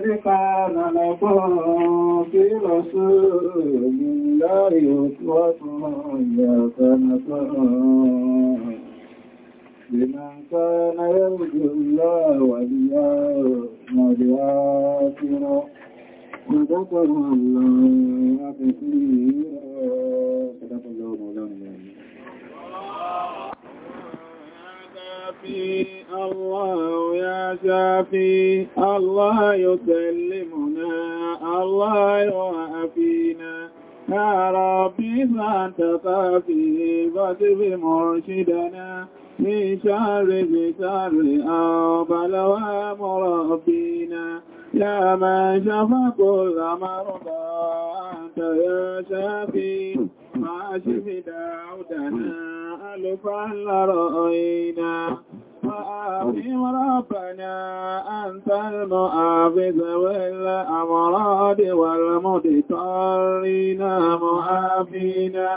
قد كان لكم في رسول الله أسوة حسنة لمن كان يرجو الله واليوم الآخر وذكر الله كثيرا شافي الله يسلمنا الله يوافينا يا ربي فانت كافي فاتف مرشدنا من شر بشر أو بلوى مربينا يا من شفى كل مرضى أنت يا شافي فاشف داودنا ألفا لرأينا وآفهم ربنا أنت المعافذ والأمراض والمضطرين معافينا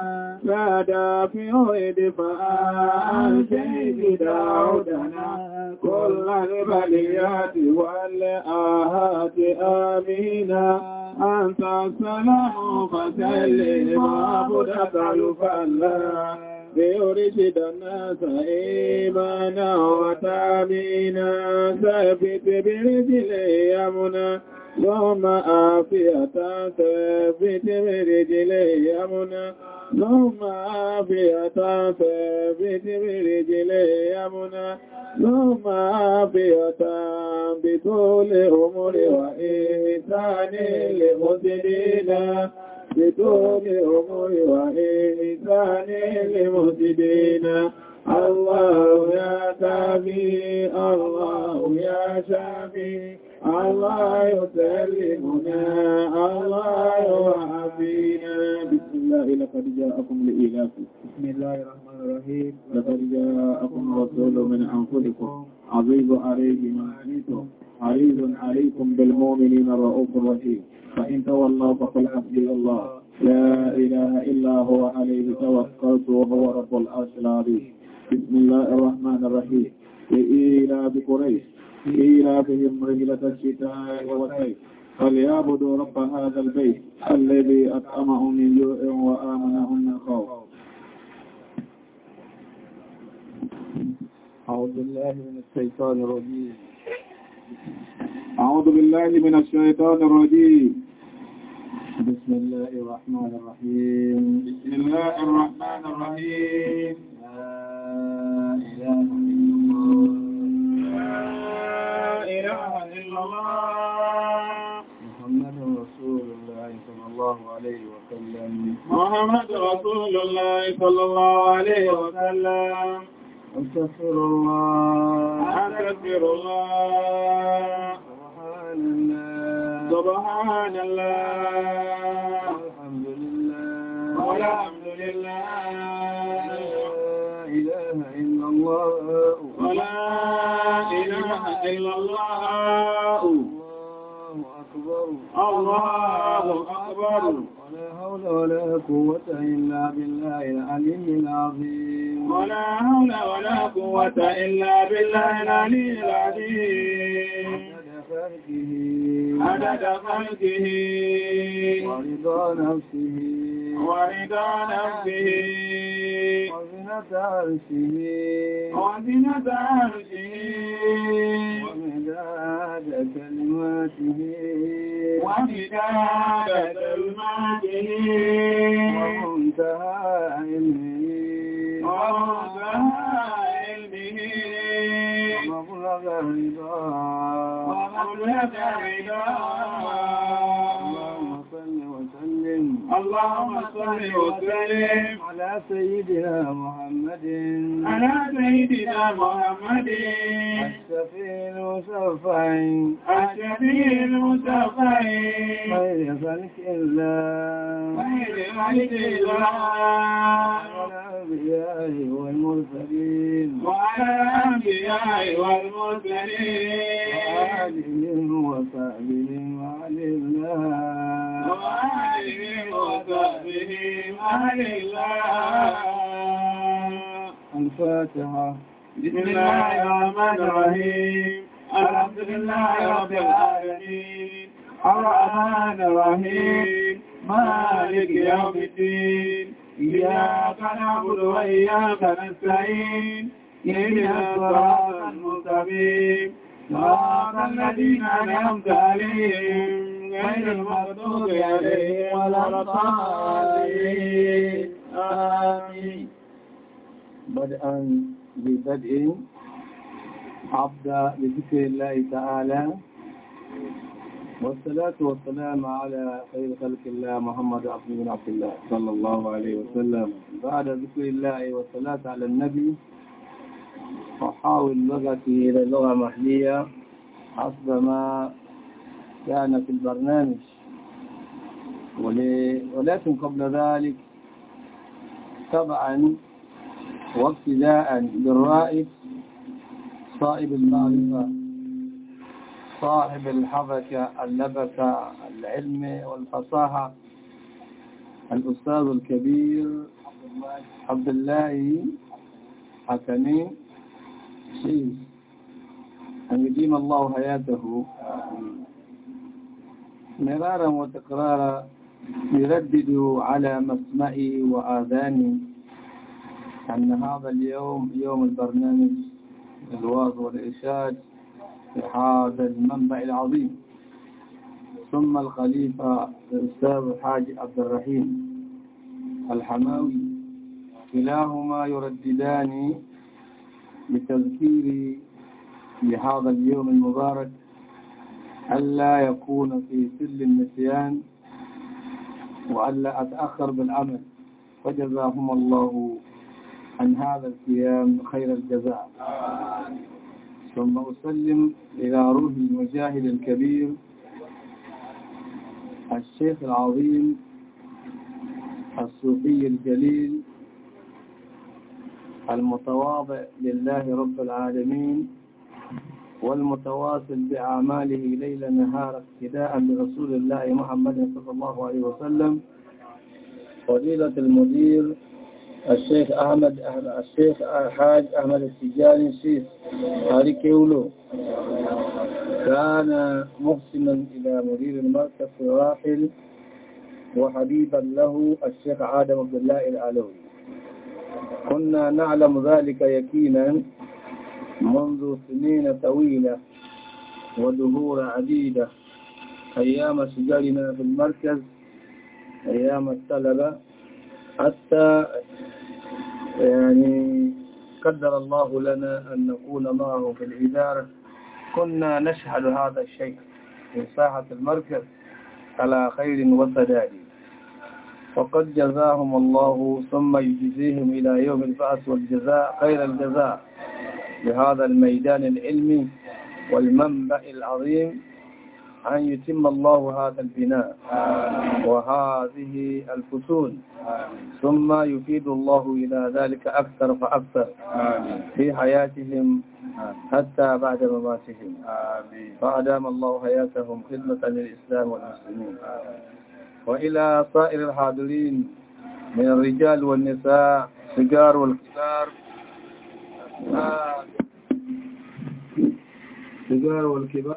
لا دافع دفاع الشيء داودنا كل البليات والآهات آمينا أنت السلام فسلم عبدك يفلح ليرشد الناس إيمانا وتعمينا ثبت برجلي يمنا ثم آفية ثبت برجلي يمنا ثم آفية ثبت برجلي يمنا ثم آفية بطول أمر وإنسان لمسلنا بطول أمور وإنسان لمسدين الله يا تابي الله يا شافي الله يسلمنا الله يعافينا بسم الله لقد جاءكم لإلاف بسم الله الرحمن الرحيم لقد جاءكم رسول من أنفسكم عزيز عليه ما عنيتم حريص عليكم بالمؤمنين الرؤوف الرحيم فإن تولوا فقل حسبي الله لا إله إلا هو عليه توكلت وهو رب العرش العظيم بسم الله الرحمن الرحيم لإيلاف قريش لإيلافهم رجلة الشتاء والصيف فليعبدوا رب هذا البيت الذي أطعمه من جوع وآمنه من خوف أعوذ بالله من الشيطان الرجيم أعوذ بالله من الشيطان الرجيم بسم الله الرحمن الرحيم بسم الله الرحمن الرحيم لا إله إلا الله إله إلا محمد رسول الله صلى الله عليه وسلم محمد رسول الله صلى الله عليه وسلم أستغفر الله أستغفر الله سبحان الله سبحان الله الحمد لله ولا إلا الله الله أكبر الله أكبر ولا حول ولا قوة إلا بالله العلي العظيم ولا حول ولا قوة إلا بالله العلي العظيم فرده عدد فرده ورضا نفسه ورضا نفسه وزنة عرشه وزنة عرشه ومداد كلماته ومداد كلماته ومنتهى علمه ومنتهى علمه ومبلغ رضاه لك بيداء اللهم صل وسلم على سيدنا محمد على سيدنا محمد الشفيع المشفع الشفيع المشفع خير خلق الله خير خلق الله والأنبياء والمرسلين وعلى الأنبياء والمرسلين وعليهم وصحبهم وعلى الله الفاتحة بسم الله الرحمن الرحيم الحمد لله رب العالمين الرحمن الرحيم مالك يوم الدين إياك نعبد وإياك نستعين إلى الصراط المستقيم صراط الذين أنعمت عليهم غير المغضوب عليهم ولا الضالين بدءا ببدء عبد لذكر الله تعالى والصلاة والسلام على خير خلق الله محمد عبد بن عبد الله صلى الله عليه وسلم بعد ذكر الله والصلاة على النبي أحاول لغتي إلى لغة محلية حسب ما كان في البرنامج ولكن قبل ذلك طبعا وابتداء بالرائد صائب المعرفة صاحب الحبكة اللبكة العلم والفصاحة الأستاذ الكبير عبد الله حكمي شيخ أن يديم الله حياته مرارا وتكرارا يردد على مسمعي وآذاني أن هذا اليوم يوم البرنامج الواضح والإرشاد هذا المنبع العظيم ثم الخليفة الأستاذ الحاج عبد الرحيم الحماوي كلاهما يرددان بتذكيري بهذا اليوم المبارك ألا يكون في سل النسيان وألا أتأخر بالعمل فجزاهم الله عن هذا القيام خير الجزاء ثم أسلم إلى روح المجاهد الكبير الشيخ العظيم الصوفي الجليل المتواضع لله رب العالمين والمتواصل بأعماله ليل نهار اقتداء برسول الله محمد صلى الله عليه وسلم فضيلة المدير الشيخ أحمد الشيخ الحاج أحمد السجاني الشيخ علي كيولو كان محسنا إلى مدير المركز الراحل وحبيبا له الشيخ عادم عبد الله العلوي كنا نعلم ذلك يقينا منذ سنين طويلة ودهور عديدة أيام سجلنا في المركز أيام الطلبة حتى يعني قدر الله لنا أن نكون معه في الإدارة كنا نشهد هذا الشيء في ساحة المركز على خير وسداد وقد جزاهم الله ثم يجزيهم إلى يوم البعث والجزاء خير الجزاء بهذا الميدان العلمي والمنبأ العظيم أن يتم الله هذا البناء وهذه الفصول ثم يفيد الله إلى ذلك أكثر فأكثر في حياتهم حتى بعد مماتهم فأدام الله حياتهم خدمة للإسلام والمسلمين وإلى سائر الحاضرين من الرجال والنساء الصغار والكبار الصغار والكبار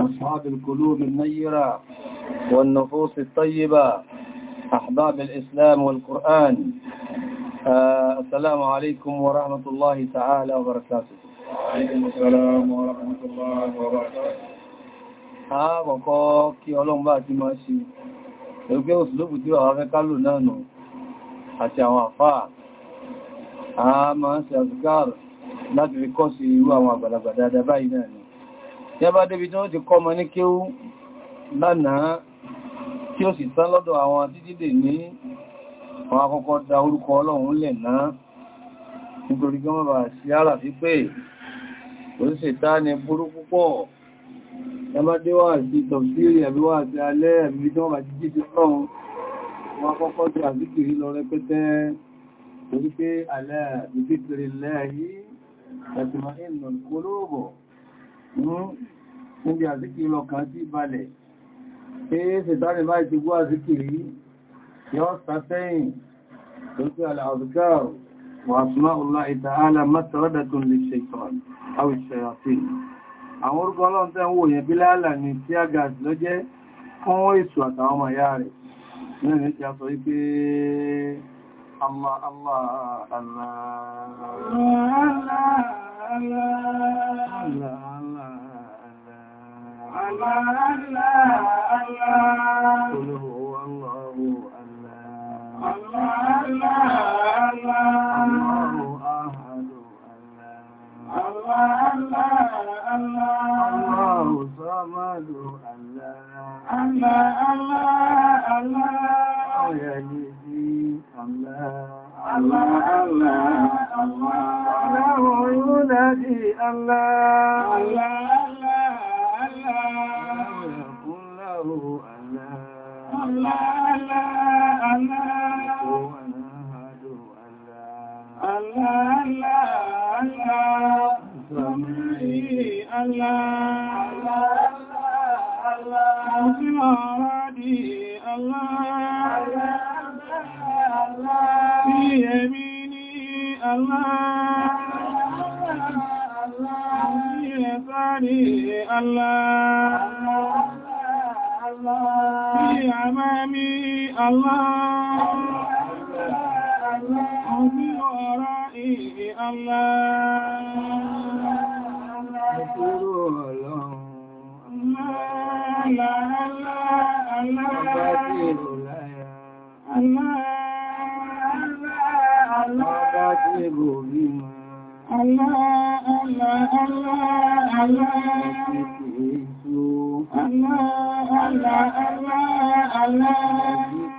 أصحاب القلوب النيرة والنفوس الطيبة أحباب الإسلام والقرآن آه السلام عليكم ورحمة الله تعالى وبركاته وعليكم السلام ورحمة الله وبركاته آه وقوك يا الله ẹgbẹ́ òṣìlóbù tí àwọn afẹ́kálò náà nù àti àwọn àfáà a máa ń ṣe àzùkárù láti fi kọ́ sí irú àwọn àgbàlagbà dáadáa báyìí náà ni tí a bá débi tí wọ́n ti kọ́ ọmọ ní kéwú lánàá tí ó sì tán lọ́dọ̀ àwọn títí dè ní àwọn akọ́kọ́ da orúkọ ọlọ́run lẹ̀ náà nítorí gọ́mọ̀ bà sí àràfí pé ó sì tá púpọ̀ Ẹbádé wà sí tọ̀sírí àbí wà sí alẹ́ ẹ̀mí tí wọ́n bá ti jíjẹ lọ́run. Wọ́n kọ́kọ́ tí àzíkìrí lọ rẹpẹtẹ torí pé alẹ́ ìfíkiri lẹ́yí ẹ̀tìmọ̀ ìnà kólóòbọ̀. Hmm? Níbi àzíkìrí lọ kàn sí balẹ̀. Ee ṣètàrí báyìí ti gbọ́ àzíkìrí yọ́ sàtẹ́yìn torí pé alẹ́ àwọn orúkọ ọlọ́run tẹ́ ń wò yẹn Bílálà ní tí a gà lọ jẹ́ fún èṣù àtàwọn ọmọ ìyá rẹ̀ mẹ́rin tí a sọ wípé Allah Allah Allah Allah Allah Allah Allah الله صمد الله الله الله الله يا جدي الله الله الله الله له ينادي الله الله الله الله يقول له الله الله الله الله هو الله الله الله الله Allah Allah, omi ọ̀rọ̀ ìhì Allah. Ìṣòro ọlọ́run. Allah, Allah, Allah. Ọba tí èrò láyá. Allah, Allah, Allah. Ọba tí èrò orí ma. Allah, Allah, Allah, Allah. Ìṣòro. Allah, Allah, Allah, Allah.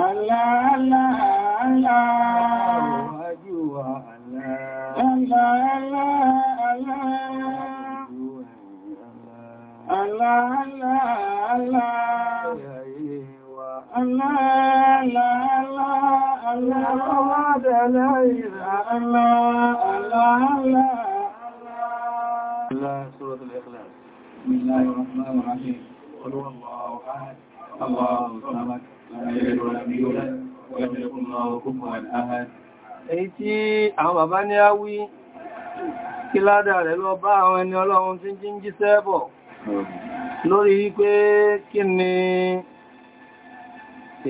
Àlá àlá àlá àlá àlá àlá àlá àlá àlá الله لا إله الله الله الله الله سورة الإخلاص بسم الله الرحمن الرحيم قل هو الله أحد الله الصمد Èyí tí àwọn bàbá ní á wí kí ládà rẹ̀ lọ bá àwọn ẹni ọlọ́run tí jí ń jí sẹ́bọ̀ lórí wípé kí ni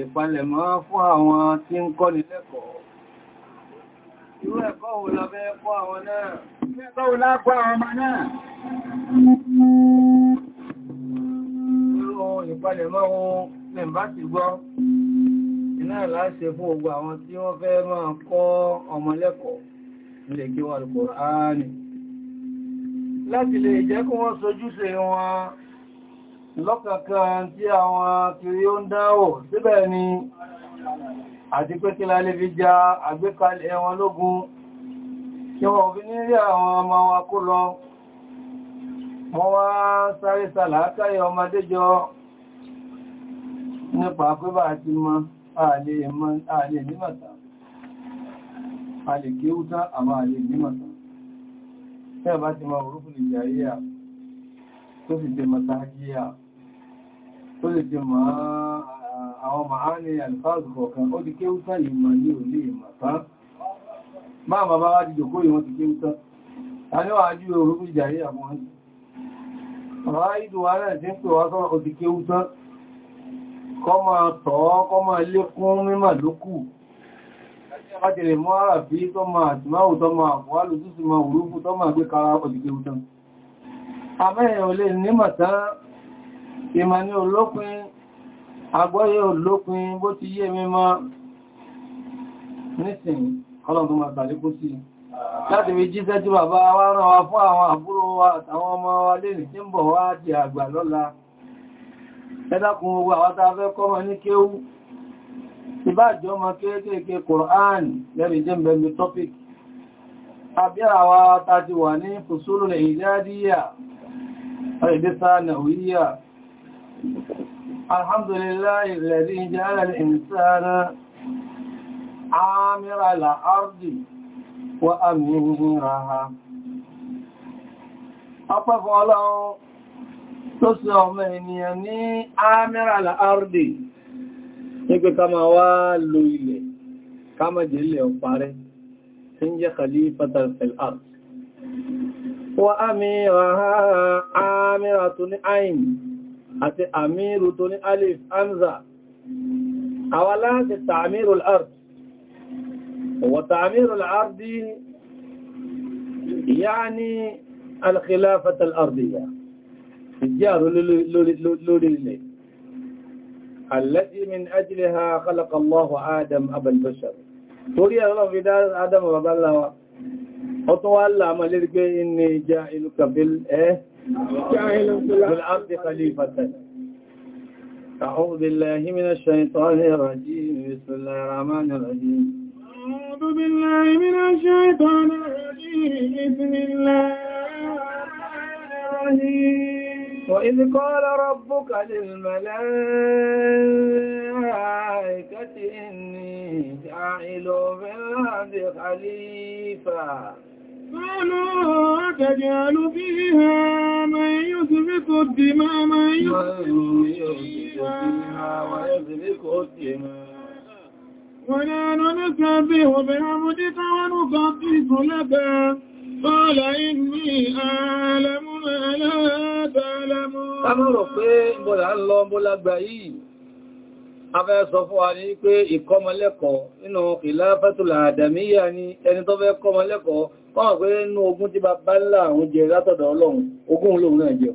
ìpalẹ̀mọ́ fún àwọn tí ń kọ́ ní lẹ́kọ̀ọ́. Irú ẹ̀kọ́ mẹ́mbà ti gbọ́ iná láṣẹ fún gbogbo àwọn tí wọ́n fẹ́ máa kọ́ ọmọlẹ́kọ̀ọ́ nílẹ̀ kí wọ́n lùkọ̀ áánì láti lè jẹ́ kí wọ́n sojúṣe wọn lọ́kànkan tí àwọn kiri ó ń dáwọ̀ síbẹ̀ ni àti pé kí lálé fi já àgbékalẹ̀ wọn lógun kí wọ́n fi nílé àwọn ọmọ wa kó lọ wọ́n wá sáré sàlàákàyẹ ọmọdé nípa pé bá ti mọ́ ààlè nímọ̀ta ààlè kéhútá àmà ààlè nímọ̀ta tẹ́ bá ti mọ́ orúkú lè jàíyà tó sì ti mọ̀ta jíyà tó lè ti mọ́ àwọn màáni alfáàzù kọ̀ọ̀kan ó ti kéhútá ìmọ̀ ní òní ìmọ̀ta máa bàbá wá ti jòkó ìwọ̀n kọ́ máa tọ́ kọ́ máa lékún mímọ̀ lókù lájẹ̀rẹ̀ mọ́ àràbí tó máa àtìmáwò tó máa àfọwálù ma máa òrúfù tó máa gbé kára ọdìgbé òtán bàbá wa fún àwọn àbúrò wa àtàwọn ọmọ wa lè ní tí ń bọ̀ ẹ̀dàkùn owó àwátá afẹ́ kọ́mọ ní kéwú ìbájọ́ ọmọ kéékèèké Kùrán lẹ́rì jẹ́ mbẹ̀mí topic àbí àwa ta ti wà ní fùsúrù rẹ̀ ìdádíyà àìdísá nàwíyà alhamdulillahi alladhi ja'ala al-insana amira al Ọpẹ́ fún Ọlọ́run tó ṣe ọmọ ènìyàn ní amẹ́rànlá ardi nígbé ká máa wá lo ilẹ̀ ká máa jẹ́ ilẹ̀ ọparẹ́ tí ń jẹ́ khalifatal fil ard wa amira amira tó ní ain àti amiru tó ní alif hamza àwọn láti ta'amiru al-ard wa ta'amiru al-ardi yani al-khilafata al-ardiyya ìjẹ́ àrò lórí ilẹ̀ allati min ajliha khalaqa Allahu Adam abal bashar torí ẹ̀rọ fi dá Adam bàbá láwa ó tún wá láàmà lérí pé inni ja'iluka fil ẹ́ أعوذ بالله من الشيطان الرجيم بسم الله الرحمن الرحيم أعوذ بالله من الشيطان الرجيم بسم الله الرحمن الرحيم وإذ قال ربك للملائكة إني جاعل في الأرض خليفة قالوا تجعل فيها من يسبق الدماء من يسبق الدماء ويسبق الدماء بعمدك ونقدس لك Ọlá ìní ààlẹ́mú aláàtàlẹ́mú. Ká mọ́ rọ̀ pé bọ́lá ń lọ bọ́lágbà yìí, a fẹ́ sọ fún wa ní pé ìkọmọlẹ́kọ̀ọ́ nínú Khilafatul Adamiyya ni ẹni tó fẹ́ kọmọlẹ́kọ̀ọ́, kọ́mọ̀ pé nínú ogun tí bàbá ńlá àwọn jẹ látọ̀dọ̀ Ọlọ́run, ogun lòun náà jẹ.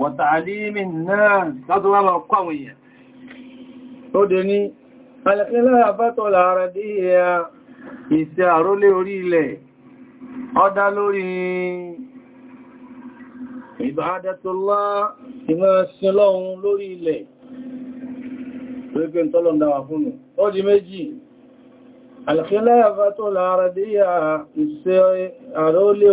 wọ̀tàlímì náà látọ́lá ise kọ́ àwọn èèyàn tó dé ní ara dí ẹ̀yà ìṣẹ́ àrólé orí ilẹ̀ ọdá lórí ìbáadẹ́tọ́lá ìmọ̀ lórí ilẹ̀ pẹ́pẹ́ tọ́lọ̀ndáwà fún mi ó di ìṣẹ́ àrólé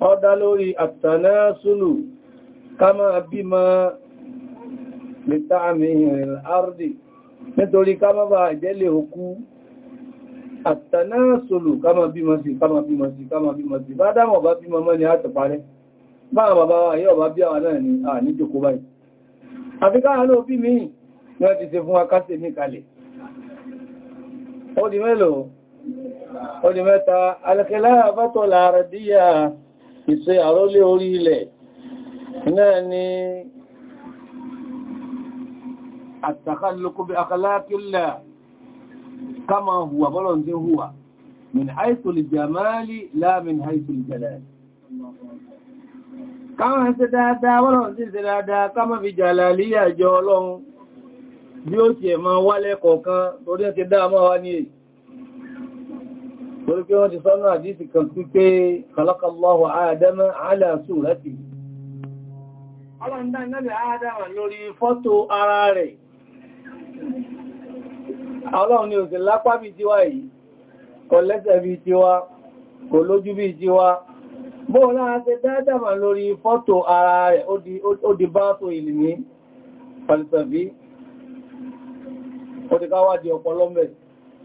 ó dá lórí àtànásùlù ká máa bímọ lẹ́ta àmì ìrìn àrùdì nítorí ká máa bá ìjẹ́lẹ̀ òkú àtànásùlù ká máa bímọ sí ká máa bímọ sí ká máa bímọ sí bá dámọ̀ bá bímọ mọ́ ni a tẹ̀parẹ́ báwọn bàbá wa yóò bá bí àwọn náà ni a ní jòkó báyìí àfikà àánú òbí mi ni wọ́n ti ṣe fún akásẹ̀ mi kalẹ̀ ó ìṣe àrólé orí ilẹ̀ náà ni àtàkàlùkúbí akàlákílà kama huwa bọ́lọ̀ tí huwa min haithul jamali la min haithul jalali káwọn ẹsẹ dáadáa bọ́lọ̀ tí ṣe dáadáa kama fi jàlàlíyà jọ ọlọ́run bí ó ti ẹ̀ máa wálẹ̀ kọ̀ọ̀kan torí ẹ̀ ti dáa máa wá ní èyí torí pé wọ́n ti sọ́nà àdísì kan sí pé khalaqallahu Adama ala suratihi ọlọ́ndá náà lori lórí fọ́tò ara rẹ̀ ọlọ́run ni ò sí lápá bí tiwa yìí tiwa lori ara rẹ̀ o di bá tó ìlìmí falsafi ó ti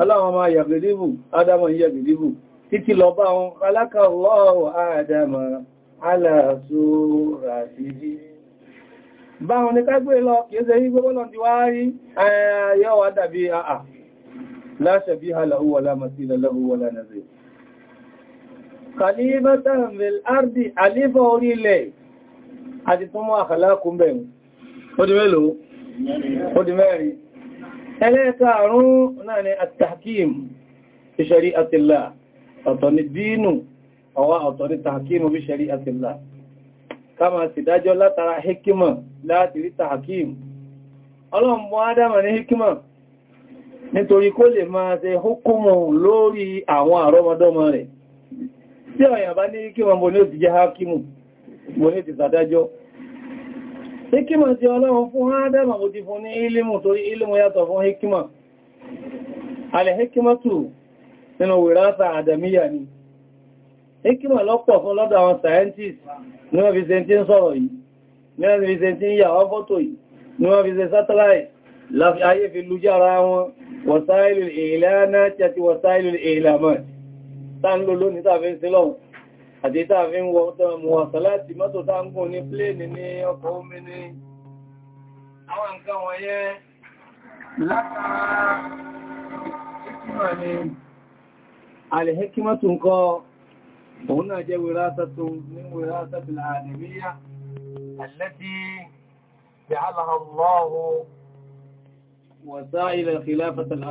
aláwọn ọmọ yàgbèdìbù adámọ̀ yàgbèdìbù títí lọ bá wọn alákàlọ́wọ̀ àdámọ̀ aláàsóra ìdí bá wọn ní kágbé lọ kìí ṣe yí gbogbo lọ́n ti wá rí ayọ́wà dàbí àà ah, ah, láṣẹ bí aláhúwà lámasí lọ́lọ́húwà lánàzẹ̀ kalimatan bil ardi alifa orílẹ̀ àti tó mọ́ àkàlákùn bẹ̀rún ó ẹlẹ́ẹ̀kàrún náà ni at-tahkim fi shari'atillah ọ̀tọ̀ ni dínú ọwá ọ̀tọ̀ ni tahkim fi kama sì dájọ́ látara hikima láti rí tahkim ọlọ́mọ adama ni hikima nítorí kó ṣe hukumu lórí àwọn àrọmọdọ́mọ rẹ̀ tí ọ̀yàn bá ní hikima mo ní ó hakimu mo ní ó hikima ti ọlọ́run fún ádámà ó ti fún ní ilimu torí ilimu yàtọ̀ fún hikima alẹ̀ hikima tù nínú wìráta àdàmíyà ni hikima lọ́pọ̀ fún lọ́dọ̀ àwọn scientist ní wọ́n fi ṣe tí ń sọ̀rọ̀ yìí ní wọ́n fi ṣe tí ń yàwó fọ́tò yìí ní wọ́n fi ṣe satellite láfi ayé fi lújára wọn wasailul ìlànà àti wasailul ìlàmọ̀ tá ń lò lónìí tàbí sílọ́wọ́ àdítà fi ń wọ ọ̀tọ́mùwọ̀sán láti mọ́tò táńkù ní pléènì ní ọkọ̀ omi ní àwọn nǹkan wọ̀nyẹ́ látara ìkímọ̀ ni alìhẹ́kímọ̀tù ńkọ́ òun náà jẹ́ wìrásàtù ní wìrásàtù àdìmíyà alẹ́tí ja'alaha Allahu wasa'ila khilafati al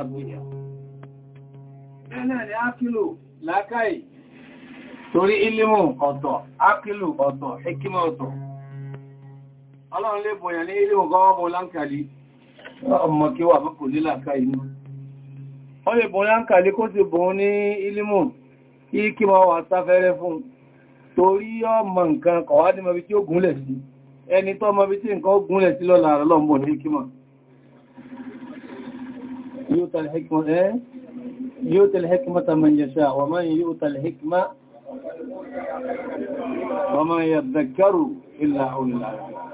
torí ilimu ọ̀tọ̀ akilu ọ̀tọ̀ hikima ọ̀tọ̀ ọlọ́run lè bọ̀yàn ní ilimu gọ́wọ́ bọ̀ láǹkàlì ọmọ kí wà mọ́kò nílà ká inú ọ lè bọ̀ láǹkàlì kó ti bọ̀ ní ilimu ikima wà sáfẹ́rẹ́ fún torí ọmọ nǹkan kọ̀wádìí mọ́bí tí ó gúnlẹ̀ sí ẹni tó mọ́bí tí nǹkan ó gúnlẹ̀ sí lọ́la ọlọ́mbọ̀ ní hikima yóò tẹ̀lẹ̀ hikima man yasha وما يذكر إلا أولي الألباب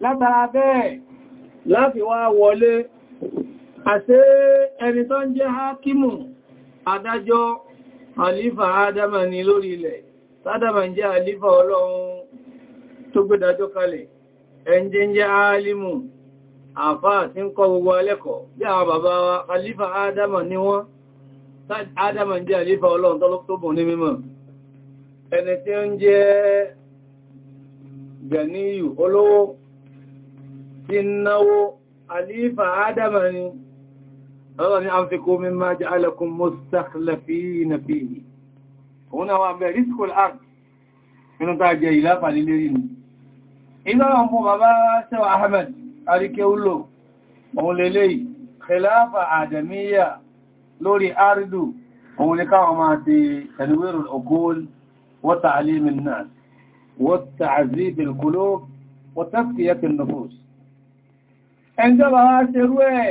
látara bẹ́ẹ̀ láti wá wọlé àṣẹ ẹni tó ń jẹ́ hákímù adájọ́ àlífà ádámà ni lórí ilẹ̀ sádámà ń jẹ́ àlífà ọlọ́run tó gbédájọ́ kalẹ̀ ẹnjẹ́ ń jẹ́ àfáà tí ń kọ gbogbo alẹ́kọ̀ọ́ bí àwọn bàbá wa àlífà ádámà ni wọ́n Adam ń jẹ́ àlífà ọlọ́run tọ́lọ́ tó bùn ní mímọ̀. Ẹni tí ó ń jẹ́ Gàníyù olówó tí náwó àlífà Adam ni, ọlọ́run ni anfiqu mimma ja'alakum mustakhlafina fihi. Òun náà wà bẹ̀ rizqul òun lélẹ́yìí, lórí àrídù òun ni káwọn máa ti ẹnuwérò ọgọ́l wata alimin náà wata azibin kúló wata fiyatin nufus ẹnjọba wá ṣe rú ẹ̀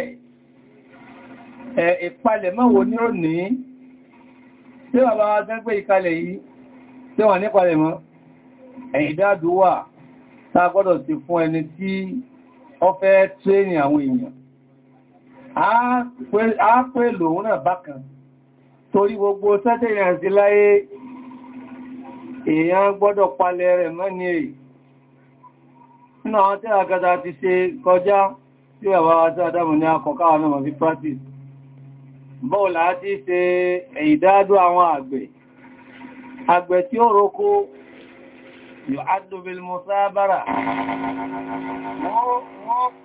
ìpalẹ̀ mọ́wọ́ ní ó ní tí bàbá wá tán ìkalẹ̀ yìí tí wọ́n nípalẹ̀ a pẹ̀lú òun náà bákan torí gbogbo sẹ́tẹ̀yàn sí láyé èèyàn gbọ́dọ̀ palẹ̀ rẹ̀ mọ́ ní èyí nínú àwọn tí ti ṣe kọjá tí àwọ́ àti adamu ní akọ̀káwà náà fi practice bọ́ọ̀lá ti ṣe ìdádó àwọn àgbẹ̀ àgbẹ̀ tí ó roko yóò wọ́n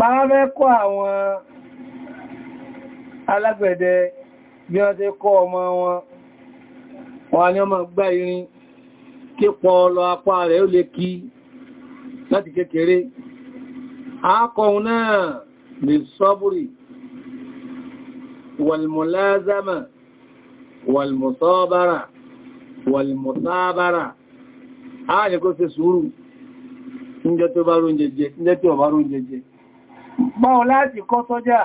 pàáfẹ́ kọ́ àwọn alágbẹ̀dẹ bí wọ́n ti kọ́ ọmọ wọn wọ́n ni ọmọ gbá irin kí pọ̀ lọ apá rẹ̀ ó lè kí láti kékeré àákọ̀un náà lè sọ́bùrì wàlmùlázàmà wàlmùsọ́bára wàlmùsábára ààrẹ kó ṣe sùúrù ní jẹ́ tó bá rún jẹjẹ báwọn láti kọ́ sọ́jà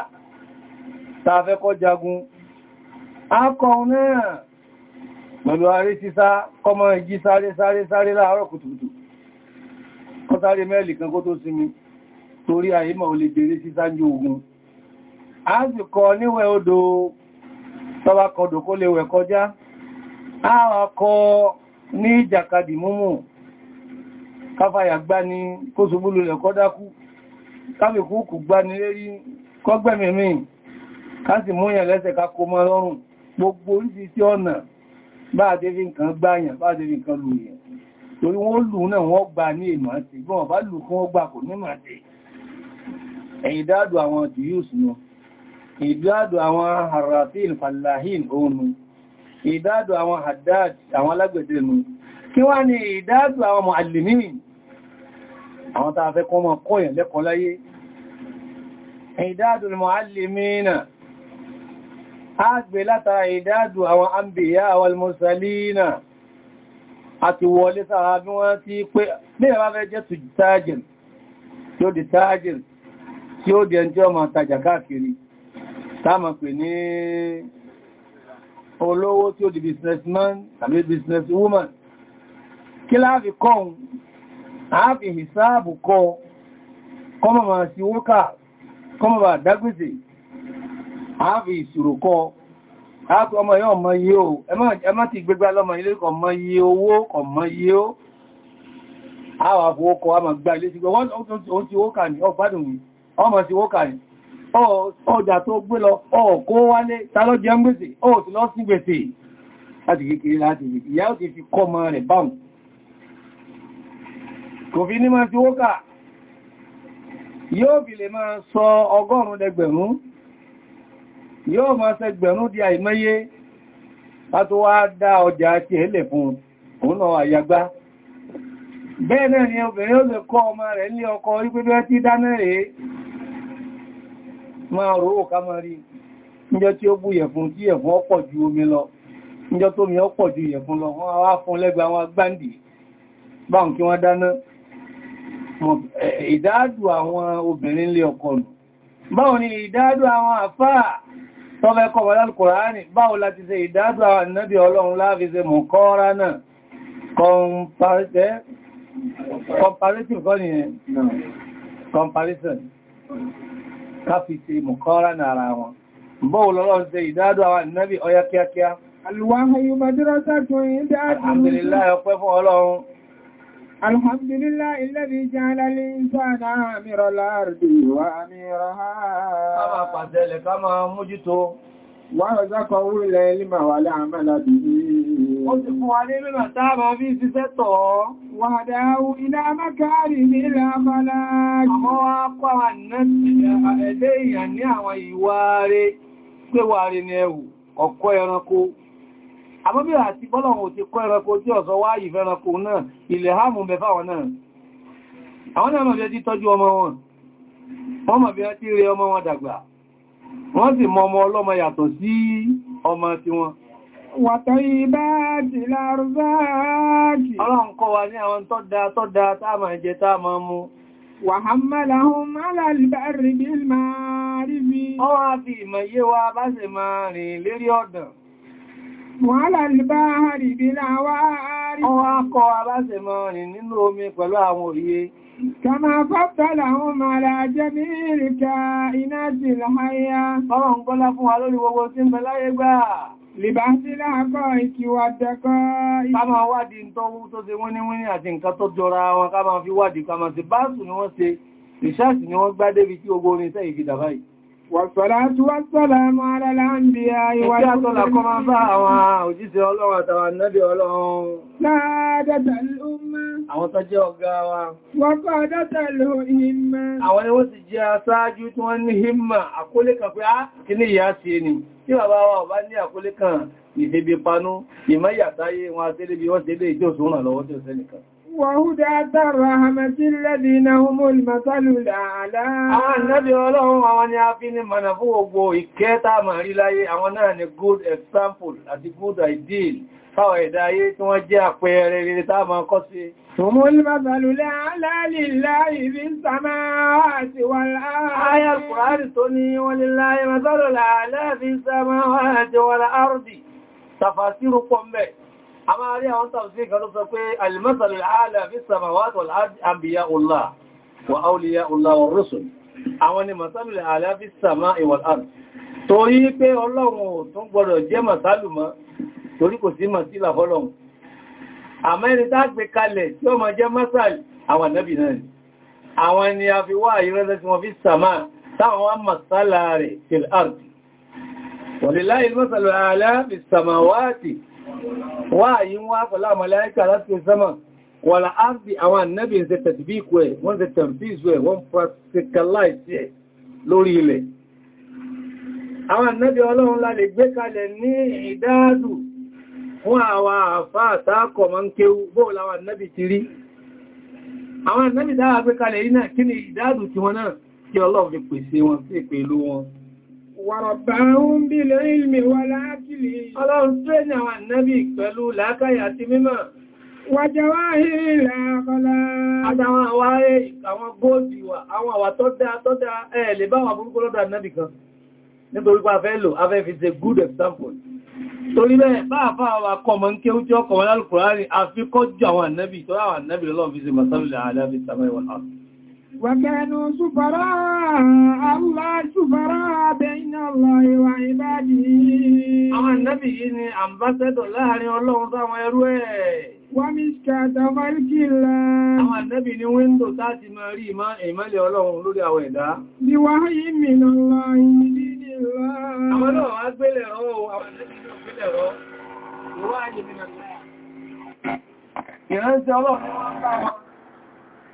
tààfẹ́ kọ́ jagun akọ̀ náà pẹ̀lú aré sísá kọmọ ìjí sáré sáré sáré láàárọ̀ kùtùkùtù kọ́ sáré mẹ́lì kan kó tó sinmi torí àyímọ̀ olè bèèrè sísá ní ogun a sì kọ níwẹ̀ odò tọ́wà kọdò kó lè wẹ̀ kọjá a wà kọ ní ìjàkadì múmù káfàyà gbá ní kó ṣubú lulẹ̀ kọ́ dákú káfí fúkù gbá nílé rí kọ́gbẹ̀mì mi káàsì múyàn lẹ́sẹ̀ kakó mọ́ lọ́rùn gbogbo oríṣi sí ọ̀nà bá àdé fi nǹkan gbáyàn bá àdé fi nǹkan lù yẹn torí wọ́n lù náà wọ́n gbà ní èmọ̀ àti bí wọ́n bá lù fún ọgbà kò ní mà sí ẹ̀yìn dáàdù àwọn ti yóò sùnú ìdáàdù àwọn harafin fallahin òun àwọn tàà fẹ́ kọ́ máa kọ́ yẹn lẹ́kọ́ láyé ìdádù al-muallimina a gbé látara ìdádù àwọn anbiya wal mursalina àti wọlé sára bí wọ́n ti pé ní ẹ̀rọ fẹ́ jẹ́ tù tájìn tí ó di tájìn tí ó di ẹjọ́ máa tajà káàkiri táàmà pè ní olówó tí ó di businessman tàbí businesswoman kí láàfi kọ́un ààfin ìsáàbù kọ kọmọ ma sí wókà kọmọ dágbèsè ìṣòro kọ ààfin ọmọ yóò mọ iye o ẹmọ́ ti gbégbá lọ́mọ ilé kọ mọ iye owó kọ mọ iye o àwọn àfowókọ a máa gbá ilé sí gbọ́n ó ti wókà ní ọ̀gbádùn mi ọmọ sí ọ kò fi ní máa fi wókà yóò fi lè máa sọ ọgọ́rùn dẹgbẹ̀rún yóò máa gbẹ̀rún di àìmẹ́yé láti wá dá ọjà àti ẹ̀lẹ̀ fún òun náà àyàgbá bẹ́ẹ̀ náà ni obìnrin ó lè kọ́ ọmọ rẹ̀ ní ọkọ dáná máa ká máa rí tí ó tí ju omi lọ tó mi ọ̀pọ̀ ju lọ wọ́n fún báhùn kí wọ́n dáná ìdádù àwọn obìnrin lé ọkọ nù báwo ni ìdádù àwọn àfáà tọ́fẹ́ kọ́ wọ́n lálùkùránì báwo láti ṣe ìdádù àwọn ànábì ọlọ́run láàfi ṣe mọ̀ kọ́ọ́rá náà eh, comparative kọ́ ni comparison káfí ṣe mọ̀ kọ́ọ́rá náà ara wọn báwo lọ́lọ́run ṣe ìdádù الحمد لله الذي جعل الإنسان آمر الأرض وآمرها كما قتل كما مجتو وَرَزَقَهُ الْعِلْمَ وَالْعَمَلَ بِهِ Ó ti fún wa ní mímọ̀ táàmà bí i ṣiṣẹ́ tọ̀ وَهَدَاهُ إِلَى مَكَارِمِ الْأَخْلَاقِ Àmọ́ wá kọ́ àwọn ẹ̀lẹ́yìn ní àwọn ìwà rẹ̀ pé wà rí ní ẹ̀wù, ọ̀kọ́ ẹranko, àmọ́ bí àti bọ́lọ̀wọ̀ ti kọ́ ẹranko tí ọ̀sọ́ wá ìfẹ́ranko náà ilẹ̀ hàmù mẹ́fà wọn náà àwọn náà mọ̀ ẹjí tọ́jú ọmọ wọn wọ́n mọ̀ bí wọ́n ọmọ wọn dàgbà wọ́n sì mọ ọmọ ọlọ́mọ yàtọ̀ sí ọmọ tí wọn wàtàrí báàkì lárúbáàkì ọlọ́run kọ́ wa bí máa rí bí ọwá fi ìmọ̀ yé wa bá sì máa rìn lérí ọ̀dàn Wàhálà ìbá àrìbí láwárí. Wọ́n á kọ aláṣẹmọ̀rin nínú omi pẹ̀lú àwọn òye. Kàmà fọ́tàlà wọn máa rà jẹ́ ní ìrìkà iná sí láháyá. Ọlọ́run gbọ́lá fún wa lórí gbogbo tí ń bẹ láyé gbà. Lìbáṣí láàkọ́ ìkíwà jẹ́kọ́. Ká máa wádìí tó ṣe wíníwíní àti nǹkan tó jọra wọn ká máa fi wádìí ká máa ṣe báṣù ni wọ́n ṣe, ìṣáàsì ni wọ́n gbá débi tí ogun orin sẹ́yìn fi dàbáyìí. Wàsàlátú wàsàlámù ala al-anbiya'i wal mursalin. Ìjá tọ́lá kọ́ máa bá àwọn òjíṣẹ́ ọlọ́run àtàwọn ànábì ọlọ́run. Láàdátà l'umma. Àwọn tó jẹ́ ọ̀gá wa. Wọ́kọ́ dátà lò himma. Àwọn ni wọ́n ti jẹ́ aṣáájú tí wọ́n ní Tí bàbá wa ò bá ní àkólé kan, ìfẹ́bí panú, ìmáyàtáyé wọn àtẹ́lẹ́bí wọ́n tẹ́lẹ́ ìjọ́sùn ràn lọ́wọ́ tí ó sẹ́nìkan wàhúdá dára àmàtí lẹ́bí iná homo ìmọ̀tálùlà àlá. Àwọn ànábì ọlọ́run àwọn ni a fi ní mọ̀nà fún gbogbo ìkẹta màrí láyé àwọn náà ni good example àti good ideal fáwọn ẹ̀dá ayé tí wọ́n jẹ́ àpẹẹrẹ rere tá máa kọ́ sí. Òmú ìlúmọ̀sàlù láàlìláì sàmà àti wà láàrín. Ayá Kùránì tó ní wọ́n lè láàrín mọ̀sàlù àti wà láàrín. Tàfàsírù pọ̀ mẹ́ a máa rí àwọn tàbí kan ló sọ pé alìmọ́sàlì ààlà fi sàmàwàtọ̀ àbíyà ọlá wà áwòlìyà ọlá wà rọ́sùn àwọn ni mọ̀sálì ààlà fi sàmà ìwà àrùn torí pé ọlọ́run ò tún gbọdọ̀ jẹ́ mọ̀sálù mọ́ torí kò sí mọ̀sílà fọ́lọ́run àmẹ́rin tá gbé kalẹ̀ tí ó máa jẹ́ mọ́sálì àwọn ànábì náà ni àwọn ni a fi wáyí wá pẹ̀lá màláíkà láti sẹ́mọ̀ wà láàáàbì àwọn annabi ń ṣe tẹ̀tìbíkù ẹ̀ wọ́n ṣe tẹ̀m̀fíìsù ẹ̀ wọ́n practicalize ẹ̀ lórí ilẹ̀ àwọn annabi ọlọ́run lálẹ́ gbé kalẹ̀ ní ìdádù fún àwọn àfá àtàkọ̀ ma ń kéwú bóòlù àwọn annabi ti rí àwọn annabi dáwà gbé kalẹ̀ yìí náà kí ni ìdádù tí wọn náà kí ọlọ́run fi pèsè wọn sí ìpèlú wọn Wàrọ̀bàáhún bí lè ilmi wà láàkìlì. Ọlọ́run tẹ́ ní àwọn ànábì pẹ̀lú làákàyà àti mímọ̀. Wàjẹ̀wá ìrìnlẹ̀ àkọlá. Àtàwọn àwárí àwọn góòdì wà, àwọn àwà tó dá tó dá ẹ̀ lè bá wà burúkú lọ́dọ̀ ànábì kan. Nítorí pé a fẹ́ lò, a fẹ́ fi ṣe good example. Torí bẹ́ẹ̀ bá àfá àwọn akọmọ ń kéhú tí ó kọ̀wọ́ lálùkùránì àfikọ́jú àwọn ànábì tó àwọn ànábì lọ́lọ́ fi ṣe màsálùlẹ̀ àdábì sàmẹ́wọ̀n àti. وكانوا سفراء الله سفراء بين الله وعباده àwọn ànábì yìí ni àmbásẹ́dọ̀ láàrin Ọlọ́run sáwọn ẹrú ẹ̀ wọ́n mi ṣkàtà fàíkìlá àwọn ànábì ni wíńdò táti máa rí ìmọ́lẹ̀ Ọlọ́run lórí àwọn ẹ̀dá ni wọ́n yìí mìnà lọ ìdílé àwọn náà wá gbélẹ̀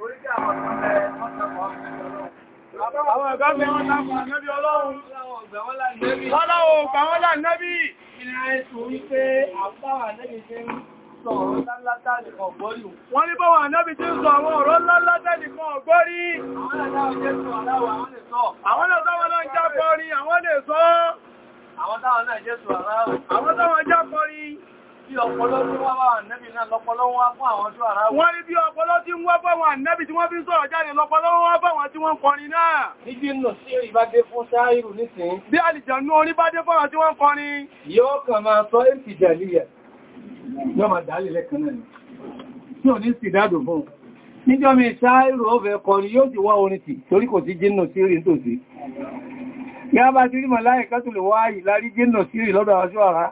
Àwọn ẹ̀gá mi wọ́n lápàá nẹ́bí ọlọ́run. Ọlọ́run ògbà wọ́n lá nẹ́bí. Ìrìnàẹ̀tù wípé àpáwà nẹ́bí ṣe ń sọ ọ̀rọ̀ ńlá tàbí kan ọ̀gbọ́rí. Wọ́n ní bọ́wà nẹ́bí ṣe sọ àwọn ọ̀rọ̀ ńlá tàbí kan ọ̀gbọ́rí. Àwọn ọ̀dáwọ̀ náà jẹ́ sọ aláwọ̀, àwọn sọ. Àwọn táwọn náà jẹ́ sọ aláwọ̀ bí ọpọlọ tí wọ́n wá ànẹ́bì náà lọ́pọlọ wọ́n wá fún àwọn tó àrá wọ́n rí bí ọpọlọ tí wọ́n bọ́ wọn ànẹ́bì tí wọ́n fi ń sọ̀rọ̀ jáde lọ́pọlọ wọ́n bọ́ wọn tí wọ́n kọrin náà níbi nù sí èrì bá dé fún sáàrù nísìn bí àlìjànú orí bá dé fọ́nà tí wọ́n kọrin yóò kàn máa sọ ni tí ò ní sì dádò fún níjọ́ mi sáàrù ọ̀fẹ́ kọrin yóò ti wá orin tì torí kò sí jínú sí èrì nítòsí Bí a bá ti rí lè wáyìí lárí jínú sí èrì lọ́dọ̀ àwọn ṣọ́ra,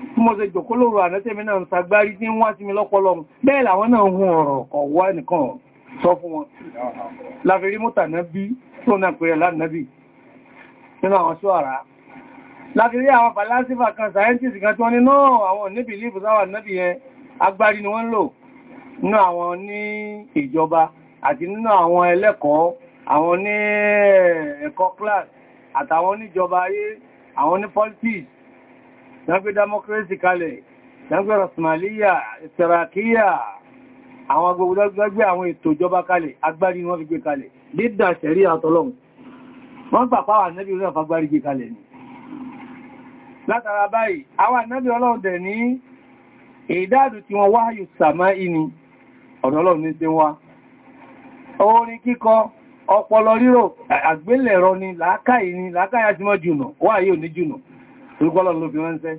tí mo ṣe jòkó lóru ànátẹ́mi náà ń sagbárí tí ń wá sí mi lọ́pọlọ bẹ́ẹ̀ làwọn náà ń hun ọ̀rọ̀ kọ̀ wá nìkan sọ fún wọn láfẹ́rí mọ́tà náà bí tó náà pẹ̀rẹ̀ lánàábì nínú àwọn ṣọ́ara láfẹ́rí àwọn fàlásífà kan sáyẹ́ntìsì kan tí wọ́n ní náà àwọn níbi ilé ìbùsáwà náàbì yẹn agbárí ni wọ́n lò nínú àwọn ní eh, politics lágbé democracy kalẹ̀ lágbé rosmaliya ìsìràkíyà àwọn agbógbógbé àwọn ètò ìjọba kalẹ̀ agbárí wọ́n fi gbé kalẹ̀ dídà ṣẹ̀rí àtọ́lọ́hun wọ́n pàpá wà nẹ́bí orí ọ̀fà agbárí gbé kalẹ̀ ni látara báyìí àwọn nẹ́bí ọlọ́run dẹ̀ ní ìdádù tí wọ́n wáyù sàmá ìní ọ̀dọ́lọ́run ní sí wá orin kíkọ ọpọlọ rírò àgbélẹ̀rọ ni làákàyè ni làákàyè àti mọ́ jùnà wáyé ò ní Olúkọ́lọ̀ ló fi wọ́n ṣẹ́.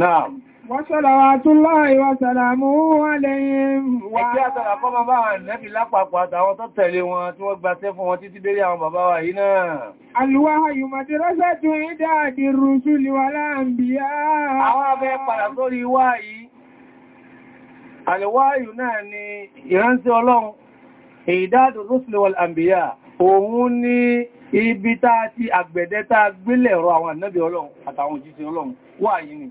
Náà. Wọ́n ṣọ́lọ̀ wa tún láàrin wa sàlámù wà lẹ́yìn wà. Ẹkẹ́ àtàrà fọ́mọ bá wà nẹ́bí lápapọ̀ àtàwọn tó tẹ̀lé wọn tí wọ́n gba tẹ́ fún wọn títí dérí àwọn bàbá wa yìí náà. Àlúwà yìí. Àlúwáyù náà ni ibi táa ti àgbẹ̀dẹ́ táa gbélẹ̀ ọ̀rọ̀ àwọn ànábì ọlọ́run àtàwọn òjíṣẹ́ ọlọ́run wà yìí ni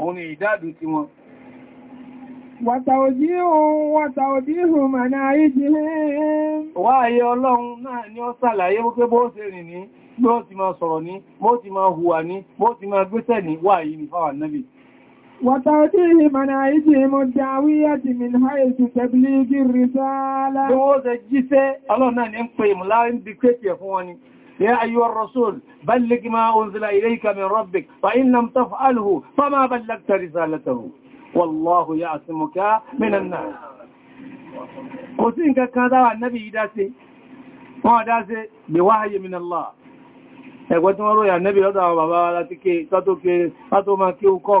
òun ni ìdádù ti wọn wàtàòjí ohun wàtàòjí ihun màná ìjì wà ayé ọlọ́run náà ni ó sàlàyé wípé bó ṣe rìn ní bó ti máa sọ̀rọ̀ وتوجيه مناهجهم الدعوية من حيث تبليغ الرسالة دوزة جيسة الله نحن نفهم لا نبكت يا يا أيها الرسول بلغ ما أنزل إليك من ربك فإن لم تفعله فما بلغت رسالته والله يعصمك من الناس قلت كذا النبي داسي ما داسي بوحي من الله ẹgbẹ́ tí wọ́n ròyà nẹ́bì lọ́dọ̀ àwọn bàbá láti ké tátó kí ó kọ́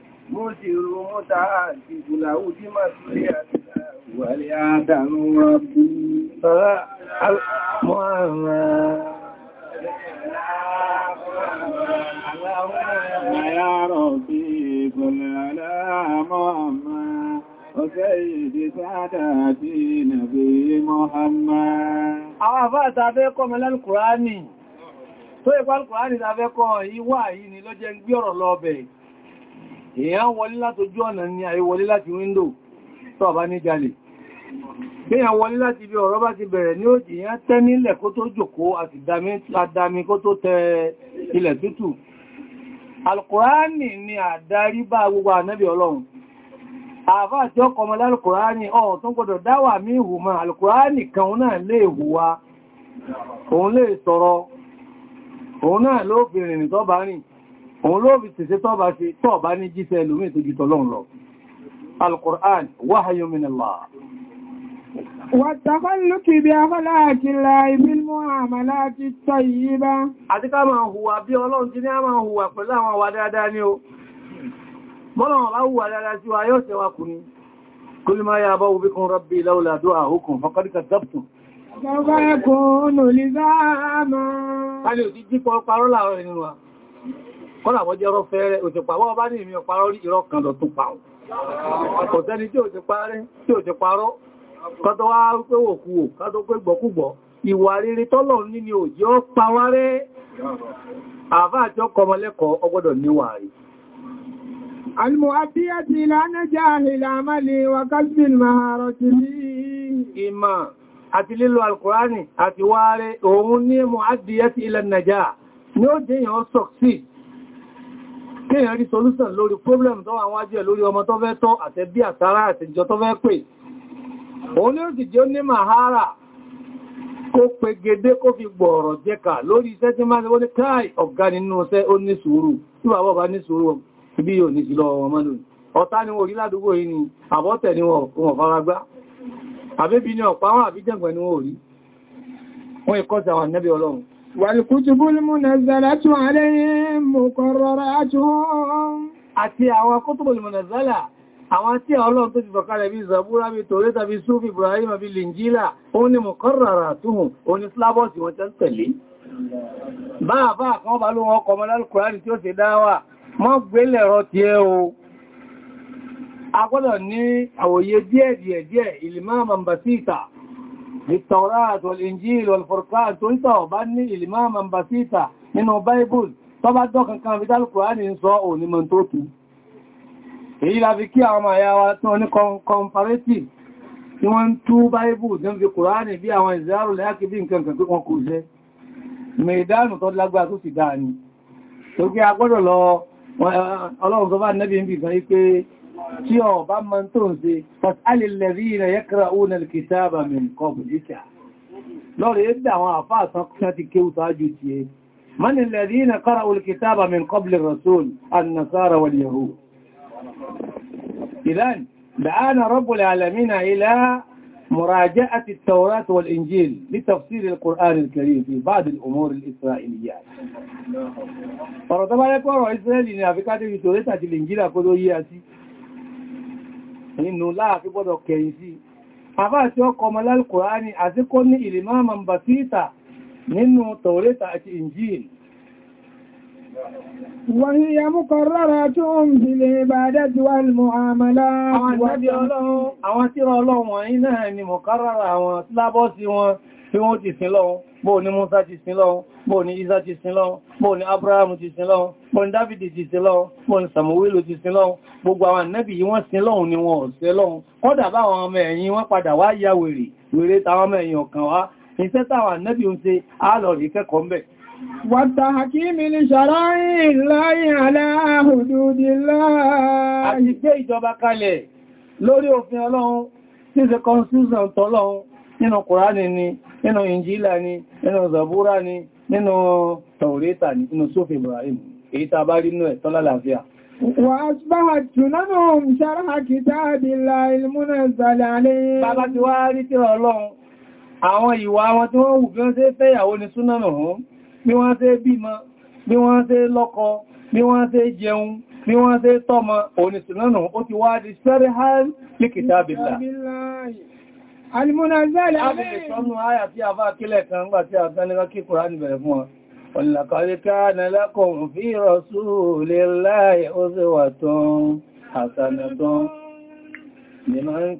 mújìrò múta àdìbò làwú tí máa tó rí àdìbò wàlẹ̀ àdànù ọ̀bí bàbá mọ́àmà Àyárọ̀ bí ìgbòlẹ̀ aláàmọ́ àmà ọ̀fẹ́ ìdí sáàdà àti nàbí Muhammad. Àwọn àfáà tàbẹ́ kọ́ mẹ́lẹ́lù Kùránì tó ìpàlù Kùránì tàbẹ́ kọ́ yíwà yìí ni ló jẹ́ gbí ọ̀rọ̀ lọ bẹ̀rẹ̀ èèyàn wọlé látojú ọ̀nà ni àìwọlé láti wíńdò tó àbá ní jalè bí èèyàn wọlé láti bí ọ̀rọ̀ bá ti bẹ̀rẹ̀ ní òjì èèyàn tẹ́ nílẹ̀ kó tó jòkó àti àdámi kó tó tẹ ilẹ̀ tútù alkùránì ni àdarí bá gbogbo ànábì ọlọ́run àfá àti ọkọ̀ ọmọ lálùkùránì ọ̀ tó gbọdọ̀ dáwà mí ìhù mọ́ alkùránì kan náà lè hùwa òun lè sọ̀rọ̀ òun náà ló fi rìnrìn tó bá rìn òun ló fi tẹ̀sẹ̀ tọ́ba ṣe tọ́ọ̀bá ní jíṣẹ́ ẹlòmí tó jù tọ́lọ́run lọ Al-Qur'an wahayun min Allah wàtàkọ́lùkì bí afọ́lá àti la ìbílmọ́ àmàlá ti tọ́ yìí bá àti ká máa hùwà bí ọlọ́run ti ní a máa hùwà pẹ̀lú àwọn wà dáadáa ní o bọ́lọ̀wọ̀n ò ti jí pọ̀ parọ́ láàrin wa kọ́nà àwọn jẹ́rọ fẹ́rẹ́ òtìpàwọ́ bá ní ìmì ọ̀parọ́ rí irọ́ kan lọ tún pàwọ́ ọ̀tẹ́ni tí ò ti parẹ́ tí ò ti parọ́ kọ́tọ́ wá pé wòkúwò kọ́tọ́ pé gbọ́kúgbọ́ ìwà rere tọ́lọ̀ nínú òjì ọ́ pàwárẹ́ àbá àti ọkọ̀ ọmọlẹ́kọ̀ọ́ ọgbọ́dọ̀ níwà rí wa kasbil maharati Ìmọ̀ àti lílo Al-Qur'ani àti wáre òun ní mu'addiyati ila najah ni ó jẹ́ èèyàn succeed kéèyàn rí solúsàn lórí problem tó wà wájú ẹ̀ lórí ọmọ tó fẹ́ tọ́ àtẹ́bí àtàrà àtìjọ tó fẹ́ pè òun ní òsì jẹ́ ó ní màhárà kó pe gẹ́dẹ́ kó fi gbọ̀ọ̀rọ̀ jẹ́kà lórí iṣẹ́ tí máa ń wọ́n ní káì ọ̀gá nínú iṣẹ́ ó ní sùúrù tí bàbá bá ní sùúrù ibi yóò ní sílọ ọmọ lónìí ọ̀tá ni wọ́n orí ládùúgbò yìí ni àbọ́tẹ̀ ni wọ́n faragbá àbébí ni ọ̀pá wọn àbíjẹ̀gbẹ̀ ni wọ́n orí wọ́n ikọ́ والكتب المنزلة عليهم مقرراتهم àti àwọn kútùbù ìmọ̀nàzálà àwọn tí Ọlọ́run tó ti sọ̀kalẹ̀ bí Zabura bí Toreta bí Sufi Ibrahim bí Linjila ó ní muqarraratuhum ó ní slavos wọ́n tẹ́ tẹ̀lé báàbá kan bá ló wọ́n kọmọ lálùkùránì tí ó ṣe dáwà mọ́ gbélẹ̀rọ ti ẹ́ o a gbọ́dọ̀ ní àwòye díẹ̀díẹ̀díẹ̀ ìlìmáàmà mbàsíta التوراة والإنجيل والفرقان tó ìtọ̀ bá ní ìlìmáàmà bàtíta nínú Bible tó bá dọ́kan kan fi dálùkù á ní sọ ò ní mọ̀ tó kú. èyí láfi kí àwọn àyàwà tó ní comparative tí wọ́n tú Bible tí ń fi Kùránì bí àwọn ìzẹ́rù lẹ́yàkì bí nǹkan kan pé wọn kò jẹ́ mẹ́ìdánù tó lágbà tó sì dáa ni tó gbé agbọ́dọ̀ lọ ọlọ́run tó bá tí ọ bá mọ́ tó ń ṣe pàtàlìlẹ̀rí rẹ̀ yẹ́kẹ́rà òun alkitaba min qabl ìkà lọ́rẹ̀ yẹ́ dà àwọn àfáà sán ti kéwù sáájú ti ẹ mọ́nìlẹ̀rí na kára olùkitaba min qabl rasul annasara wal yahud idan da'ana rabbul alamina ila مراجعة التوراة والإنجيل لتفسير القرآن الكريم في بعض الأمور الإسرائيليات فرطبا يقول إسرائيل إن أفكاته في توريتها الإنجيل أقول إياسي nínú láàfí gbọ́dọ̀ kẹ̀yìn sí àbá tí ó kọmọ lálùkùránì àti kó ní ìlìmáàmà bàtíta nínú tàwórítà àti injil وهي مقررة في العبادة والمعاملات àwọn tí ọlọ́run wọ̀nyí náà ni mọ̀káràrà àwọn lábọ́ sí tí wọ́n ti sin lọ́wọ́ bóò ní Musa ti sin lọ́wọ́ bóò ní Isa ti sin lọ́wọ́ bóò ní Abrahamu ti sin lọ́wọ́ bóò ní Dávidì ti sin lọ́wọ́ bóò ní Samuelu ti sin lọ́wọ́ gbogbo àwọn nẹ́bì yí wọ́n sin lọ́wọ́ ni wọ́n ọ̀sẹ̀ lọ́wọ́ kọ́dà báwọn ọmọ ẹ̀yìn wọ́n padà wá ya wèrè wèrè táwọn ọmọ ẹ̀yìn ọ̀kan wá iṣẹ́ táwọn nẹ́bì ń ṣe àálọ̀rí kẹ́kọ̀ọ́ mbẹ̀ والتحكيم لشرائع الله على حدود الله àti gbé ìjọba kalẹ̀ lórí òfin Ọlọ́run tí ṣe constitution tọ́lọ́run nínú Kùránì ni nínú injila ni nínú zabura ni nínú taureta ni nínú sufi ibrahim èyí tá bá rí nínú ẹ̀ tọ́lá làáfíà وأصبحت سننهم شرح كتاب الله المنزل عليه Bàbá ti wá rí tírà Ọlọ́run, àwọn ìwà wọn tí wọ́n wù bí wọ́n ṣe fẹ́yàwó ni súnánà hàn, bí wọ́n ó ti wá di ṣẹ́rẹ̀ hàn ní kìtàbìlá. Al-Munazzal alayhi. Àbìsọ́nù ayà tí a bá kílẹ̀ kan gbà tí a dániká kí Kùránì bẹ̀rẹ̀ fún ọ. Walaqad kana lakum fi rasulillahi uswatun hasanatun liman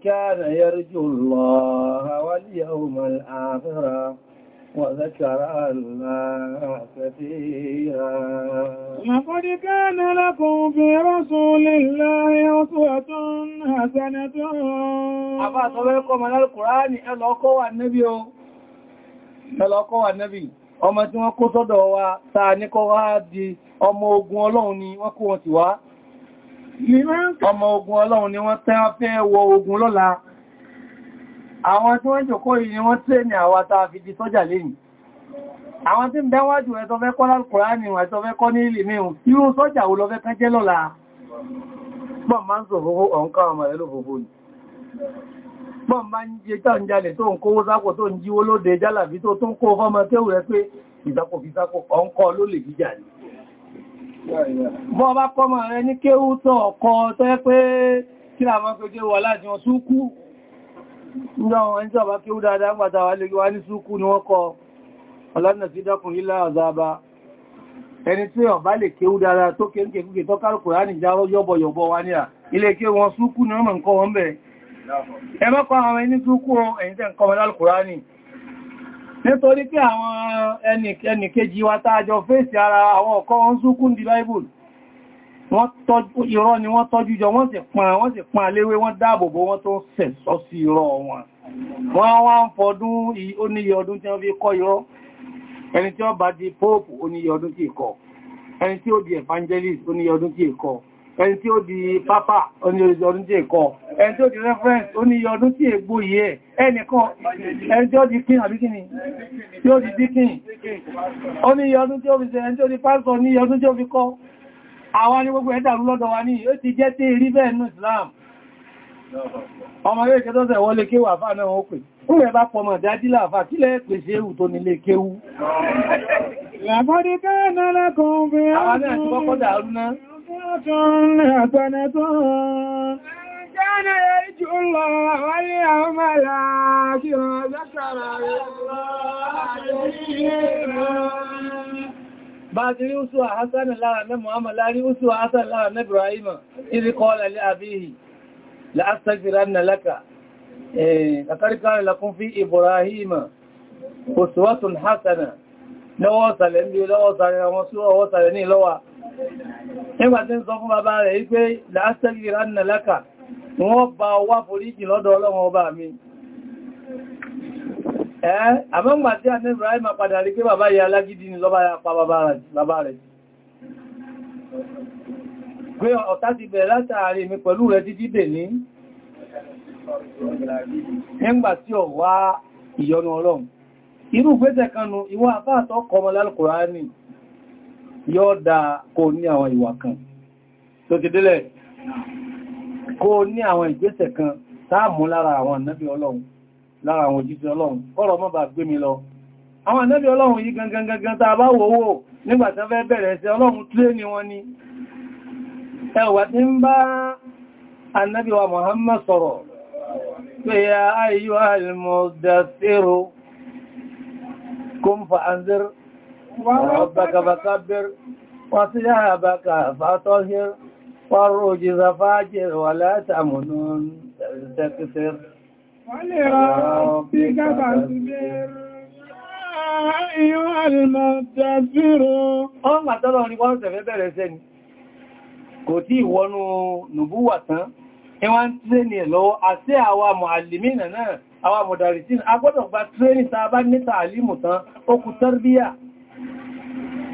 وذكر الله كثيرا لقد كان لكم في رسول الله أسوة حسنة أبا صبركم من القرآن ألقوا النبي ألقوا النبي ọmọ tí wọ́n kó sọ́dọ̀ wa táa ní kọ́ wá di ọmọ ogun ọlọ́run ni wọ́n kó wọn ti wá ọmọ ogun ọlọ́run ni wọ́n tẹ́ fẹ́ wọ ogun lọ́la àwọn tí wọ́n jòkó yìí ni wọ́n tẹ́ ní àwata fi di sọ́jà lẹ́yìn àwọn tí ń bẹ wájú ẹ tó fẹ́ kọ́ lálùkùránì ẹ tó fẹ́ kọ́ ní ilé mẹ́un irú sọ́jà wo ló fẹ́ kán jẹ́ lọ́la pọ́n máa ń sọ ni pọ́n máa ń jẹ tán jalè tó ń kówó sápò tó ń jíwó lóde jálàbí tó tó ń kó fọ́mọ kéwù rẹ̀ pé ìsapò fi sápò ọ̀nkọ́ ló lè jíjà ni Nígbà wọn tí ọba kí ó dáadáa pàtà wà lè wá ní súkú ni wọ́n kọ ọlọ́nà sí dákùn lílá àzába. Ẹni tí ọba lè kí ó dáadáa tó kéńkéńké tó kárùkù rá nìjá yọ́bọ̀yọ̀bọ̀ wá ní à. Ilé kí wọn súkú ni wọ́n mọ̀ nǹkan wọn bẹ̀. Ẹ mọ́kọ àwọn ẹni súkú ẹ̀yìn tẹ́ nǹkan ọmọdálùkùránì. Nítorí pé àwọn ẹnìkejì wa táàjọ fèsì ara àwọn ọ̀kọ́ irọ́ ni wọ́n tọ́jú jọ wọ́n sì pa wọ́n sì pa léwé wọ́n dáàbòbò wọ́n tó sẹ̀sọ́ sí irọ́ wọn wọ́n wá ń fọdún oníyẹ ọdún tí wọ́n fi kọ́ irọ́ ẹni tí ó bá di pope oníyẹ ọdún tí ìkọ́ ẹni tí ó di evangelist oníyẹ ọdún tí ìkọ́ ẹni tí ó di Papa, oníyẹ ọdún tí ìkọ́ ẹni tí ó di reference oníyẹ ọdún tí ègbó yìí ẹ̀ ẹnìkan ẹni tí ó di king àbí kíni tí ó di deacon oníyẹ ọdún tí ó fi ṣe ẹni tí ó di pastor oníyẹ ọdún tí ó àwọn ni gbogbo ẹ̀dàrú lọ́dọ̀ wa ní ó ti jẹ́ tí rí bẹ́ẹ̀ ní Islam ọmọ yóò ṣe tọ́sẹ̀ wọ́n kéwù àfà náà ó pè ó rẹ̀ bá pọmọ̀ dájílà àfà kí lẹ́ pèsè ewu tó nílé kéwù làbọ́dí káàná lákùn fi àwọn náà ti kọ́kọ́ dàrú náà Ọjọ́ bá ti rí Úsùwà Hassan lára ní Muhammad lárí Úsùwà Hassan lára ní Ibrahim ìrí kọ́lá lé àbíhì láàstagfirá nà láka kàkàríkàrí lakún fi Ibrahim Úsùwàtún Hassana lọ́wọ́ sàlẹ̀ ní lọ́wọ́ sàlẹ̀ àwọn súwọ́ sàlẹ̀ ní lọ́wà nígbàtí ń sọ fún bàbá rẹ̀ wípé láàstagfirá nà láka àmọ́gbà tí a ní Ibrahim padà rí pé bàbá yà alágídí ni lọ́bá pa bàbá rẹ̀ pé ọ̀tá ti bẹ̀rẹ̀ látàrí mi pẹ̀lú rẹ̀ títí dè ní nígbà tí ó wá ìyọnu Ọlọ́run irú gbẹ́sẹ̀ kanu ìwọ àfáàtọ́ kọmọ lálùkùránì yóò dá kó ní àwọn ìwà kan tó ti délẹ̀ kó ní àwọn ìgbésẹ̀ lára àwọn òjíṣẹ́ ọlọ́run ọ̀rọ̀ mọ́ bá gbé mi lọ àwọn ànábì ọlọ́run yìí gangan gangan tá a bá wò wò nígbàtí fẹ́ bẹ̀rẹ̀ sí ọlọ́run tlé ni wọ́n ni ẹwà tí ń bá ànábì wa Muhammad sọ̀rọ̀ pé ya ayyuhal muddathiru kum fa'anzir wa rabbaka fakabbir wa thiyabaka fatahhir wa rujza fahjir wa la tamnun ولربك kò tí ìwọnú nùbúwà tán, ìwọ́n tẹ́ ni lọ́wọ́ àti àwa mùàlìmínà náà, àwa mùdàrìsí, a gbọ́dọ̀ gba tírẹ́nì tàà bá ní tààlìmù tán, ó tẹ́rbíyà.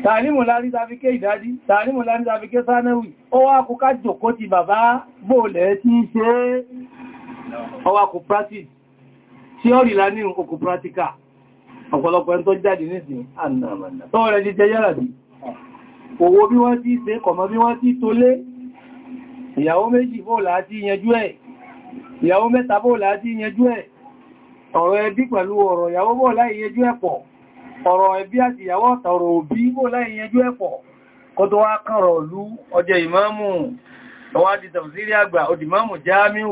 Tààlìmù lárí tàbíké ìdájí, tààlìmù lárí tàbíké sánáwì, ó wá kú ká jòkó ti bàbá gbòòlẹ̀ tí í ṣe ọwá kò practice tí ó rìlá nínú okò practical ọ̀pọ̀lọpọ̀ ẹn tó jáde nísìn ànàmànà tó rẹ̀ jíjẹ yára bí owó bí wọ́n ti ṣe kọ̀mọ́ bí wọ́n ti tó lé ìyàwó méjì bóòlà àti ìyẹnjú ẹ̀ ìyàwó mẹ́ta bóòlà àti ìyẹnjú ẹ̀ ọ̀rọ̀ ẹbí pẹ̀lú ọ̀rọ̀ ìyàwó bóòlà ìyẹnjú ẹ̀ pọ̀ ọ̀rọ̀ ẹbí àti ìyàwó ọ̀tà ọ̀rọ̀ òbí bóòlà ìyẹnjú ẹ̀ pọ̀ kó tó wá kànrọ̀ ìlú ọjẹ́ ìmáàmù ọwá tàbí sírí àgbà òdìmáàmù jámíù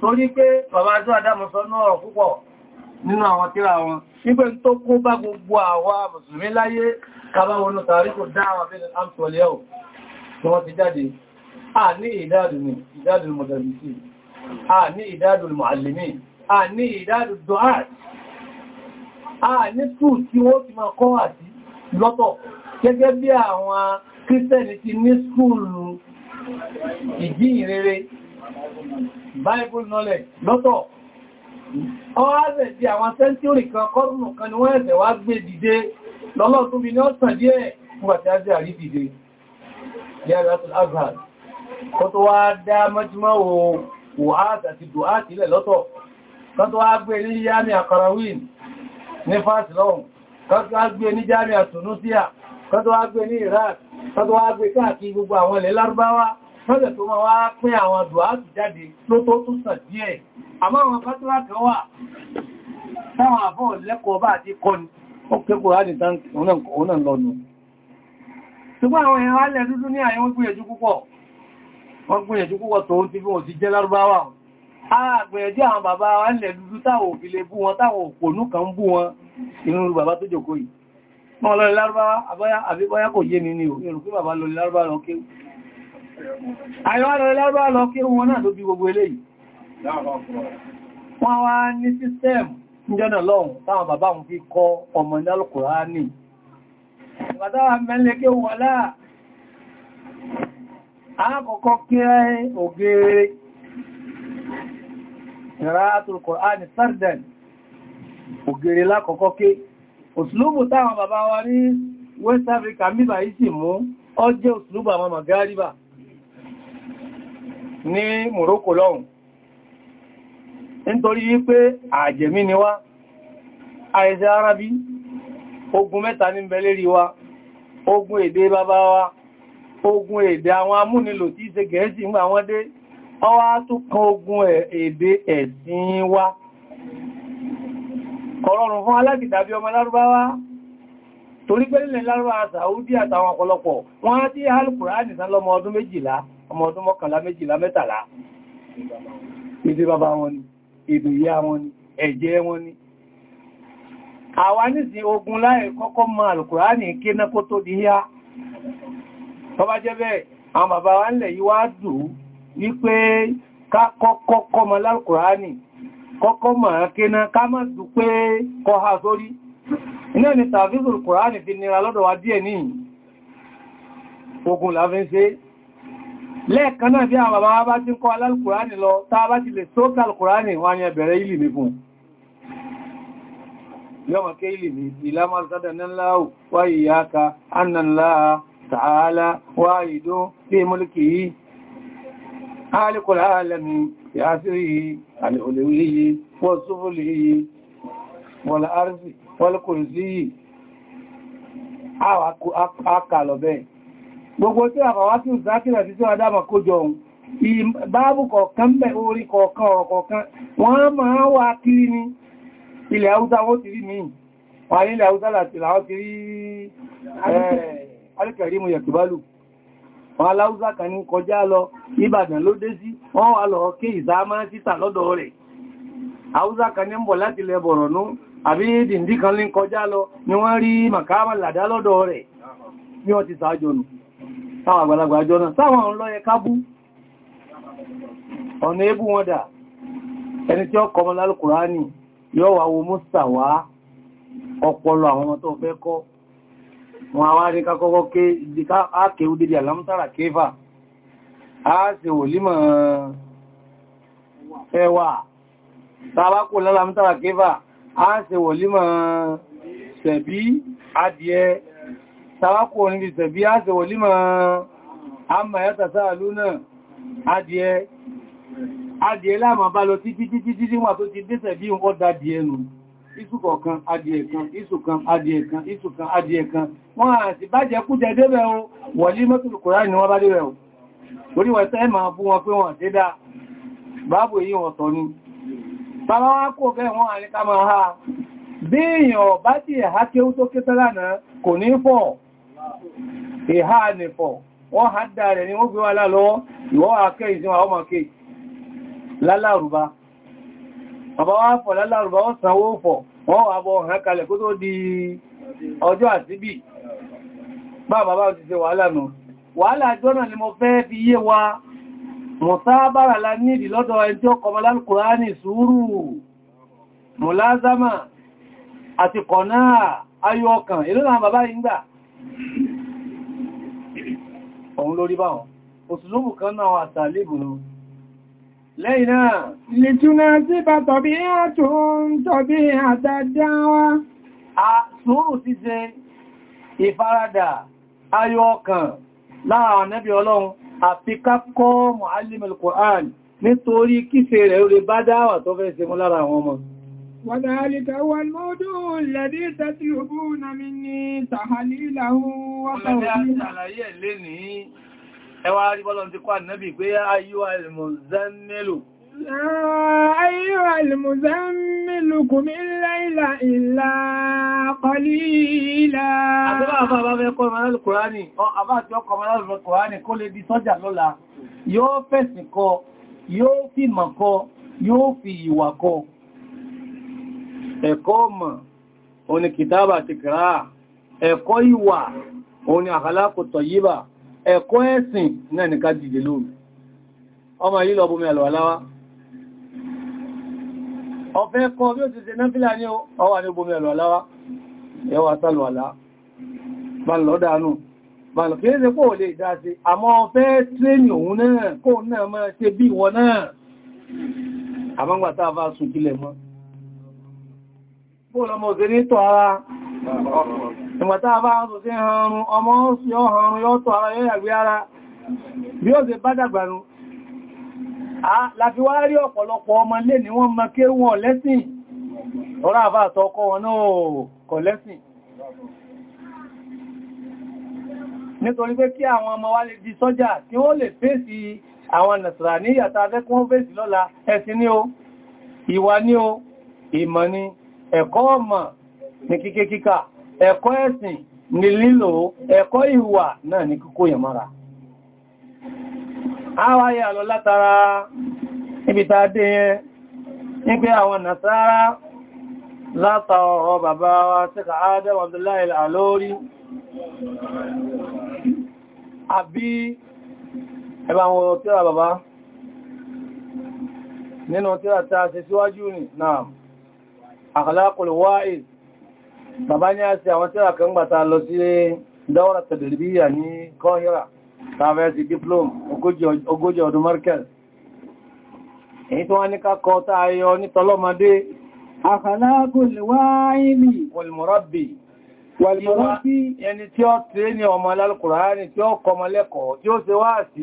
torí pé bàbá tó àdámọ̀sọ́ náà púpọ̀ nínú àwọn tíra wọn wípé tó kó bá gbogbo àwa mùsùlùmí láyé kàbáwọnú tàrí kò dáwà bẹ́ẹ̀ amtọ̀lẹ́ ọ̀ tí wọ́n ti jáde a ní ìdádùn mọ̀dàbìsì a ní ìdádùn mọ̀àlìmí a ní ìdádùn dọ́àt a ní skúù tí wọ́n ti máa kọ́ àti lọ́tọ̀ gẹ́gẹ́ bí àwọn kírísẹ́nì ti ní skúù ìjíhìn rere bible knowledge lọ́tọ̀ ọ́wàzẹ̀ tí àwọn sẹ́ntúrì kan kọ́rùnù kan ni wọ́n ẹ̀sẹ̀ wá gbé dìde lọ́lọ́túnmi ní ọ̀sán díẹ̀ fúgbàtí á jẹ́ àrí dìde yàrátùl azhar kọ́ tó wá dá mọ́júmọ́ wòhát àti dùhát ilẹ̀ lọ́tọ̀ kọ́ tó wá gbé ní yámi àkọ̀rọ̀wìn ní fásilọ́hùn kọ́ tó wá gbé ní jámi àtùnúsíà kọ́ tó wá gbé ní iraq kọ́ tó wá gbé káàkiri gbogbo àwọn ilẹ̀ lárúbáwá Mọ́lẹ̀ tó máa wá pín àwọn dùhátù jáde ló tó tún sàn díẹ̀. Àmọ́ àwọn fátúrà kan wà táwọn àfọ́ lẹ́kọ̀ọ́ bá àti kọ́ ni, ó kékò rá ní tánkì òun náà lọ́nu. Ṣùgbọ́n àwọn èèyàn alẹ́ dúdú ní àyẹ́ wọ́n gbìyànjú púpọ̀. Wọ́n gbìyànjú púpọ̀ tó ti bí wọ́n ti jẹ́ lárúbáwà. Àgbìyànjú àwọn bàbá alẹ́ dúdú táwọn òfin lè bú wọn táwọn òpònú kan bú wọn inú bàbá tó jòkó yìí. Wọ́n lọ lárúbáwà, àbáyá àbíbáyá kò yé ni ni ò, ìrùkú bàbá lọ lárúbáwà lọ kéwù. àyíwá rẹ̀ lárúbá lọ kí wọn náà ló bí gbogbo eléyìn wọ́n wá ní sísẹ́mù níjọ́nà lọ́hùn táwọn bàbá wọn fi kọ ọmọ ní al táwọn bàbá wa West Africa mìbà yìí sì mú àwọn ní Morocco lọ́hùn nítorí wípé àjẹ̀mí ni wá àìsẹ̀ arábí ogun mẹ́ta ní bẹ̀lérí wa ogun èdè bàbá wa ogun èdè àwọn amúnilò tí ṣe gẹ̀ẹ́sì ń àwọn dé ọwá tún kan ogun èdè ẹ̀sìn wa kọ̀rọ̀rùn fún alágìdàbí ọmọ lárúbáwá torí pé lárúbáwá Saudi àtàwọn ọ̀pọ̀lọpọ̀ wọ́n á tí hálùkùrá nìsan lọ́mọ ọdún méjìlá ọmọ ọdún mọ́kànlá méjìlá mẹ́tàlá ìdí bàbá wọn ni ìdí ìyá wọn ni ẹ̀jẹ́ wọn ni àwa nísìn ogun láì kọ́kọ́ ma Al-Kùránì ké ná kó tó di yá tó bá jẹ́ bẹ́ẹ̀ àwọn bàbá wa ńlẹ̀ yìí wá dù wípé ká kọ́kọ́ ká ha fi ogun ṣe lẹ́ẹ̀kan náà bí àwọn bàbá bá ti ń kọ́ alálùkùránì lọ tá bá ti lè sókè alùkùránì wọ́n ni ẹbẹ̀rẹ̀ ìlì mi fún yọmọ ké ìlì mi ìlàmà sádàníláwò wá ìyáka annanláà tààlá wá ìdó bí múlùkì yìí alìkùrá alẹ́mi yásírí alìolèwìlì wọ́súfúlì wọ́lá gbogbo tí àkọwá tí ó zákìrà sí tí ó adába kójọ ohun báàbù kọ̀ọ̀kan bẹ̀ orí kọ̀ọ̀kan ọ̀kọ̀ọ̀kan wọ́n máa wà kiri ní ilẹ̀ haúsá wọ́n ti rí mi wà ní ilẹ̀ haúsá láti làwọ́ ti rí alẹ́kẹ̀rí mu yẹ̀kùbálù wọ́n aláúsá kan ní kọjá lọ Ìbàdàn ló dé sí wọ́n wà lọ kí ìsámá títà lọ́dọ̀ rẹ̀ haúsá kan ní ń bọ̀ láti ilẹ̀ Bọ̀rọ̀nú àbí dìndí kan ní kọjá lọ ni wọ́n rí màkàmà làdá lọ́dọ̀ rẹ̀ ní wọ́n ti sáájọ́nù táwọn àgbàlagbà àjọ náà sáwọn òun lọ́yẹ kábú ọ̀nà ebú wọn dà ẹni tí ó kọmọ lálùkùránì yóò wà wo mùsàwá ọpọlọ àwọn ọmọ tó fẹ́ kọ́ wọn àwá rí kakọ́kọ́ ké ákèú dédé àlámsára kéfà á sì wò límọ̀ tàwákò níbi tẹ̀bí àti wòlímọ̀ àmà yàtà sáà lúnà adìẹ adìẹ láàmà bá lọ títí títí títí wà tó ti dé tẹ̀bí ń ọdá nù kan isu kan kan isu kan kan o wọn wọn bí èèyàn bá ti ẹ̀há tó náà kò ìhá nìfọ̀ wọ́n ha dá rẹ̀ ni wọ́n gbé wà lálọ́wọ́ ìwọ́ akẹ́ ìsin àwọn ọmọkè lálàrùbá bàbá wá fọ̀ lálàrùbá wọ́n sanwó fọ̀ wọ́n wà bọ̀ ọ̀hán kalẹ̀ kó tó di ọjọ́ àsíbì bá bàbá ti ṣe wàhálà nù wàhálà jọ́nà ni mo fẹ́ fi yé wa mùsábàrà la nídìí lọ́dọ̀ ẹni tí ó kọmọ lálùkùránì sùúrù mùlázàmà àti kọ̀náà ayọ́ ọkàn ìlú náà bàbá yìí òun lórí báwọn òsùsùmù kan náà wà tàlébù lẹ́yìn náà lìtúnà sí bá tọ̀bí àtún tọ̀bí àtàdáwá àtúrù ti ṣe ìfaradà ayọ̀ ọkàn láàrín ànábì ọlọ́run àfi kákọ́ mọ̀ alìmọ̀lù Kùránì nítorí kífẹ́ rẹ̀ orí bá dáwà tó fẹ́ ṣe mú lára àwọn ọmọ وذلك هو الموضوع الذي تطلبون مني تحليله وقوله Ẹwà àríbọ́lọ̀ ti kọ́ ànábì pé ayúwà ìmùzánmìlù. Ayúwà ìmùzánmìlù kù mí láìlà ìlà kọlílà. Àtọ́lá àbá bá fẹ́ kọ́ mọ́lá Kùránì, àbá àti ọkọ̀ mọ́lá Kùránì kó lè di sọ́jà lọ́la, yóò fẹ̀sìn kọ́, yóò fi mọ̀ ẹ̀kọ́ ọmọ òun ni kìtàbà ti kìrá ẹ̀kọ́ ìwà òun ni àkàlákò tọ̀yíbà ẹ̀kọ́ ẹ̀sìn náà ní ká dìde lóòrù ọmọ yìí lọ bómi àlọ́wàláwá ọ̀fẹ́ kọ́ bí ó ti ṣe náfílà ní ọwà ní bómi àlọ́wàláwá ẹwà sálùwàlá bá lọ dánú bá lọ kí àmọ́gbàtà bá sùn kílẹ̀ mọ́ ọmọ òṣèré tọ́ ara ìgbàtà bá ọdún sí ọrùn ọmọ yọ ọrùn yọ tọ́ ara yọ yàgbé ara bí ó ṣe bá dàgbànú láti wá rí ọ̀pọ̀lọpọ̀ ọmọ lè ní wọ́n máa kéwú wọn lẹ́sìn ọ̀rọ̀ àbá àtọ́kọ́ nítorí pé kí àwọn ọmọ wa lè di sọ́jà tí wọ́n lè fèsì àwọn nàṣàrà ní ìyàtà afẹ́kún fèsì lọ́la ẹ̀sìn ni o ìwà ni o ìmọ̀ ni ẹ̀kọ́ ọmọ ní kíké kíkà ẹ̀kọ́ ẹ̀sìn ní lílò ẹ̀kọ́ ìwà náà ní kíkó yàn mọ́ra àwáyé àlọ látara ibìta dé yẹn pé àwọn nàsára látà ọ̀rọ̀ bàbá wa tí ka Adam alori àbí ẹbà wọn bàbá nínú tí a ṣe síwájú náà akhlaqul wa'iz bàbá ní àti àwọn tíra kan gbàta lọ sí dáwọ́rà tàbílìbíyà ní kọ́hírà tàbí diplom ogójì ọdún markel èyí tó wọ́n ní kákọ táayọ ní tọlọ́mọdé akhlaqul wa'iz wal murabbi wal murabbi ẹni tí ó tẹ́ ní ọmọ alálùkùránì tí ó kọmọlẹ́kọ̀ọ́ tí ó ṣe wáàsí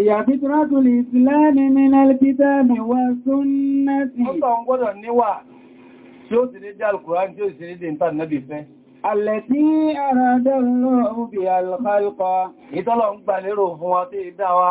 Ìyà fítrátù lè ìsìláàmì nínú alìkítà mẹ́wà súnnàtì. Ọlọ́run gbọ́dọ̀ níwà tí ó ti lé jẹ́ alìkùránì tí ó ti lé dé ìta nàbì fẹ́. Àlẹ̀tí àràdọ́lọ́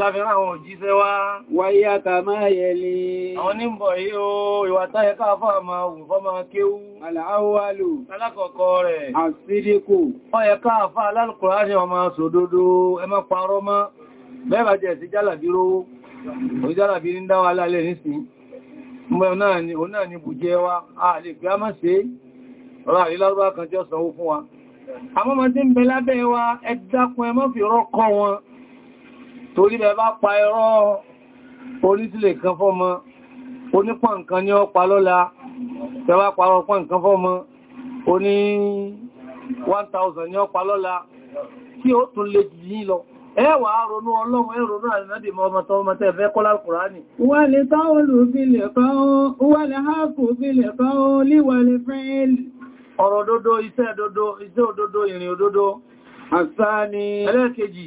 láfẹ́ràn àwọn òjíṣẹ́ wá wáyé àtàmá yẹlé àwọn nímbọ̀ yí o ìwà táyẹ káàfà máa wù fọ́ máa kéwú aláwọ̀lù alákọ̀ọ́kọ́ rẹ̀ àsídíkù ọyẹ káàfà alálùkùránì ọmọ sòdodo ẹ má parọ́ mọ́ bẹ́ẹ̀ bá jẹ́ sí jálàbí rówó òjálàbí ní dáwà alálẹ̀ ni bùjẹ́ wa a lè gbá mọ́ sí ọ̀rọ̀ àrílárúbá kan jẹ́ sanwó fi rọ́kọ́ wọn torí bẹ bá pa ẹ̀rọ orísìlẹ̀ kan fọ́mọ onípọ̀ nǹkan ní ọpa lọ́la bẹ bá pa ọpọ̀ nǹkan fọ́mọ oní 1000 ní ọpa lọ́la tí ó tún lè jì yí lọ ẹwà ronú ọlọ́run ẹ̀rọ̀nú àrínàdì ọmọ tó fẹ́ kọ́lá kùránì. wà táwọlù kan lè líwà lè fẹ́ẹ̀lì. ọ̀rọ̀ iṣẹ́ dodo iṣẹ́ òdodo ìrìn ni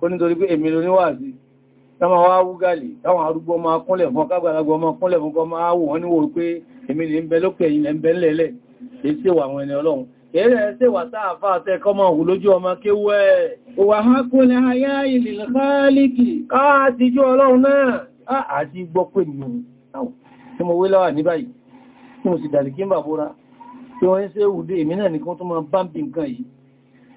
kó nítorí pé èmi ló níwàásí táwọn wá wúgàlì táwọn arúgbó ma kúnlẹ̀ fún kágbàlagbà ma kúnlẹ̀ fún kọ máa wò wọ́n níwò pé èmi lè ń bẹ lókè yìí lè ń bẹ lẹ́lẹ̀ lè ṣèwà àwọn ẹni ọlọ́run kẹ́rẹ̀ ṣèwà táàfà tẹ́ kọmọ òun lójú ọmọ kéwẹ́ òwà hákúnlẹ̀ ayá ilẹ̀ káàlìkì káàtijú ọlọ́run náà àti gbọ́ pé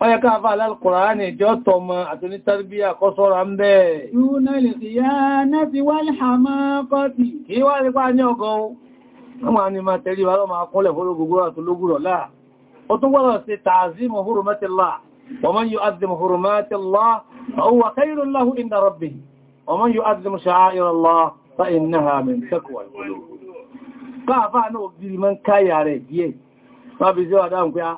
Ọyẹ ká fà lálùkùnrán ní ìjọ tọmọ àti ní tàrbíyà kọ́ sọ́ra ń bẹ́ẹ̀. Yúnà lè sí yá náà ti wá ní àmá kọ́tì. Kí wá ní pa ní ọgọ́ ohun. Wọ́n ni máa tẹ̀lé wa lọ́mà kúnlẹ̀ fóró gbogbo àtúlógúrọ̀ láà. Ó tún gbọ́dọ̀ sí ta'zimu hurumatillah. Wa man yu'azzimu hurumatillah fa huwa khayrun lahu inda Káàfà náà ògiri máa káyà rẹ̀ díẹ̀. Wọ́n sí wà dáhùn pé ah,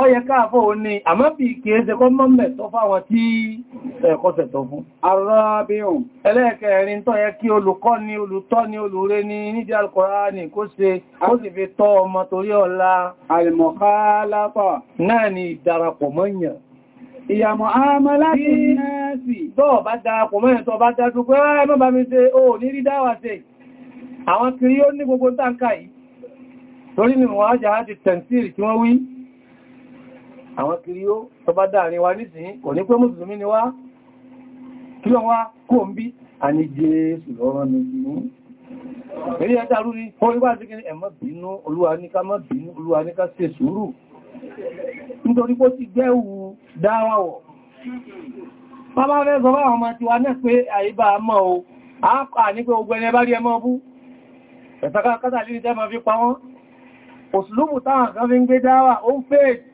ó yẹ káàfọ́ ò ní àmọ́ bí kìí ṣe kọ́ mọ́ mẹ́tọ́ fáwọn tí ẹ̀kọ́sẹ̀ tó fún. arábíhùn ẹlẹ́ẹ̀kẹ́rin tó yẹ kí olùkọ́ ni olùtọ́ ni olùre ni nídí alkùnránì kó ṣe ó tọ́ ọmọ torí ọ̀la ni ìdarapọ̀ mọ́yàn ìyàmọ̀ àmàlá tí náà sì tọ́ bá darapọ̀ mọ́yàn tọ́ bá dájú pé ẹmọ́ bá mi ṣe ó ní ni wọ́n á jà àwọn kiri ó tó bá dáàrin wa nítìí kò ní pé mùsùlùmí ni wá kí lọ wá kó ń bí a ní jésù lọ́rọ̀ ní ìlú eré ẹ̀dà rúrí orí wá sí kí ẹ má bínú olúwa ní ká má bínú olúwa ní ká ṣe sùúrù nítorí pó ti gbẹ́wù dáwàwọ̀ bàbá rẹ̀ sọ báwọn ọmọ ti táwọn kan fi ń gbé dáwà ó ń fèèdì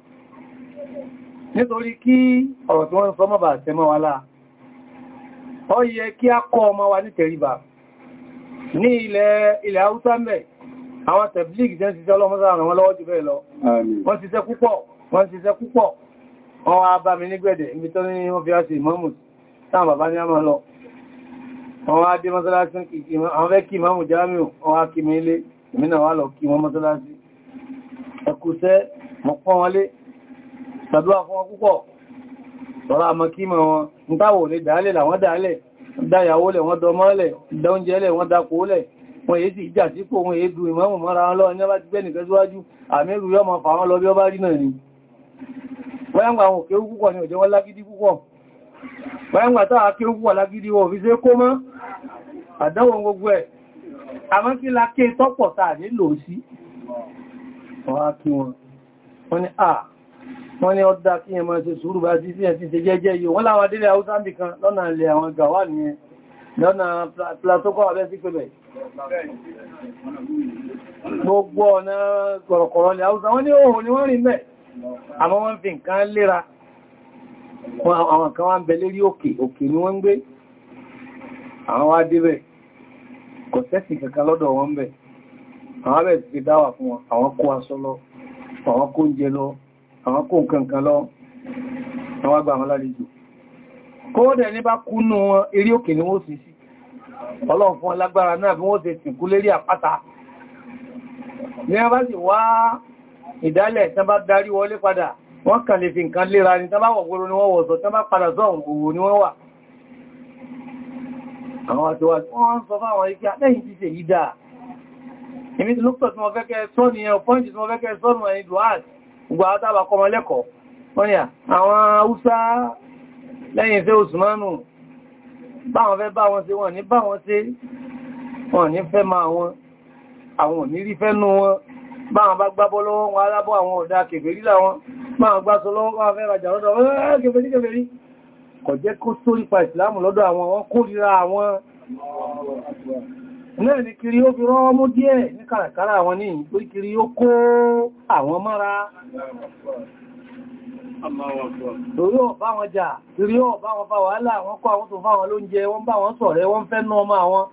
nítorí kí ọ̀rọ̀ tí wọ́n sọ mọ́bà tẹ́mọ́ wa láà ọ yẹ kí a kọ́ ọmọ wa ní tẹríba ní ilẹ̀ ilẹ̀ haúsá mẹ́ àwọn tẹ̀blík jẹ́ ṣiṣẹ́ ọlọ́mọ́sára wọn lọ́wọ́ jù bẹ́ẹ̀ lọ wọ́n ṣiṣẹ́ púpọ̀ wọ́n ṣiṣẹ́ púpọ̀ wọ́n wá bá mi nígbẹ̀dẹ̀ ibi tó ní wọ́n fi aṣe ìmọ́mù táwọn bàbá ní àmà lọ wọ́n wá dé mọ́sálásí àwọn fẹ́ kí ìmọ́mù jámíù wọ́n wá kí mi ilé ìmínà wá lọ kí wọ́n mọ́sálásí ẹkùsẹ́ mọ̀pọ̀ wọn ṣàdúrà fún wọn púpọ̀ sọ́rọ̀ àmọ́ kí mọ̀ wọn ń táwò lè dálẹ̀ làwọn dálẹ̀ dáyàwó lẹ̀ wọ́n dọmọ́lẹ̀ dáúnjẹ́lẹ̀ wọ́n dákòólẹ̀ wọ́n èyí sì jà sípò wọn èyí du ìmọ̀ mọ́ra wọn lọ́wọ́ ní bá ti gbẹ́ nìkan síwájú àmẹ́rù yọ́ mọ̀ ni wọ́yàngbà àwọn òkè púpọ̀ ni òjẹ́ wọ́n lágídí púpọ̀ wọ́yàngbà táà kí ó púpọ̀ lágídí wọ́n fi ṣe kó mọ́ àdánwò gbogbo ẹ̀ àmọ́ kí la ké tọ́pọ̀ táà nílò wọ́n ni a wọ́n ní ọdá kí ẹ máa ṣe sùúrù bá sí sí ẹ̀sìn ṣe jẹ́jẹ́ yìí wọ́n láwọn adílẹ̀ haúsá ń bì kan lọ́nà ilẹ̀ àwọn gàwà nìyẹn lọ́nà platokọ́ abẹ́ sí pẹ̀lẹ̀ gbogbo ọ̀nà kọ̀rọ̀kọ̀rọ̀ ilẹ̀ haúsá wọ́n ní òhò ni wọ́n rìn mẹ́ àmọ́ wọ́n fi nǹkan léra àwọn kan wá ń bẹ àwọn kó nǹkan kan lọ àwọn àgbà àwọn alálejò kóódẹ̀ ní bá kúnnú wọn eré òkè ni wọ́n sì sí ọlọ́run fún alágbára náà bí wọ́n ṣe sìnkú lérí àpáta ní a bá sì wá ìdálẹ̀ tán bá darí wọlé padà wọ́n kàn lè fi nǹkan léra ní tán bá wọ̀gbọ́rọ̀ ni wọ́n wọ̀sọ̀ tán bá padà sọ́hùn òwò ni wọ́n wà àwọn àtiwájú wọ́n sọ gbogbo àwọn tàbà kọmọ lẹ́kọ̀ọ́ wọ́n ni àwọn Haúsá lẹ́yìn fẹ́ Usmanu báwọn fẹ́ bá wọn ṣe wọ́n ní bá wọn ṣe wọ́n ní fẹ́ máa wọn àwọn ò ní rí fẹ́ nú wọn báwọn bá gbábọ́ lọ́wọ́ wọn alábọ́ àwọn ọ̀dá kèfèrí láwọn báwọn gbá sọ lọ́wọ́ wọn fẹ́ rajà lọ́dọ̀ kèfèrí kèfèrí kò jẹ́ kó sórípa náà ni kiri ó fi rán mú díẹ̀ ní kàràkàrà àwọn ní ìpé kiri ó kó àwọn mọ́ra torí ọ̀bá wọn jà torí ọ̀bá wọn bá wàhálà wọn kọ́ àwọn tó fá wọn lóúnjẹ wọ́n bá wọn ṣọ̀rẹ́ wọ́n fẹ́ ná ọmọ àwọn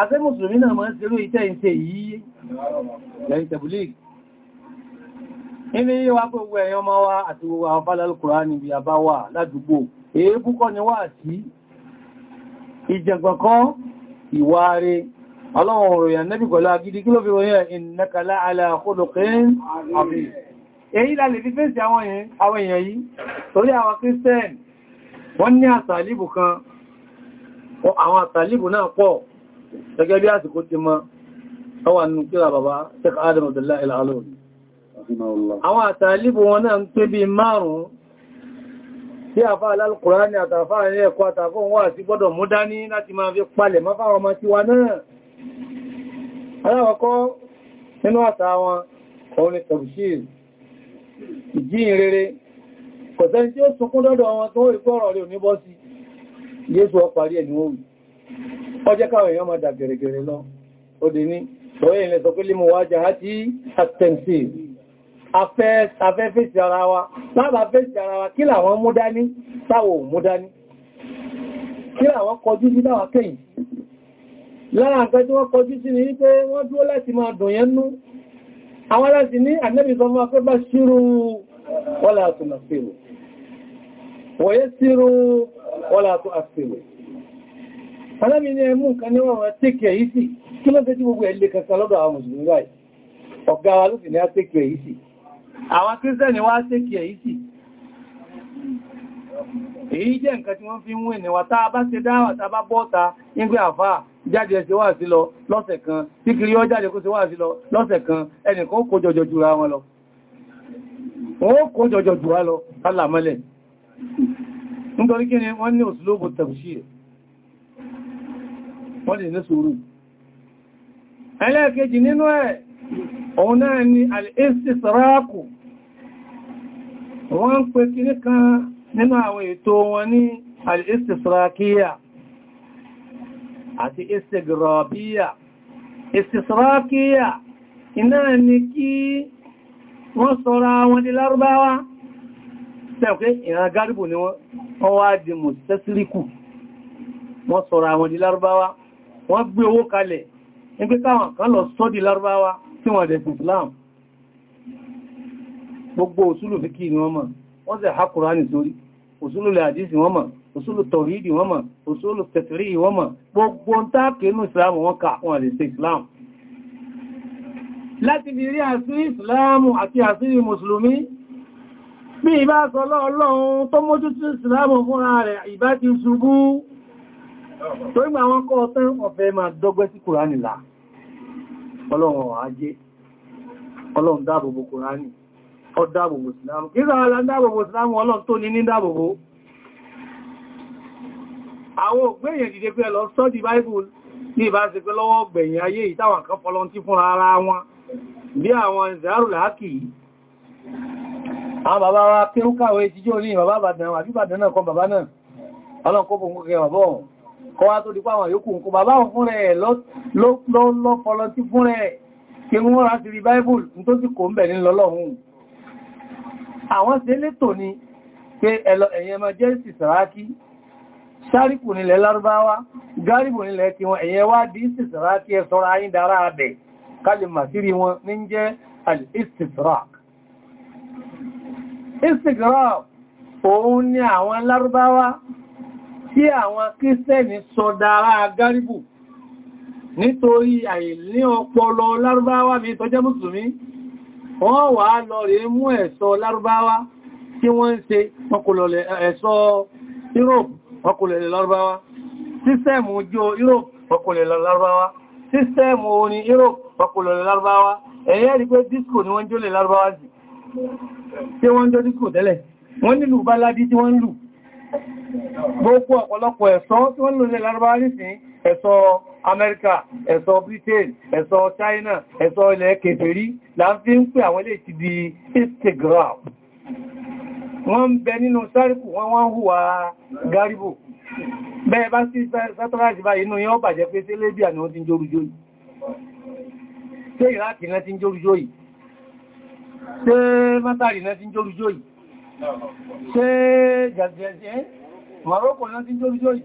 afẹ́ náà mọ́ sí irú ìtẹ́ ìtẹ́ yìí lẹ́yìn tẹ̀bùlíìkì ọlọ́run òròyìn annabi pẹ̀lú agidi kí ló fi wọ́n yẹn innaka la'ala khuluqin azim èyí lálẹ́ fi fèsì àwọn èèyàn yìí torí àwọn Christian wọ́n ní àtàlìbù kan àwọn àtàlìbù náà pọ̀ gẹ́gẹ́ bí àsìkò ti mọ́ ọwà nù kíra bàbá Sheikh Adam Abdullah al-Alawi àwọn àtàlìbù wọn náà ń pé bí márùn-ún tí àfá alálùkùránì àtàfà ẹ̀kọ́ àtàfà wọn wà sí gbọ́dọ̀ mú dání láti máa fi palẹ̀ mọ́fà ọmọ tiwa náà aláwọ̀kọ́ nínú àṣà wọn òun ni tọ̀bùṣìl ìjíyìn rere kò sẹ́ni tí ó sunkún lọ́dọ̀ wọn tó rí pọ́rọ̀ rí oníbọ́ sí Jésù ọparí ẹni ó wù ọjẹ́ káwọn èèyàn máa dà gẹ̀rẹ̀gẹ̀rẹ̀ lọ ó dì ní lọ́yẹ̀ ilẹ̀ sọ pé lè mọ̀ wá jà á ti àtẹ̀ǹsì afẹ́ fèsì ara wa lábà fèsì ara wa kí lára nǹkan tí wọ́n kọjú sí ni wípé wọ́n dúró láti máa dùnyẹn nú àwọn láti ní ànẹ́bì sọ máa pé bá ṣírú wọ́lá àtò àṣírò wọ̀yẹ́ ṣírú wọ́lá àtò àṣírò alábi ní ẹmú nǹkan ní wọ́n èyí jẹ́ nǹkan tí wọ́n fi ń wé ní wa tàà bá ṣe dáwà tàà bá bọ́ta nígbé àfá jáde ẹsẹ̀ wà sí lọ lọ́sẹ̀ kan tí kiri ọ jáde kó ṣe wà sí lọ lọ́sẹ̀ kan ẹnìkan ó kó jọjọ jùra wọn lọ wọ́n kó jọjọ jùra lọ alàmọ́lẹ̀ nítorí kí ni wọ́n ní òsìlóòbò tafsir wọ́n lè ní sùúrù ẹlẹ́ẹ̀kejì nínú nínú àwọn ètò wọn ní al-istisrakiya àti istigrabiya istisrakiya iná ni kí wọ́n sọ́ra wọn di lárúbáwá tẹ́ọ̀kẹ́ ìran gárìbò ni wọ́n wá di mùsẹ́síríkù wọ́n sọ́ra wọn di lárúbáwá wọ́n gbé owó kalẹ̀ nígbé káwọn kan lọ sọ́ di lárúbáwá tí wọ́n dẹ̀ Islam gbogbo òsúlù fi kí ni wọ́n mọ̀ wọ́n sì ha kùránì sórí òṣúlù làdísì wọ́n mọ̀ òṣúlù tọ̀rídì wọ́n mọ̀ òṣúlù tẹ̀tẹ̀rí wọ́n mọ̀ gbogbo ń táàkì inú ìsìláàmù wọ́n kà wọ́n lè ṣe ìsìláàmù láti fi rí àṣírí ìsìláàmù àti àṣírí mùsùlùmí bí ìbá sọlọ́ ọlọ́run tó mójútó ìsìláàmù fúnra rẹ̀ ìbá ti ṣubú tó ìgbà wọn kọ́ ọ̀tán ọ̀fẹ́ máa dọ́gbẹ́ sí kùránì là ọlọ́run ọ̀hájé ọlọ́run dáàbòbò kùránì ọdáàbòbò ìsìlámù kí sára la ń dáàbòbò ìsìlámù ọlọ́run tó ní ní dáàbòbò àwọn ògbéyàn dìde pé lọ sọ́dí bible ní ìbá ṣe pé lọ́wọ́ gbẹ̀yìn ayé ìtàwọn kan fọlọ́ntí fún ara wọn bí àwọn ìzàrù àwọn bàbá wa pé ń kàwé ìtijó ní bàbá Ìbàdàn àbí Ìbàdàn náà kan bàbá náà ọlọ́run di pàwọn yòókù ń kó bàbá ọ̀hún fún rẹ̀ lọ́fọlọ́ntí fún rẹ̀ kí wọ́n rá sí rí bible tó ti àwọn ṣe létò ni pé ẹ̀yẹ ma jẹ́ sí sàrákí sáríkù nílẹ̀ lárúbáwá gáríbù nílẹ̀ tí wọn ẹ̀yẹ wá dí sí sàrákí ẹ sọ́ra ayín dára abẹ̀ kalẹ̀ màsírí wọn ní jẹ́ al-istisraq istisraq òun ni àwọn lárúbáwá tí àwọn wọ́n wà á lọ rẹ̀ mú ẹ̀ṣọ́ lárúbáwá tí wọ́n ń ṣe ọkùnlọ̀lẹ̀ ẹ̀ṣọ́ Europe ọkùnlẹ̀ lárúbáwá sísẹ́mù ojú Europe ọkùnlẹ̀ lárúbáwá sísẹ́mù orin Europe ọkùnlẹ̀ lárúbáwá ẹ̀yẹ́ rí pé disco ni wọ́n jólè lárúbáwá sí tí wọ́n jó disco tẹ́lẹ̀ ẹ̀ṣọ́ Amẹ́ríkà ẹ̀ṣọ́ Britain ẹ̀ṣọ́ China ẹ̀ṣọ́ ilẹ̀ kèfèrí là ń fi ń pè àwọn ilé ti di instagram wọ́n ń bẹ nínú sáríkù wọ́n wọ́n hùwà gáríbò bẹ́ẹ̀ bá sí sátọ́lájì bá inú yọ́ bàjẹ́ pé sí lébíà ni wọ́n ti ń jórujó yìí ṣé ìrákì náà ti ń jórujó yìí ṣé mátàrí náà ti ń jórujó yìí ṣé jàjẹ́ eh? Morocco náà ti ń jórujó yìí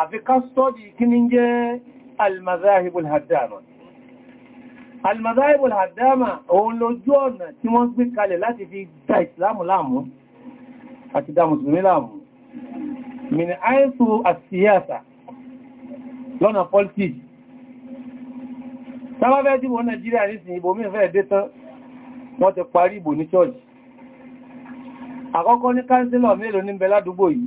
àfi ká sọ́dì kí ní jẹ́ almazahibul haddama almazahibul haddama òun lójú ọ̀nà tí wọ́n gbé kalẹ̀ láti fi dá ìsìlámù láàmú àti dá mùsùlùmí láàmú min aisu asiyasa lọ́nà politics sábábẹ́ dìbò Nàìjíríà nísìn ìbò mí fẹ́ dé tán wọ́n ti parí ìbò ní church àkọ́kọ́ ní kánsílọ̀ mélòó ní bẹ yìí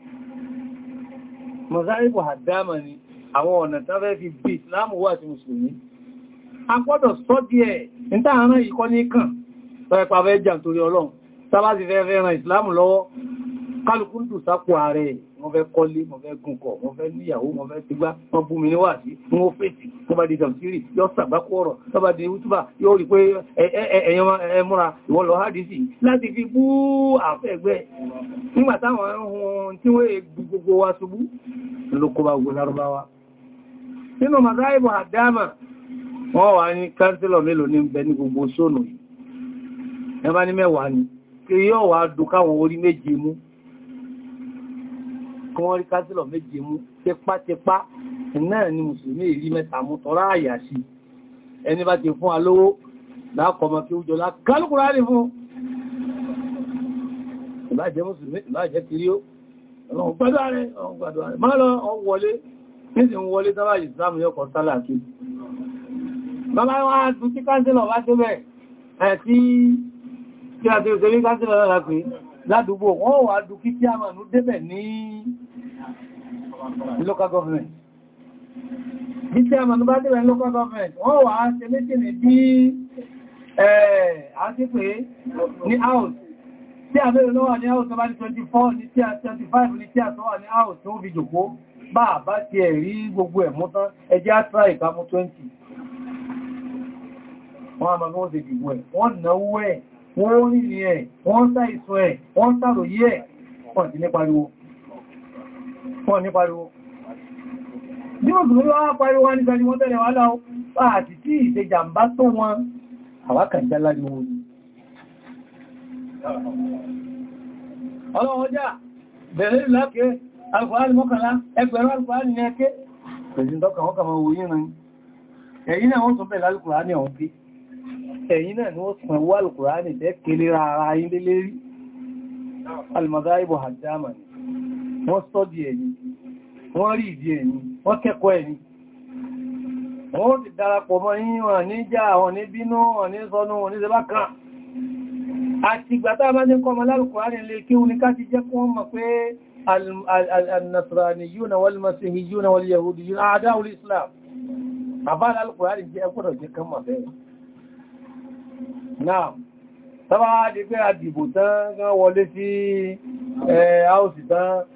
mọ̀sáríkù àdámà ni àwọn ọ̀nà tàbẹ́ fi bí ìsìláàmù wà tí mùsùlùmí a gbọ́dọ̀ sọ díẹ̀ nítàrán ìkọ́ ní kàn tọ́ẹ̀pá fẹ́ jà torí ọlọ́run tàbá ti fẹ́ fẹ́ ran ìsìláàmù lọ́wọ́ kálukú ń tù sápò ààrẹ mo fẹ́ kọ́lé mo fẹ́ gùnkọ̀ mo fẹ́ níyàwó mo fẹ́ tigbá wọ́n bú mi níwàásí mo fèsì tó bá di tàbísírì yóò sàgbákò ọ̀rọ̀ tó bá di útúbà yóò rí pé ẹ̀yàn ẹmúra ìwọ́n lọ hádìsì láti fi bú àfẹ́gbẹ́ nígbà táwọn ohun tí wọ́n gbogbo wa ṣubú lókó bá gbogbo lárúbáwá nínú masáìbò àdámà wọ́n wà ní kí wọ́n rí kásílọ̀ méje mú tipátipá náà ni mùsùlùmí èrí mẹ́ta mú tọ́rá àyà sí ẹni bá ti fún wa lówó lákọmọ kí ó jọlá kálùkùrá rí fún ìbájẹ́ mùsùlùmí ìbájẹ́ kiri ó ọlọ́run gbádọ́ rẹ̀ ọ̀hún gbádọ́ rẹ̀ má lọ ọ̀hún wọlé nísì ń wọlé tọ́lá ìsìlámù yọkọ̀ sálà kí bàbá wá tún tí káńsílọ̀ bá tó bẹ̀ ẹ̀ tí tí a ti òṣèré káńsílọ̀ lára pé ládùúgbò wọ́n wà dùn kí tí a mà nú débẹ̀ ní local government bí tí a mọ̀ bá dìbẹ̀ local government wọ́n wà á ṣe méjìlì bí eh, a ti pé ní house tí a mẹ́rin lọ́wà ní house bá ní 24 ní tí a 25 ní tí a tọ́wà ní house tó fi jòkó bá bá ti ẹ̀rí gbogbo ẹ̀ mú tán ẹjẹ́ á try ìbámu 20 wọ́n a máa wọ́n ṣe dìbò ẹ̀ wọ́n náwó ẹ̀ wọ́n rìnrìn ẹ̀ wọ́n sáìsọ ẹ̀ wọ́n sàròyé ẹ̀ pọ̀ sí ní pariwo wọ́n ní pariwo bí mùsùlùmí wá pariwo wá nígbà ni wọ́n tẹ́lẹ̀ wá láwọ́ bá àti tí ìṣe jàmbá tó wọn àwákàndá láti já bẹ̀rẹ̀ lákẹ́ alkùnrin mọ́kànlá ẹgbẹ̀rún alkùnrin ní ẹkẹ́ pẹ̀lú ìdọ́kà wọ́n kàmọ̀ òyìn rìn ẹ̀yìn náà bẹ̀rẹ̀ alkùnrin ní ẹ̀yìn náà ni wọ́n tún wá alkùnrin ní ẹkẹ́lẹ́ ara ayé lélérí almadáìbò hajjama ni wọ́n sọ́dí ẹ̀yìn wọ́n rí ìdí ẹni wọ́n kẹ́kọ̀ọ́ ẹni wọ́n ti darapọ̀ mọ́ yí wọn ní já wọn ní bínú wọn ní sọnù wọn ní ṣe bákan àti ìgbà tá a bá ní kọmọ lálùkùnrin nílé kí wọn ní ká ti jẹ́ kí wọ́n mọ̀ pé al-nasraniyuna wal-masihiyuna wal-yahudiyuna a'da'ul islam àbá lálùkùnrin jẹ́ ẹkùnrin jẹ́ kan mọ̀ bẹ́ẹ̀ náà tọ́wọ́ á di pé àdìbò tán wọlé sí ẹ̀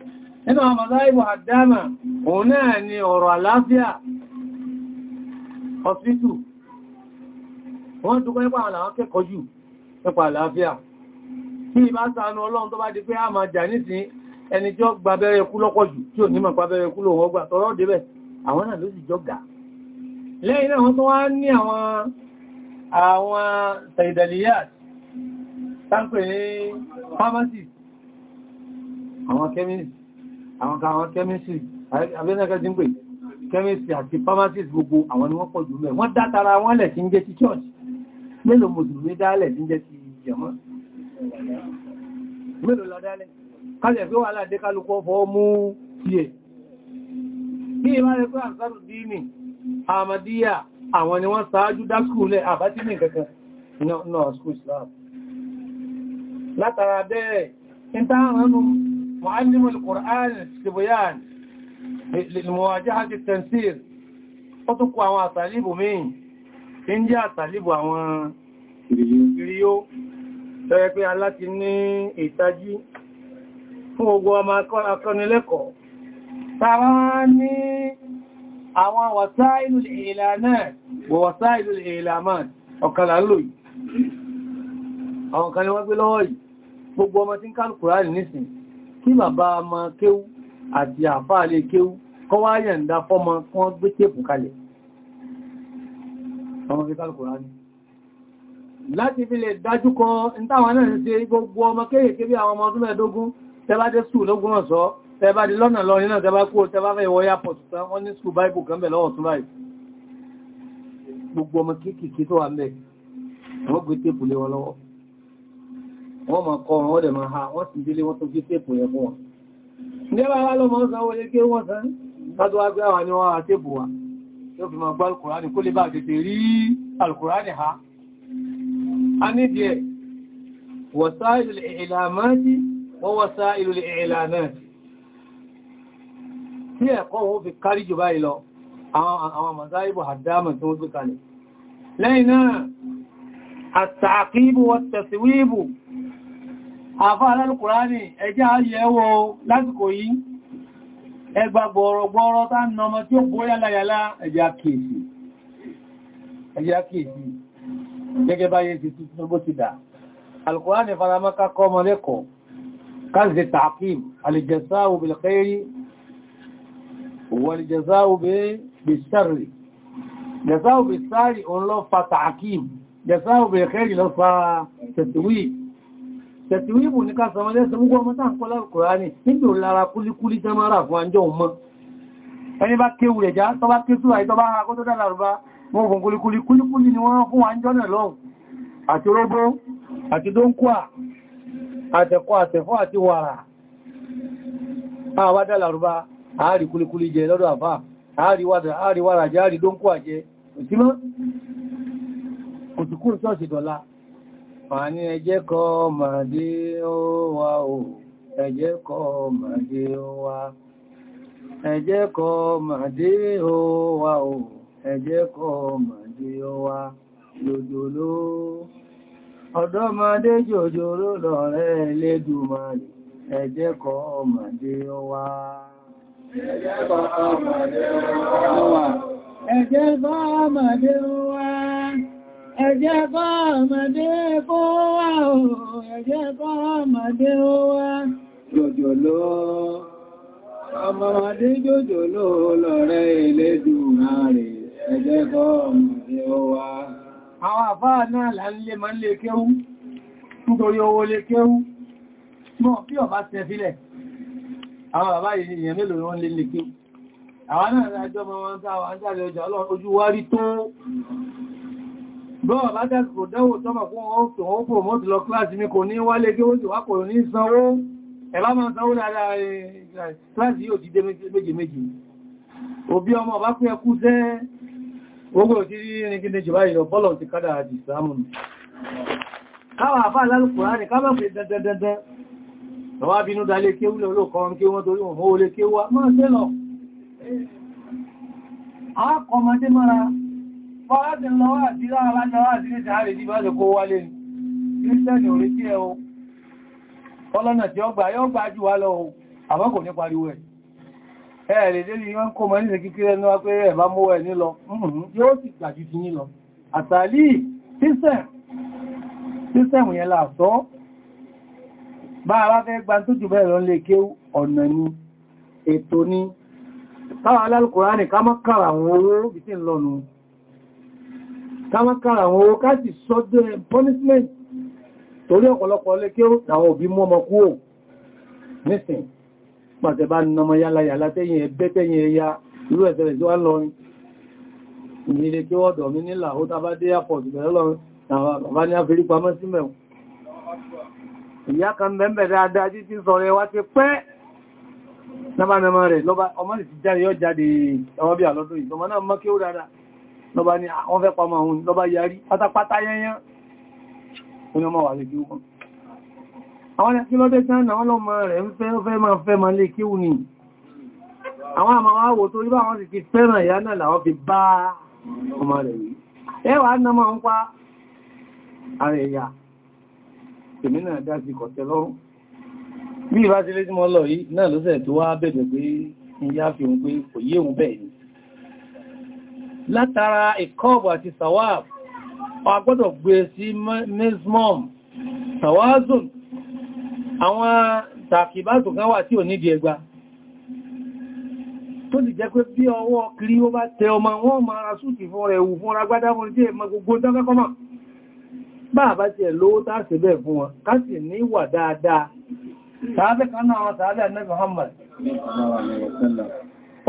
nínú àmàdá ìwò àdámà òun náà ni ọ̀rọ̀ àlàáfíà hospital wọ́n dúkọ́ nípa àwọn àwọn kẹ́kọ̀ọ́ jù nípa àlàáfíà kí ìbá ṣàánú ọlọ́run tó bá di pé a máa jà nísìn ẹni tí ó gba abẹ́rẹ́ ikú lọ́pọ̀ jù tí ò ní mọ̀ pa abẹ́rẹ́ ikú lòun ọgbà tọ́rọ́ débẹ̀ àwọn náà ló sì jọ gà lẹ́yìn náà wọ́n tó wá ní àwọn àwọn saidaliyat tánpẹ̀ ní pharmacy àwọn chemist àwọn káwọn kẹ́mísì abẹ́sẹ̀kẹ́ ti ń pè kẹ́mísì àti pharmacist gbogbo àwọn ni wọ́n pọ̀ jù mẹ́ wọ́n dátara wọ́n lẹ̀ tí ń jẹ́ ti church mélòó mùsùlùmí dálẹ̀ tí ń jẹ́ ti jẹ̀mọ́ mélòó lọ dálẹ̀ kálẹ̀ pé wà láàdé kálukọ́ fọ́ mú tiẹ̀ bí ìbá rẹ̀ pé àǹsárù dínì àmàdíyà àwọn ni wọ́n sáájú dá skúù lẹ́ àbátí ní kankan náà skúù islam látara bẹ́ẹ̀ ń tá àránú معلم القرآن لبيان لمواجهة التنسير ó tún kó àwọn àtàlíbù míì tí ń jẹ́ àtàlíbù àwọn ìrìyó tẹ́rẹ pé aláti ní ìtají fún ogun ọmọ akọ́nilẹ́kọ̀ọ́ tàbá ní àwọn wàtá ìlú ìlà náà wàtá ìlú ìlà máa ọ̀kàlà ń lò yìí àwọn kan ni wọ́n gbé lọ́wọ́ yìí gbogbo ọmọ tí ń kálùkùrá nìsìn kí bàbá ọmọ kéwú àti àfáàlé kéwú kọ́ wá yẹ̀ǹda fọ́mọ kọ́ gbé tèpù kalẹ̀ ọmọ fi kálùkù rá ní láti fi lè dájú kọ ìtàwọn náà ṣe gbogbo ọmọ kéèkéé bí àwọn ọmọ ọdún mẹ́ẹ̀dógún tẹbádé skul lógún ọ̀sọ́ tẹbádé lọ́nà lọ́rin náà tẹbá kú tẹbáfẹ́ ìwọ airport wọ́n ní skul bible kan bẹ̀ lọ́wọ́ gbogbo ọmọ kéèkéé tó wà mẹ́ wọ́n gbé lé wọn lọ́wọ́ wọ́n ma kọ́ wọn dẹ̀ ma ha wọ́n ti délé wọ́n tó fi tèpù yẹ fún wọn nígbà wá lọ́mọ sanwó lé kí wọ́n san tàbí wá gbé àwọn àwọn àtèpù wa yóò fi ma gbá alkùránì kó lè bá tètè rí alkùránì ha a ní díẹ̀ wasailul i'lamati wa àfá alálùkùránì ẹjá ayẹwò lásìkò yìí ẹgbà gbọ̀rọ̀gbọ̀rọ̀ tá nà ọmọ tí ó bó yálàyàlá ẹjá kèèsì ẹjá kèèsì gẹ́gẹ́ bá yẹ́ ìsìtú tó bó ti dà alùkùránì faramaka kọ́ ọmọ lẹ́kọ̀ọ́ káàkiri tààkìm alìjẹsáwò bil khairi wàlìjẹsáwò bil sharri jẹsáwò bil sharri tẹ̀tì wíìmù ní kásàmọ́lẹ́sẹ̀ gbogbo ọmọ tàà ń kọ́ lárùkùrá ní nígbò lára kúlíkúlí jẹ́mọ́ra fún àjọ mọ́ ẹni bá kéwù rẹ̀ já tọ́bá ké súra ìtọ́bá akọ́ tó dálàrùbá wọn fún kúlíkúlí kúlíkúlí ni wọ́n fún àjọ náà lọ́wọ́ àti rógbó àti dónkúà àtẹ̀kọ́ àtẹ̀fọ́ àti wàrà àwádà lárùbá àárí kúlíkúlí jẹ lọ́dọ̀ àbá àárí wàrà jẹ àárí dónkúà àní ẹjẹ́ kọ́ dí ó wá o ẹjẹ́ kọ́ dí ó wá ẹjẹ́ kọ́ màdé ó wá o ẹjẹ́ kọ́ dí ó wá jòjòló ọ̀dọ́mọdé jòjòló lọ̀rẹ́ Elédùmarè ẹjẹ́ kọ́ màdé ó wá ẹjẹ́ ma ó wá ẹjẹ́ ma ó wá ẹjẹ́ bá ọmọdé kó wá o ẹjẹ́ bá ọmọdé ó wá jòjòló ọmọdé jòjòló lọ́rẹ́ elédùn ààrẹ ẹjẹ́ bá ọmọdé ó wá àwọn àfáà náà là ń ń lè kéhú nítorí owó lè kéhú mọ́ kí ọba tẹ sílẹ̀ àwọn bàbá yìí èèyàn mélòó ni wọ́n lè lè kéhú àwọn náà rájọ́ mọ́ wọn táwọn ajáre ọjà ọlọ́run ojú wárí tó Bọ́ọ̀ lágbàtò dánwò tọ́mà fún ọ́pọ̀ ọ́pọ̀ mọ́tí lọ kíláàsì mi kò ní wálé kí ó sì wá kò ní sanwó. Ẹ̀lá máa sanwó dáadáa kíláàsì yóò dìde méje méje. Òbí ọmọ bá pẹ́ kú sẹ́ gbogbo tí ní kí ní jù báyìí lọ bọ́lọ̀ ti kádà àti ìsìlámù. Káwà àfáà lálùkùnrin ní ká mọ́ pé dandandandan. Lọ́wọ́ bínú dalé ọmọdé mọ́ra Fọ́láti ń lọ́wọ́ àti láwọn alájọ́wà àti ní ṣàárè tí bá ṣe kó wálé ní. Kírísítẹ́nì orí tí ẹ o. Ọlọ́nà tí ó gbà yóò gbà jù wá lọ o, àmọ́ kò ní pariwo ẹ̀. Ẹ lè dé ní wọ́n kó mọ́ nílẹ̀ kíkírẹ́ ní wá pé ẹ̀ bá mú ẹ̀ ní lọ. Yóò sì gbà jù ti yín lọ. sí ń lọ́nu kámákàrà àwọn owó káàkì sọ́dọ̀ punishment torí ọ̀pọ̀lọpọ̀ lẹ́kẹ́ àwọn òbí mú ọmọ kúrò nísìn pàtẹ bá nàmọ yálàyàlá tẹ́yìn ẹgbẹ́ tẹ́yìn ẹya irú ẹ̀sẹ̀rẹ̀ tí wá lọrin ìrìnlẹ̀ kí wọ́dọ̀ mi nílà ó tàbá dé airport kan bẹ̀m̀bẹ̀ dáadáa jí ti sọ̀rọ̀ ẹwà ti pẹ́ nábànàmọ́ rẹ̀ ọmọ ìsìjáde yọ jáde ọmọ bí àlọ́dún ìgbọmọ náà mọ́ kí ó dáadáa lọ́bá ní ah, àwọn fẹ́ pàmà òun lọ́bá yarí pátápátá yẹnyán oní ọmọ wà lè kí wọ́n àwọn ẹ̀kí lọ́dẹ́ tí wọ́n lọ mọ́ rẹ̀ ń fẹ́ fẹ́ máa fẹ́ máa lè kí wùn ní àwọn àmà wọn wò tó rí báwọn sì ti fẹ́ràn ìyá náà làwọn fi bá ọmọ rẹ̀ rí látara ìkọ́ọ̀bù àti sawab a gbọ́dọ̀ gbé sí mesmom sawazun àwọn tàkìbátù kan wà tí ò nídi ẹgba tó sì jẹ́ pé bí ọwọ́ kiri ó bá tẹ ọmọ wọn ma ara sútì fún rẹ̀ wù fún ragbádá fún tí èmọ wọn ká sì ní ìwà dáadáa tàbí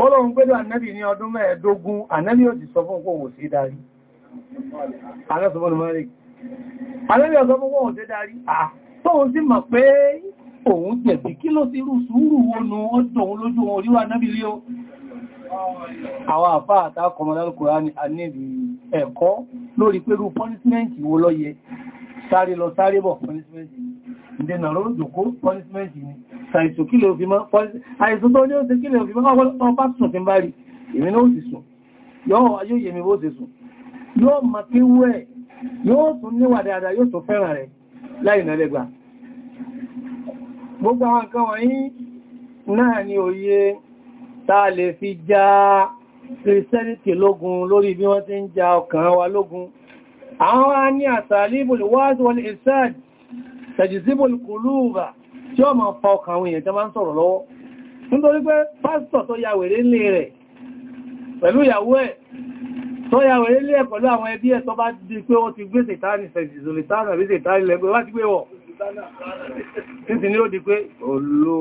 Ọlọ́run pẹ̀lú ànẹ́bì ní ọdún mẹ́ẹ̀ẹ́dógún, ànẹ́bì ò ti sọ fún kòwò sí darí. Ànẹ́bì ọ̀sọ́ fún kòwò sí darí, àà tóhun sí mọ̀ pé òun jẹ̀bi kí ló ti rú sùúrù wọnú ọdún òun lójú Àwọn àfá àtàkọmọdálùkùnrà ní ànẹ́bì ẹ̀kọ́ lórí pẹ̀lú punishment wo ló yẹ, sáré lọ sáré bọ̀ punishment ìdènà ró ń dùkú punishment ni ṣàìsùn kí lè fi mọ́ àìsùn tó ní ó ti kí lè fi mọ́ ọpá sùn ti bá rí èmi náà ó sì sùn yóò ayó yèmi bó ti sùn yóò mọ̀ kí wú ẹ̀ yóò tún níwà dáadáa yóò tún fẹ́ràn rẹ̀ láì nálẹ́gbà gbogbo àwọn nǹkan wa lógun tẹ̀jìsíbòl kòlúùbà tí ó máa fa ọkàn àwọn èèyàn tẹ́ máa ń sọ̀rọ̀ lọ́wọ́ nítorí pé pásítọ̀ tó ya wèrè ńlé rẹ̀ pẹ̀lú ìyàwó ẹ̀ tó ya wèrè ńlé ẹ̀ pẹ̀lú àwọn ẹbí ẹ̀ tó bá di pé ó ti gbé sètáni sẹ̀jìsòlítánà àbí sètáni lẹ́gbẹ́ wá ti gbé wọ̀ títí ni ó di pé ń sọ̀rọ̀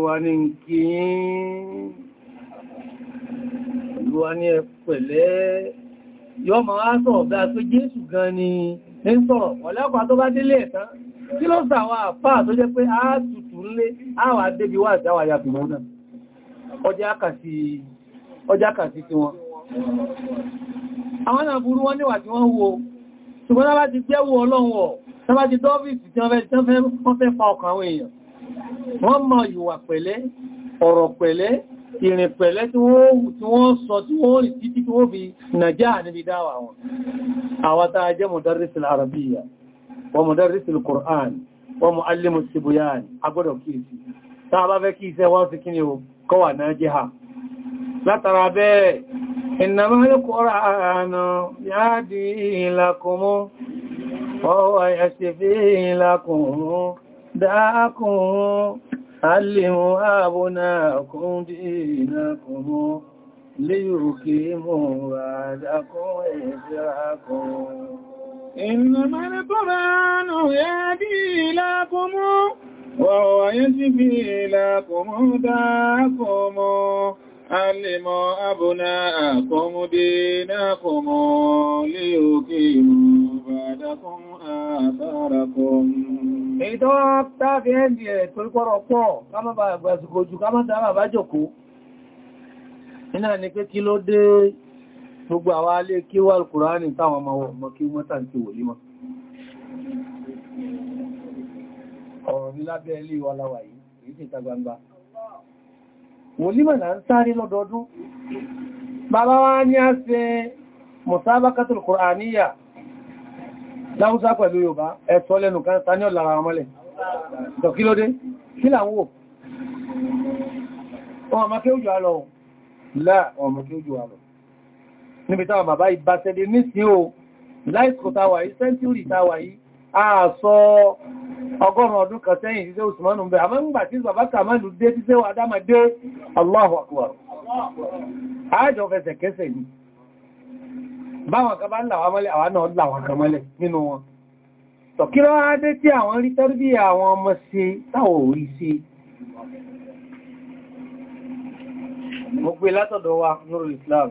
ọ̀lẹ́pàá tó bá délé ẹ̀tán kí ló sàwọn àfáà tó jẹ́ pé a tutù nlé àwọn adébi wà jáwà ya fìmọ́ náà ọjá kàsí tí wọn àwọn náà burú wọ́n níwà tí wọ́n wo ṣùgbọ́n lábá ti gbé wo ọlọ́run ọ̀ lábá ti dọ́fíìsì tí wọ́n fẹ́ fa ọkàn àwọn èèyàn wọ́n mọ ìwà pẹ̀lẹ́ ọ̀rọ̀ pẹ̀lẹ́ ìrìn pẹ̀lẹ́ tí wọ́n mọ̀ dárí sílù Kùrán wọ́n mọ̀ alẹ́mù síbúyàn agbọ́dọ̀ kíyèsí táà bá fẹ́ kí iṣẹ́ wọ́n sí kíni o kọwà náà jẹ́ ha látara bẹ́ẹ̀ ìnàmọ́lẹ́ kọ́ra àánà yáàdì ìlàkùnmú ọwọ́ إنما القرآن يهدي لكم وهو يشفي لكم داكم علموا أبناءكم دينكم ليقيموا بعدكم آثاركم Ìdọ́ tàbí ẹni ẹ̀ tó kọ́rọ̀ pọ̀, ká má bá àgbàsìkò jù ká má bá jòkó. Iná ni pé kí ló dé gbogbo àwọn alé kí wà kùránì táwọn ọmọ ọmọ kí wọ́n tàn ti wòlí mọ́ ọ̀rọ̀ ní lábẹ́ ilé wa láwà yìí èyí ti ta gbangba wòlí mọ̀ là ń sáré lọ́dọọdún bàbá wa ní a ṣe mọ̀sábákàtùl kùránìyà láwúsá pẹ̀lú Yorùbá ẹ̀sọ́ lẹ́nu kan tani ọ̀lára wọn mọ́lẹ̀ dọ̀kílódé kí làwọn wò wọn àmọ́ kí ó jù á kí ó jù á lọ níbi táwọn bàbá ìbá tẹ́lẹ̀ nísìn o láìsìkò táwà yìí sẹ́ńtúrì táwà yìí a sọ ọgọ́rùn ọdún kan sẹ́yìn tí Usmanu bẹ̀ àmọ́ ńgbà tí bàbá Kàmálù dé tí sẹ́wà Adáma dé Allahu Akbar ààjọ fẹsẹ̀ kẹsẹ̀ ni báwọn kan bá ń làwà mọ́lẹ̀ àwọn náà làwà kan mọ́lẹ̀ nínú wọn tọ̀kírọ́ adé tí àwọn rí tẹ́rìbí àwọn ọmọ ṣe táwọn ò rí ṣe mo gbé látọ̀dọ̀ wa Nurul Islam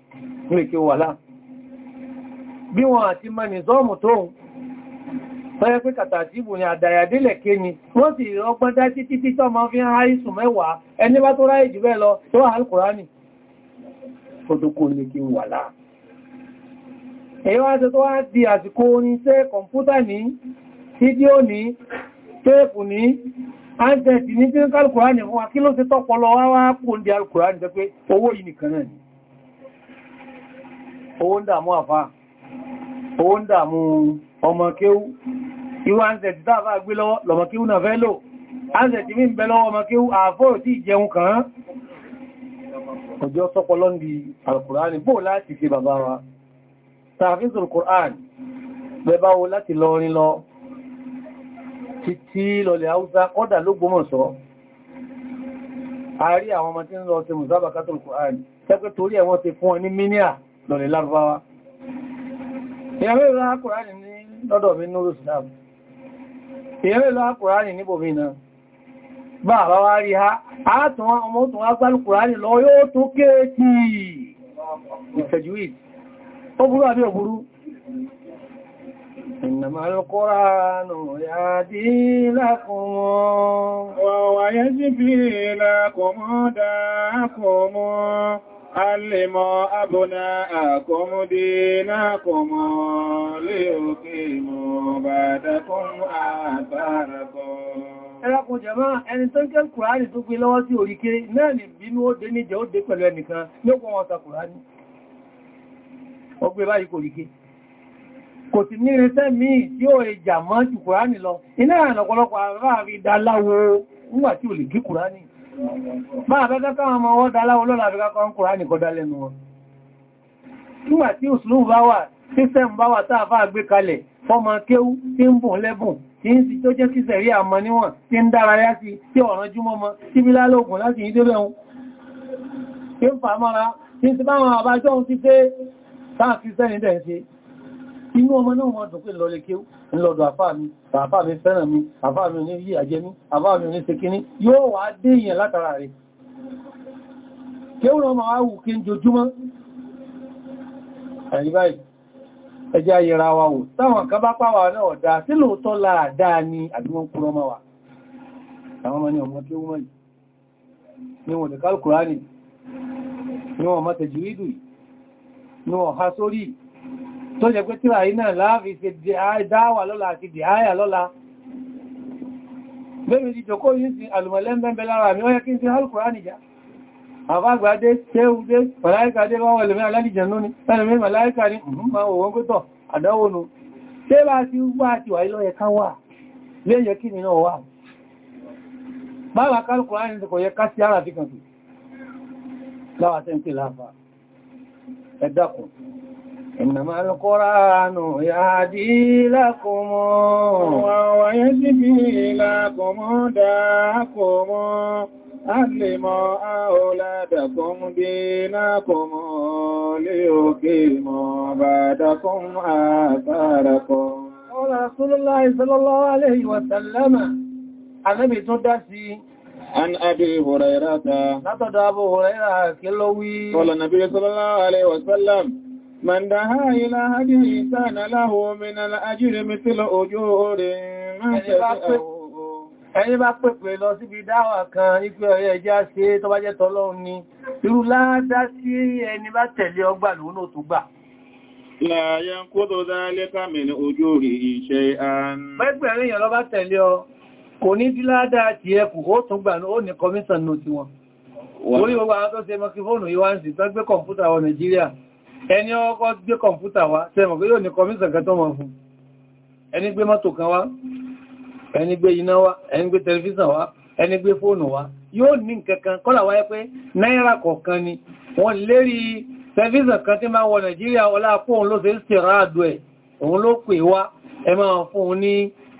nílé kí ó wà láà bí wọn àti mọ́ nìzọ́ọ̀mù tóun tọ́yẹ pé kàtàdìbò ni àdàyàdílẹ̀ ké ni wọ́n sì ọgbọ́n dá títí títọ́ ma fi ń ha ìsùn mẹ́wàá ẹni bá tó ráyè jù bẹ́ẹ̀ lọ tó àlùkùránì fòdókò lè kí wà láà èyí wá ṣe tó wá di àsìkò oníṣẹ́ kọ̀mpútà ní fídíò ní téèpù ní áńtẹ̀tì ní tí ń kálùkùránì fún wa kí ló ṣe tọ́pọlọ wá wá kò ń di alùkùránì jẹ́ pé owó yìí nìkan náà ni owó ń dàmú àfá owó ń dàmú ọmọ kéwú ìwọ àǹsẹ̀tì dáàfà gbé lọ́wọ́ lọ́mọ kéwú náà fẹ́ lò àǹsẹ̀tì mí ń bẹ lọ́wọ́ ọmọ kéwú àfó tí ìjẹun kàn án ọjọ́ sọ́pọlọ́ ń di alkùránì bó láti fi bàbá wa tààfíìsùn kùránì bẹba wo láti lọ orin lọ títí lọlẹ̀ haúsá kọ́dà àwọn ọmọ tí ń lọ sí mùsábàkátùn kùránì tẹ́pẹ́ torí ẹ̀wọ́n ti fún ọ ní míníà lọ́lẹ̀ lárúbáwá ìyàwó ìlú akùránì ní lọ́dọ̀ mi nóró islam ìyàwó ìlú akùránì níbò mi náà bá àbá wá rí ha àátùn ọmọ òtùn agbálùkùránì lọ yóò tó kéèkì ìtẹ̀júwìd ó burú àbí òburú علموا أبناءكم دينكم ليقيموا بعدكم آثاركم Ẹrakùn jẹ̀mọ́ ẹni tó ń kẹ́ Kùránì tó gbé lọ́wọ́ sí orí kéré náà lè bínú ó dé ní jẹ́ ó dé pẹ̀lú ẹnìkan ní ó wọ́n ta Kùránì. Ó gbé báyìí Bá àbẹ́jọ́ káwọn ọmọ ọwọ́ dá láwọn olóòlà àfikà kan kò rá nìkọ́dá lẹ́nu wọn. Nígbà tí òṣùlù bá wà, sísẹ̀m bá wà táàfà gbé kalẹ̀, fọ́mọ kéwú tí ń bùn lẹ́bùn, tí ń sì tó jẹ́ sísẹ̀ rí àmọ́ níwọ̀n, tí ń dára yá sí, tí ọ̀rọ̀ júmọ́ mọ́, tí bí lálógún láti yí débẹ̀ hun. Tí ń fà mọ́ra, tí ń ti bá wọn àbájọ́ inú ọmọ náà wọ́n dùn pé lọ lè kí ń lọ́dọ̀ àfáà mi àfáà mi fẹ́ràn mi àfáà mi ò ní yí àjẹ́ mi àfáà mi ò ní ṣe kíní yóò wá dé èèyàn látara rẹ̀ kí ó rán máa wù kí ń jojúmọ́ àríbáyìí ẹjá yẹra wa wò táwọn kan ni àdúgbọ́n kúrọ mọ́ ni ọmọ tí ó mọ́ yìí ni wọ́n dẹ̀kálùkùránì ni ni wọ́n ha sórí tó jẹ pé tíra iná láàfi ṣe dáwà lọ́la àti dìháyà lọ́la bẹ́ẹ̀ ti jòkó yìí sí alùmọ̀lẹ́mẹ́bẹ̀ lára mi wọ́n yẹ kí n ti alùkùránì já àbágbádé tẹ́údé màláíkà dé wọ́n wọlẹ̀mẹ́ alálìjẹ̀ ní ẹlẹ́mẹ́ màláíkà ní ma mhmm, wọ̀n pẹ́tọ̀ àdáwọnù tẹ́ bá ti wá ti wà ilọ́ ẹ̀ká wà lẹ́yẹ kí nínú wà bára kálùkùránì ti kò yẹ ká sí ara fi kàn sí láwàtẹ́ ń pè láàfà ẹ̀dàkùn إنما القرآن يهدي لكم ويجبي لكم داكم أسلموا أولادكم دينكم ليقيموا بعدكم آثاركم قال رسول الله صلى الله عليه وسلم النبي تدسي عن أبي هريرة نتدى أبو هريرة كلوي قال النبي صلى الله عليه وسلم من دعا إلى هديه كان له من الأجر مثل أجور من شفعه ẹni bá pèpè lọ síbi dáwà kan ipé ọ̀yẹ́ ẹjá ṣe tó bá jẹ́ tọ́lọ́run ni irú láádá sí ẹni bá tẹ̀lé ọgbà lòun náà tó gbà láàáyá kó tó dáálé kàmìnì ojú orí iṣẹ́ àn pẹ́pẹ̀rin èèyàn lọ bá tẹ̀lé ọ kò ní dí láádá ẹni ọkọ̀ gbé kọmputa wá tẹ́mọ̀ pé yóò ní kọmíṣàn kan mọ̀ fún ẹni gbé mọ́tò kan wá ẹni gbé iná wá ẹni gbé tẹlifíṣàn wá ẹni gbé fóònù wá yóò ní wáyé ni wọ́n lérí tẹlifíṣàn kan tí máa wọ nàìjíríà ọlá fóònù ló ṣe ń ṣe ráàdù ẹ̀ òun ló pè wá ẹ máa ní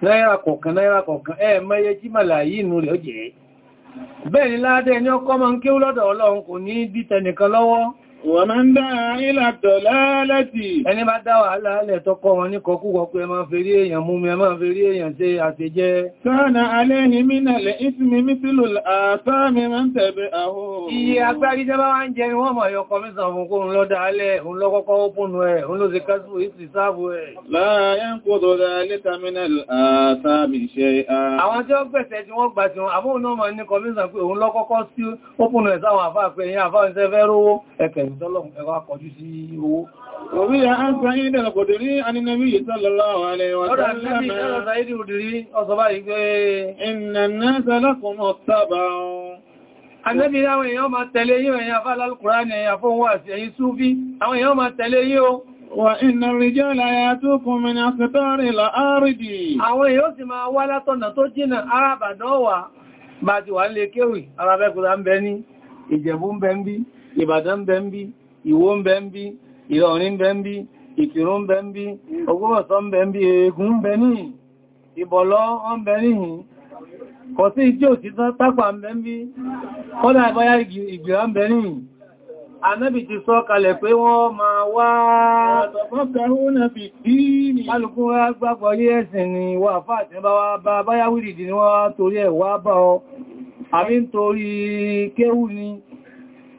náírà kọ̀ọ̀kan náírà kọ̀ọ̀kan ẹ mẹ́yẹ màlà yìí rẹ̀ ó jẹ́ bẹ́ẹ̀ ni Wọ́n máa ń dá ilà tọ̀lá láti. Ẹni bá dá wàhálà alẹ́ tọ́kọ wọn ní kọkúwọ́ pé ẹ fèrí èèyàn mú mi, ẹ fèrí èèyàn ṣe àṣejẹ́. Sáànà alẹ́ni mínàlẹ̀ ìsinmi mítìlò àtọ́ mi máa ń tẹ̀bẹ̀ ni wọ́n mọ̀ yọ kọmísàn fún kó ń lọ́dá alẹ́, òun lọ́kọ́kọ́ ó fún ẹ̀, òun ló ti kásù ìsì sáàbù ẹ̀. Láàárín kò dọ̀dọ̀ alẹ́ tàmínàlì àtọ́ mi ṣe à. Àwọn tí ó gbẹ̀sẹ̀ ẹwà kọjú sí owó. Òbí ya ń sọ ní ìdẹ̀lẹ̀ kò dìrí anínàbí sallallahu alaihi wa sallam. Ọ̀rọ̀ àti ẹ̀rọ sàídì òdìrí ọ̀sọ̀ báyìí pé inna an-nasa lakum muttaba'un. Ànábì àwọn èèyàn máa tẹ̀lé yín ẹ̀yin afá lálùkùránì ẹ̀yin afóhun àti ẹ̀yin súfí, àwọn èèyàn máa tẹ̀lé yín o. Wà inna ar-rijala ya'tukum min aqtari al-ardi. Àwọn èèyàn sì máa wá látọ̀nà tó jìnà arábàdán wà, bá ti wà ń lè kéwì, arábẹ́kùnrin ń bẹ ní, Ìjẹ̀bú ń bẹ ń bí, Ìbàdàn ń bẹ ń bí Ìwó ń bẹ ń bí Ìlọrin ń bẹ ń bí Ìkìrun ń bẹ ń bí Ògbómọ̀ṣọ́ ń bẹ ń bí Ègùn ń bẹ níhìn Ìbọ̀lọ́ ń bẹ níhìn kọ̀ sí ìjẹ́ òsì tápà ń bẹ ń bí kọ́dà ìbáyá ìgbìrà ń bẹ níhìn Ànábì ti sọ kalẹ̀ pé wọ́n máa wá ọ̀tọ̀fọ́kẹ̀húnà fi tí ní alùkún wá gbàgbọ́ yé ẹ̀sìn ni wà fàà tí bá wá bá báyá ni wọ́n torí ẹ̀ bá ọ àbí ń torí kéwú ni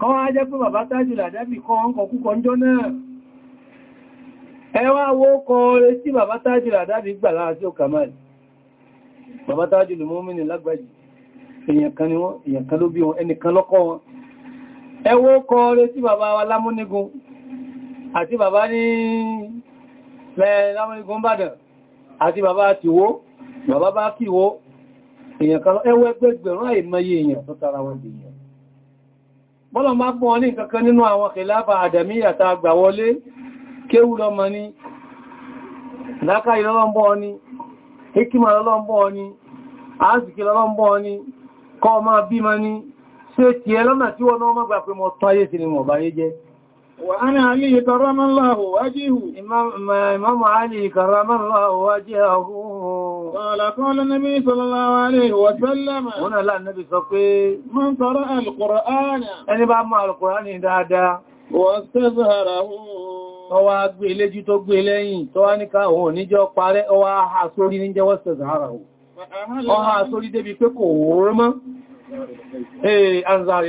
kan wá jẹ́ pé bàbá tájùlà dábì kan ń kọ kúkọ ń jọ náà ẹwà wó kọ orí tí bàbá tájùlà dábì gbà láàájú kamal bàbá tájùlù mọ́mìnì lágbàjì èèyàn kan ni wọ́n èèyàn kan ló bí wọn ẹnìkan lọ́kọ́ wọn ẹwọ́ kọ orí tí bàbá wa lámúnigun àti bàbá ní lámúnigun bàdàn àti bàbá ti wó bọ́lọ̀ máa pọ̀ ní kankan nínú àwọn kìláfà àdàmí àta àgbàwọlé kéwú lọ́mọ ní láká ìlọ́lọ́mbọ́ ní hikima lọ́lọ́mbọ́ ní àásìkí lọ́lọ́mbọ́ ní kọ́ máa bímọ ní ṣe tí ẹ lọ́nà tí wọ́n náà gbà pé mọ̀ tán ayé sí ni mọ̀ báyé jẹ́ وأنا علي كرم الله وجهه إمام علي كرم الله وجهه Ọ̀làkọ́lù níbi sallallahu alaihi wa sallam. Wọ́n náà láà níbi sọ pé, Man tọrọ al-Qur'ana. Ẹni bá mọ́ al-Qur'ani dáadáa. Wọ́n tẹ́ tó wá gbé e léjú tó gbé e lẹ́yìn tó wá ní káwọn oníjọ́ parẹ́ ọwá ha sórí ní jẹ́wọ́ sẹ̀zàárà ò ọha sórí débi pé kò wóró mọ́ ee anzari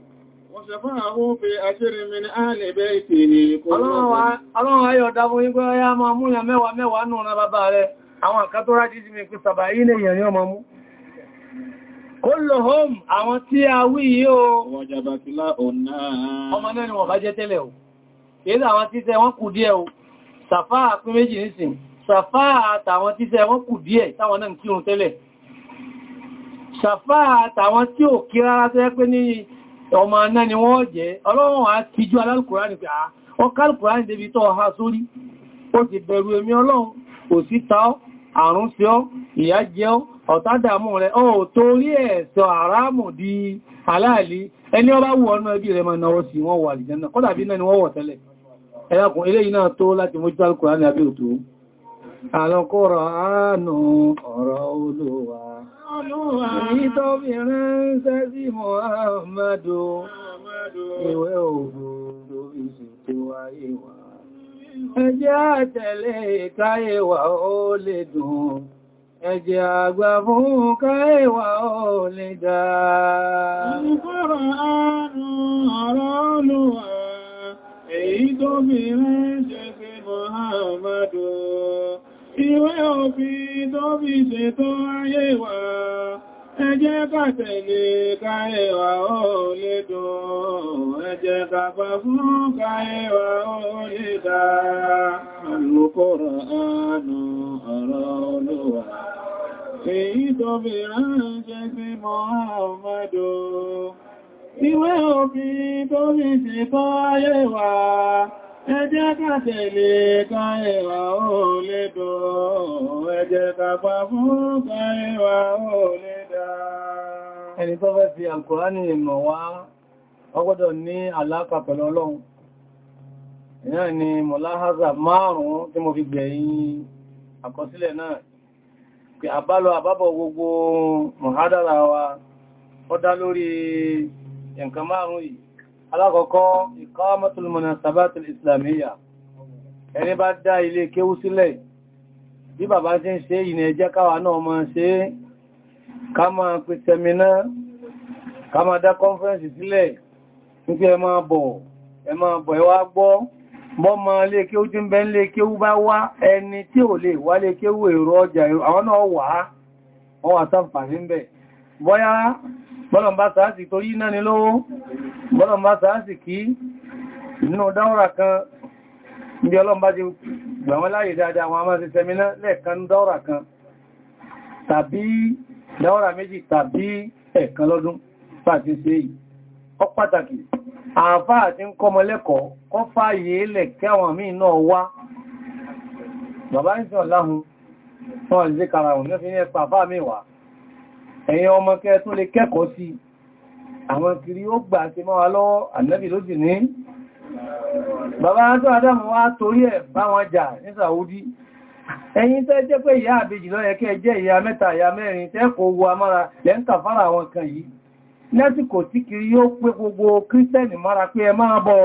Ọlọ́run ayọ̀ dábò wípé ọya máa mú yàn àwọn nǹkan tó rájí sí mi pín sàbà yí lè yàn yàn máa mú. Kó lò hóm àwọn tí a wí yí o. Wọ̀jàbà ti lá ọ̀nà. Ọmọ náà ni wọ́n bá jẹ́ tẹ́lẹ̀ o. Kèéza àwọn títẹ wọ́n kù díẹ̀ o. Sàfá pín méjì nísìn. Sàfá àtàwọn títẹ wọ́n kù díẹ̀ táwọn náà kírun ọmọ aná ni wọ́n jẹ́ ọlọ́run a ti jú alálùkùránì pé àá ọkálùkùránì débi tọ́ ọha sórí ó ti bẹ̀rù èmi ọlọ́run kò sí ta ọ́ àrùn sí ọ́ ìyà jẹ ọ́ ọ̀tádàmú rẹ̀ ó torí ẹ̀sọ àrámù di aláàlí ẹni ọba wù ọ̀nà ẹbí rẹ̀ máa náwọ́ sí wọ́n wà àlìjẹ́nà kọ́dà bí náà ni wọ́n wọ̀ tẹ́lẹ̀ ẹ̀yàkùn eléyìí náà tó láti mójútó alùkùránì àbí òtò àlọ́kọ́rọ̀ àánú ọ̀rọ̀ olówàá Èyí tó fi ránṣẹ́ sí Muhammadu, ìwẹ́ ògùn tó fi ṣètò ayé wa. Ẹ jẹ́ a káyé wa ó lè dùn, ẹ jẹ́ fún káyé wa ó lè dáa. Ìfọ́rọ̀ Ìwé òbí tó fi ṣètò ayé wa, ẹ jẹ́ ká tẹ̀lé káyé wa ó lè dùn, ẹ jẹ́ ká pa fún káyé wa ó lè dá. Al-Kùránì ọ̀rọ̀ Olúwa. Èyí tó fi ránṣẹ́ sí Muhammadu. Ìwé òbí tó fi ṣètò ayé wa, Ẹjẹ́ ká tẹ̀lé kan ìwà ó lè dọ̀, ẹjẹ́ ká pa fún kan ìwà ó lè dá. Ẹni tó fẹ́ fi Alkùránì ìmọ̀ wá, ó gbọ́dọ̀ ní àlákà pẹ̀lú Ọlọ́run. Ìyá ni Mọ̀láházà márùn-ún tí mo fi gbẹ̀yìn àkọsílẹ̀ náà. Pẹ̀ àbálọ àbábọ̀ gbogbo Mọ̀hádàrà wa, ó dá lórí nǹkan márùn-ún yìí alákọ̀ọ́kọ́ iqamatul munasabatil islamiyya ẹni bá dá ilé kéwú sílẹ̀ bí bàbá ṣe ń ṣe ìnà ẹjẹ́ káwà náà mọ́ ṣe ká máa pè sẹminá ká máa dá kọ́nfẹ́ǹsì sílẹ̀ nígbé ẹ máa bọ̀ ẹ máa bọ̀ ẹ wá gbọ́ bọ́ ma lé kéwú tí ń bẹ lé kéwú bọ́yá bọ́lọ̀mbá sàásì torí iná ni lówó bọ́lọ̀mbá sàásì kí nínú dáúrà kan bí ọlọ́mbá ti gbàwọn láyé dáadáa wọn a máa ṣe sẹminá lẹ́ẹ̀kan dáúrà kan tàbí dáúrà méjì tàbí ẹ̀kan lọ́dún pàtí ṣe yìí ọ pàtàkì àáfáà àti ń kọ́mọ lẹ́kọ̀ọ́ kọ́ fààyè lẹ̀ kí àwọn míì náà wá bàbá ń sọ láhun wọn lè kára òun ní fi ní ẹ̀pà fáà míì wàá ẹ̀yin ọmọ kẹ́ tún lè kẹ́kọ̀ọ́ sí àwọn kiri ó gbà àti mọ́ wa lọ́wọ́ ànábì ló sì ní bàbá tó adámù wá torí ẹ̀ bá wọn jà ní Saudi ẹ̀yin tẹ́ jẹ́ pé ìyá àbejì ló yẹ kẹ́ jẹ́ ìyá mẹ́ta ìyá mẹ́rin tẹ́kọ̀ọ́ wo amára lẹ́ ń kàfàrà àwọn kan yìí lásìkò tí kiri yóò pé gbogbo kírísítẹ́nì mára pé ẹ máa bọ̀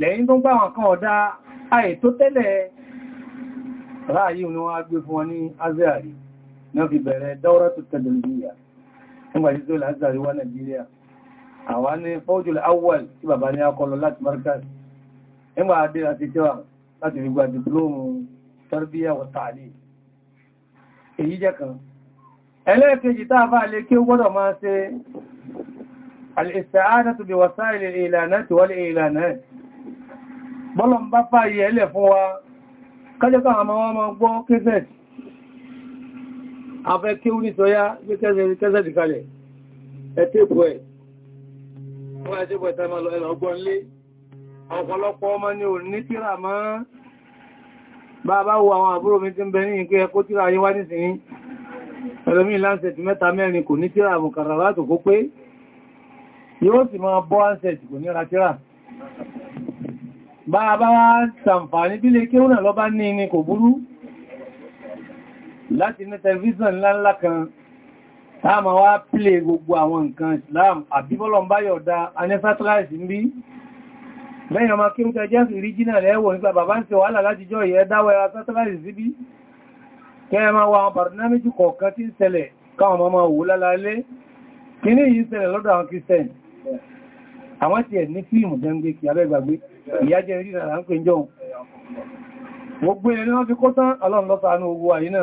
lẹ́yìn tó ni wọ́n á gbé fún wọn ní azẹ́àrí náà fi bẹ̀rẹ̀ dáúrà tó tẹ̀lẹ̀ ìgbìyà nígbà tí tó lázàrí wá Nàìjíríà àwa ní fọ́jù awwal tí bàbá ní akọlọ láti markaz nígbà adé àti tíwà láti fi gba diplomu tarbiyya wa ta'lim èyí jẹ́ kan ẹlẹ́ẹ̀kejì tá a bá lè kí ó gbọ́dọ̀ máa ẹlẹ̀ fún wa kájọ́kọ́ àwọn ọmọ gbọ́ kéfẹ́sì afẹ́ kí ó ní sọyá gbé kẹ́sẹ̀ dìkalẹ̀ ẹ̀tẹ́pù ẹ̀ wọ́n ẹ̀tẹ́pù ẹ̀ta ma lọ ọgbọ́n lé ọ̀pọ̀lọpọ̀ ọmọ ni ò ní tíra mọ́ bàbá wo àwọn àbúrò mi ti ń bẹ ní ìpín ẹkó tíra ayé wá nísìnyí ẹlòmí lánsẹ̀tì mẹ́ta mẹ́rin kò ní tíra àmùkàrà látò kó pé yóò sì máa bọ́ láti ní tẹlifíṣàn ńláńlá kan táàmà wá pílè gbogbo àwọn nǹkan Islam àbíbọ́lọ̀ ń bá yọ̀dá anẹ́sátíláìsì ń bí lẹ́yìn ọmọ kí ń tẹ jẹ́sì rí jìnà nípa bàbá ń ṣe wàhálà látijọ́ ìyẹ́ dáwọ́ wa àwọn bàrùnámẹ́jì kọ̀ọ̀kan tí ń ṣẹlẹ̀ káwọn ọmọ ọmọ wò lálálé kí ní yìí ṣẹlẹ̀ lọ́dọ̀ àwọn Christian àwọn tí ẹ̀ ní fíìmù jẹ́ǹgbé kí abẹ́gbàgbé ìyájẹ́ rí nàrà ń pè jọun gbogbo ilẹ̀ wọ́n fi kó tán ọlọ́run lọ́sàánú ogun àyínà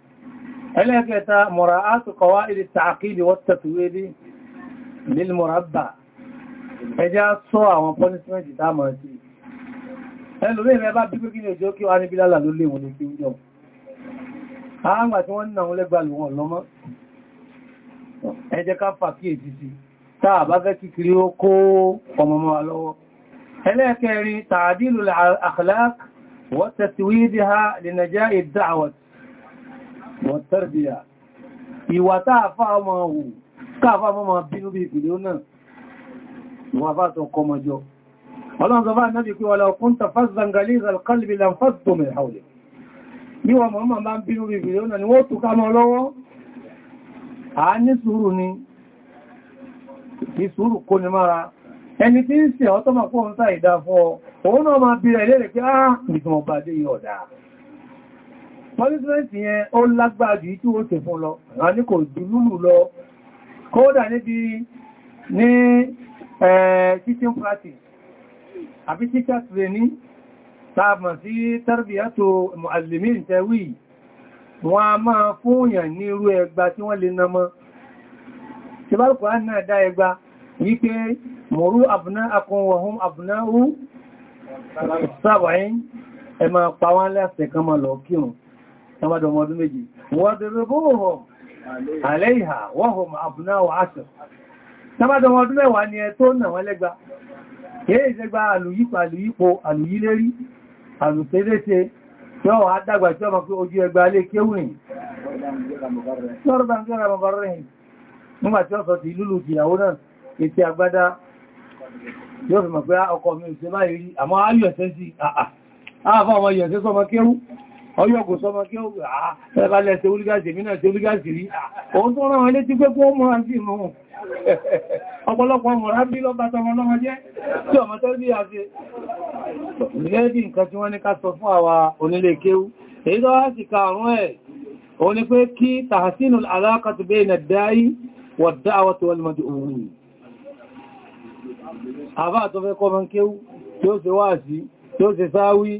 ẹlẹ́kẹta mura'atu qawaid at-ta'qid wa at-tatwid lil murabba ẹjá sọ àwọn punishment ìdámọ̀ sí ẹlùmí rẹ bá bípé kí ní òjò kí wá ní bílálà ló léwu ní kí ń jọ àwọn àti wọ́n náà lẹ́gbàlù wọn lọ́mọ́ ẹjẹ́ ká fàkíyèsí sí táà bá fẹ́ kíkiri ó kó ọmọmọ́ lọ́wọ́ ẹlẹ́kẹrin ta'dilul akhlaq wa tatwidiha li najaid da'wat wọ́n tẹ́rẹ̀bíyà ìwà táàfà ọmọ ohù káàfà mọ́mọ bínú bí ìpìlẹ̀ náà wọ́n bá tọ́ kọmọjọ́ ọlọ́nzọ́bá náàbí pé wọ́lá ọkún tafazan galiza alkalbi lamfasto mai haule ní wọ́n mọ́mọ́ bá ń bínú bí ìpìlẹ̀ náà ni wọ́n tó kámọ́ lọ́wọ́ a bí rẹ̀ lérè á nìtùmọ̀ bàdé yọ̀dáa punishment yẹn ó lágbára jù tí ó tè fún lọ a ní kò dúlúlù lọ kódà níbi ní teaching practice àbí teacher training tààmà sí tarbiyatu muallimin tẹ́wì wọ́n a máa fóòyàn ní irú ẹgbà tí wọ́n lè namọ́ tí bá kò á náà dá ẹgbà wípé mọ̀rú àbúná akun wọ̀hún àbúná hù sábàáyín ẹ máa pa kan máa lọ kírùn tọ́bádọ̀ ọmọdún méjì wọ́dúnrúbúhùn àlẹ́ìhà wọ́hùn àbúnáwà àṣọ tọ́bádọ̀ ọmọdún mẹ́wàá ni ẹ tó nà wọ́n lẹ́gba kìí ìṣẹ́gba àlùyípo àlùyípo àlùyílérí àlùtẹ́lẹ́ṣe tí ó wà dàgbà tí ó mọ̀ pé ojú ẹgbà alé kéwìn nígbàtí ó sọ ti lúlù ìyàwó náà ètì àgbádá yóò fi mọ̀ pé ọkọ mi ò ṣe báyìí àmọ́ ayọ̀ ṣẹ́ sí àà fọ́ ọmọ yọ̀ ṣẹ́ sọmọ kéwù ọyọ́kù sọmọ kí ó ah, ẹbá lẹ́sẹ̀ olúgásì mínà tí olúgásì rí ah, òun tó rán ilé tí pé kó mọ́ra sí mọ́ ọ̀pọ̀lọpọ̀ mọ̀rá bí lọ́bá tọmọ lọ́mọ jẹ́ tí ọmọ tó rí àti lẹ́dì nǹkan tí wọ́n ní ká sọ fún àwa onílé kéwú èyí tó wá sì kààrún ẹ̀ òun ni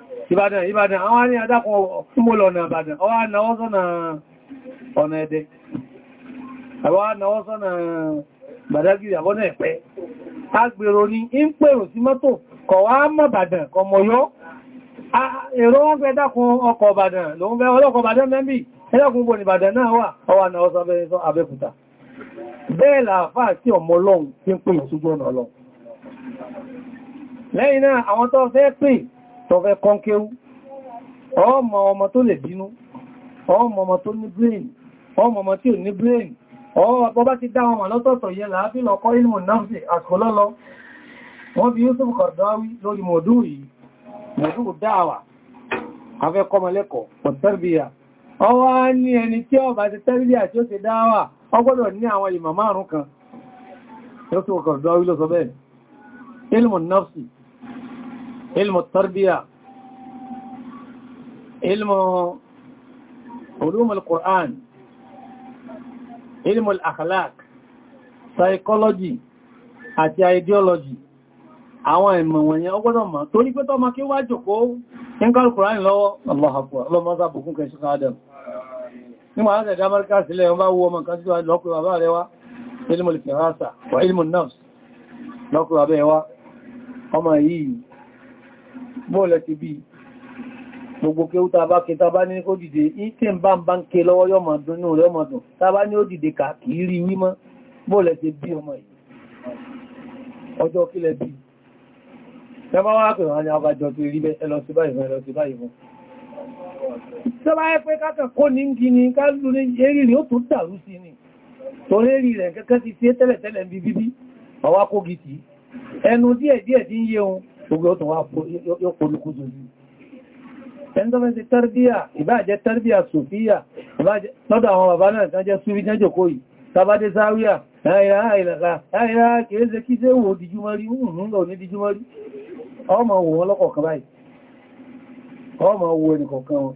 Ìbàdàn Ìbàdàn àwọn ní adákùn ọmọlọ ọ̀nà Ìbàdàn ọwá náwọ́ sọ́nà ọ̀nà ẹ̀dẹ́ àwọn náwọ́ sọ́nà Gbàdágìrì àbọ́nà ẹ̀pẹ́ agbèrò ní ń pèrò sí mọ́tò kọ̀ wá mọ́ Ìbàdàn kọ mọ̀ yọ́ èrò wọ́n fẹ́ dákùn ọkọ̀ Ìbàdàn lòun fẹ́ ọlọ́kọ̀ Ìbàdàn mẹ́bí ẹlọ́kùn bò ní Ìbàdàn náà wà ọwá náwọ́ sọ Abẹ́òkúta bẹ́ẹ̀ làáfáà sí ọmọ Ọlọ́run lẹ́yìn náà àwọn tó fẹ́ pè tọ́fẹ́ kọ́nkéwú ọmọ ọmọ tó lè bínú ọmọ ọmọ tó ní brain ọmọ ọmọ tí ò ní brain ọmọ bá ti dá ọmọ lọ́tọ̀ọ̀tọ̀ yẹ láàbí lọ́kọ́ ilmù náàfi àkọlọ́lọ́ wọ́n bí Yusuf Qaradawi lórí mọ̀dú yìí mọ̀dú dáwà afẹ́kọ́mọlẹ́kọ̀ọ́ pọ̀tẹ́rbíyà ọwá ní ẹni tí ó bá ti tẹ́rbíyà tí ó ti dáwà ọgbọ́dọ̀ علم التربية علم علوم القرآن علم الأخلاق psychology àti ideology àwọn ìmọ̀ wọ̀nyẹn ọgbọ́dọ̀ mọ̀ tó ní pẹ́tọ́ ma kí wá jòkó nígbà Kùránì lọ́wọ́ ọlọ́mọ́sá bùkún kẹ́ ṣíkà adam nígbà láti ẹ̀dá amẹ́ríkà sílẹ̀ wọ́n bá wú ọmọ kan síwá lọ́pẹ́ bàbá rẹ̀ wá ilmul firasa bọ́ọ̀lẹ̀ ti bí gbogbo kí ó tàbá kí tàbá ní ó dìde ìtì ń bá ń bá ń ké lọ́wọ́ yọ́mọ̀ dún ní orí ọmọ dùn tàbá ní ó dìde kà kì í rí wímọ́ bọ́ọ̀lẹ̀ ti bí ọmọ yìí ọjọ́ kílẹ̀ bí tẹ́bá wá pè wọ́n ní abájọ tó rí bẹ́ ẹlọ sí sí báyìí ni torí rí rẹ̀ kẹ́kẹ́ ti fi tẹ́lẹ̀tẹ́lẹ̀ ń bí bíbí ọwá kó gìtì gbogbo ọ̀tún wá yóò polúkú jòjú ẹnitọ́fẹ́ ti tẹ́rbíà ìbáàjẹ́ tẹ́rbíà sòfíà lọ́dọ̀ àwọn bàbá náà kan jẹ́ súrí jẹ́ jòkó yìí tàbádé sáwíà láyá ìlàlá láyá kìí ṣe kí ṣe wò dìjúmọ́rí ń lò ní dìjúmọ́rí ọmọ wò wọn lọ́kọ̀ọ̀kan báyìí ọmọ wò ẹnìkọ̀ọ̀kan wọn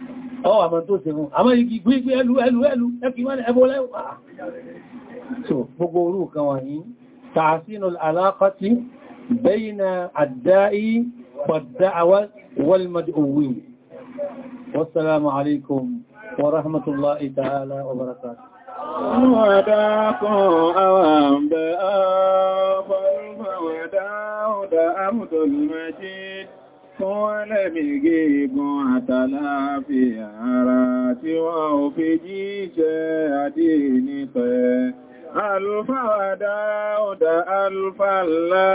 ọwọ́ àmọ́ tó ṣe mú àmọ́ igi gbígbé ẹlú ẹlú ẹlú ẹkì mọ́ ẹbọ́ lẹ́wọ́ so gbogbo orú kan wà ní tààsínú alákọ́tí bẹ́yìnà àdáyí pọ̀dáwà wọlmọ̀dọ̀wì wassalamu alaikum wa rahmatullahi ta'ala wa barakatuh وداكم أوام بآخر فوداه دا عبد المجيد fún ẹlẹ́mìgé igun àtàláàfíà ara tí wọ́n ò fi jíṣẹ́ àdí nítẹ̀. Alfáwàdá ọ̀dá alfàlá,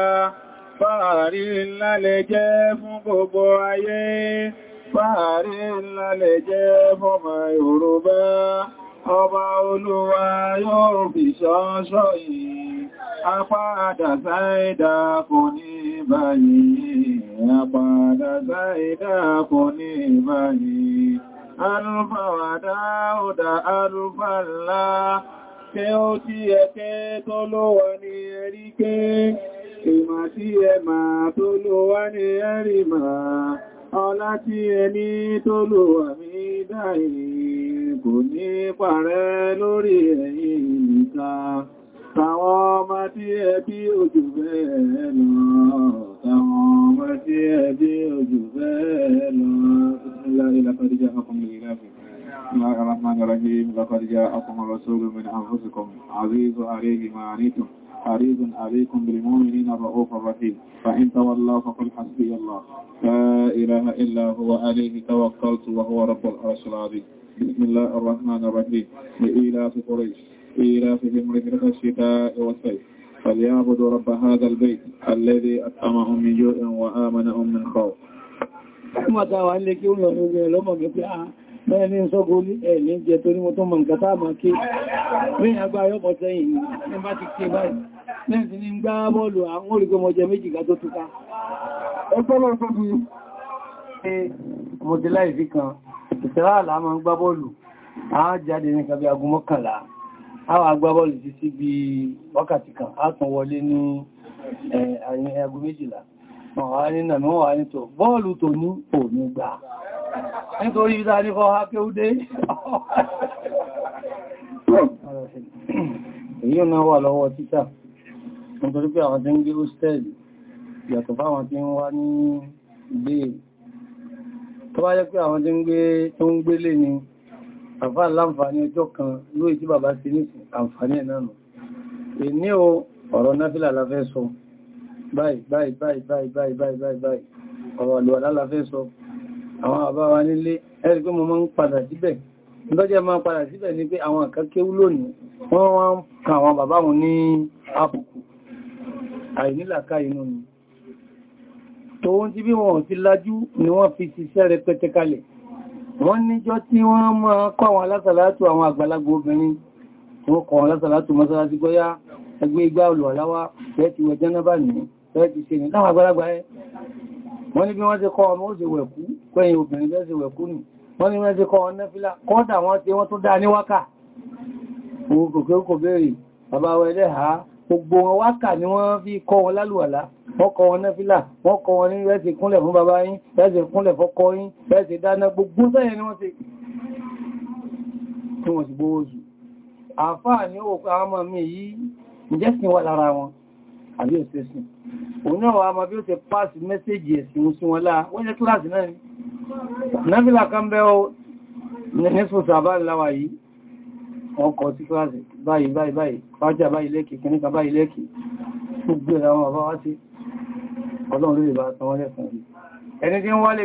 fàárí ńlá lè jẹ́ fún gbogbo ayé, fàárí ńlá lè jẹ́ fọ́mọ Yorùbá, ọba olúwa yóò fi ṣọ́ṣọ́ yìí apáadà sáìdá kò ní báyìí apáadà sáìdá kò ní báyìí alúfà wà dáúdà alúfà ńlá kẹ́ ó tí ẹkẹ́ tó ló wà ní ẹ̀rí kẹ́ ìmà tí ẹ máa tó ló wà ní ẹ̀rí máa ọlá tí ẹni tó ló wà mí dáyìí kò ní parẹ́ lórí ẹ̀yìn nìta Àwọn ọmọ tí ẹbí ojú bẹ́ẹ̀ lọ, àwọn ọmọ tí ẹbí ojú bẹ́ẹ̀ lọ, بسم الله الرحمن الرحيم لقد جاءكم رسول من أنفسكم عزيز عليه ما عنيتم حريص عليكم بالمؤمنين الرؤوف الرحيم فإن تولوا فقل حسبي الله لا إله إلا هو عليه توكلت وهو رب العرش العظيم بسم الله الرحمن الرحيم لإيلاف قريش إيلافهم رجل الشتاء والصيف فليعبدوا رب هذا البيت الذي أطعمهم من جوء وآمنهم من خوف mọ́ta wà lè kí ó lọ lórí ẹlọ́mọ̀ mẹ́fẹ́ àà bẹ́ẹ̀ ní sọ́gbó ní ẹ̀lẹ́ jẹ tó ní mo tó mọ̀ nǹkan táà máa kí rí àgbà yọ́pọ̀ sẹ́yìn ní bá ti kí báyìí lẹ́sìn ní gbá bọ́ọ̀lù àwọn olùgbọmọjẹ méjì ga tó túká ẹgbọ́lọ́ tó bí ṣe mọ̀díláìsí àwọn agbábọ́ọ̀lù ti sí bí wákàtí kan átún wọlé ní àrin ẹgbù méjìlá wọ́n wá ní nàmí wọ́n wá ní tó bọ́ọ̀lù tó ní òní gbà nítorí ìdá ní kọ́ hápé ó dé èyí náà wà lọ́wọ́ títà nítorí pé àwọn tí ń gbé hóstẹ́lì yàtọ̀ fáwọn tí ń wá ní ilé tó bá jẹ́ pé àwọn tí ń gbé tó ń gbélé ni ọjọ́ kan lóòjí bàbá sí ní àǹfààní ẹ̀nàmù ìní o ọ̀rọ̀ náfílà láfẹ́ sọ báyìí báyìí báyìí báyìí báyìí báyìí ọ̀rọ̀ àlùwàlá láfẹ́ sọ àwọn àbá wa nílé ẹ̀rí pé mo máa ń padà síbẹ̀ ìtọ́jẹ́ máa padà síbẹ̀ ni pé àwọn kan kéwú lónìí wọ́n wá ń ka àwọn bàbá wọn ní àbùkù àìnílàká inú ni tòun tí bí wọn ti lájú ni wọ́n fi ṣiṣẹ́ rẹpẹtẹ kalẹ̀ wọ́n níjọ́ wọ́n kọ̀ lásàlátù mọ́sálásí gbọ́yá ẹgbẹ́ igbá olùwàláwá rẹ̀ ti wẹ̀ jẹ́nàbà ní rẹ̀ ti ṣe ní láwọn agbálagbà ẹ́ wọ́n ní bí wọ́n ti kọ́ ọmọ ó ṣe wẹ̀kú pẹ́yìn obìnrin lẹ́sì wẹ̀kú nì wọ́n ní wọ́n ti kọ́ ọ̀nà fílà kọ́dà wọ́n ti wọ́n tó dá ní wákà kò bèèrè bàbá wa ni wọ́n fi kọ́ wọn lálùwàlá wọ́n kọ́ wọn náfílà wọ́n kọ́ wọn ni wọ́n ti gbówó jù àfáà ní òkú àmà mi yìí ìjẹ́sìn wà lára wọn àbí òṣèṣìn òun náà wà máa bí ó ti pàṣì mẹ́sẹ̀jì ẹ̀sìn oṣù wọn láà wọ́n jẹ́ kíláàsì náà ni nábílà kan bẹ́ ọ nẹ́sùn sàbá láwà yìí wọ́n kọ̀ sí kíláàsì báyìí báyìí báyìí fájá báyìí lẹ́kì kìníkà báyìí lẹ́kì gbogbo àwọn bàbá wá sí ọlọ́run lórí ìbátan wọn lẹ́sàn ẹni tí ń wálé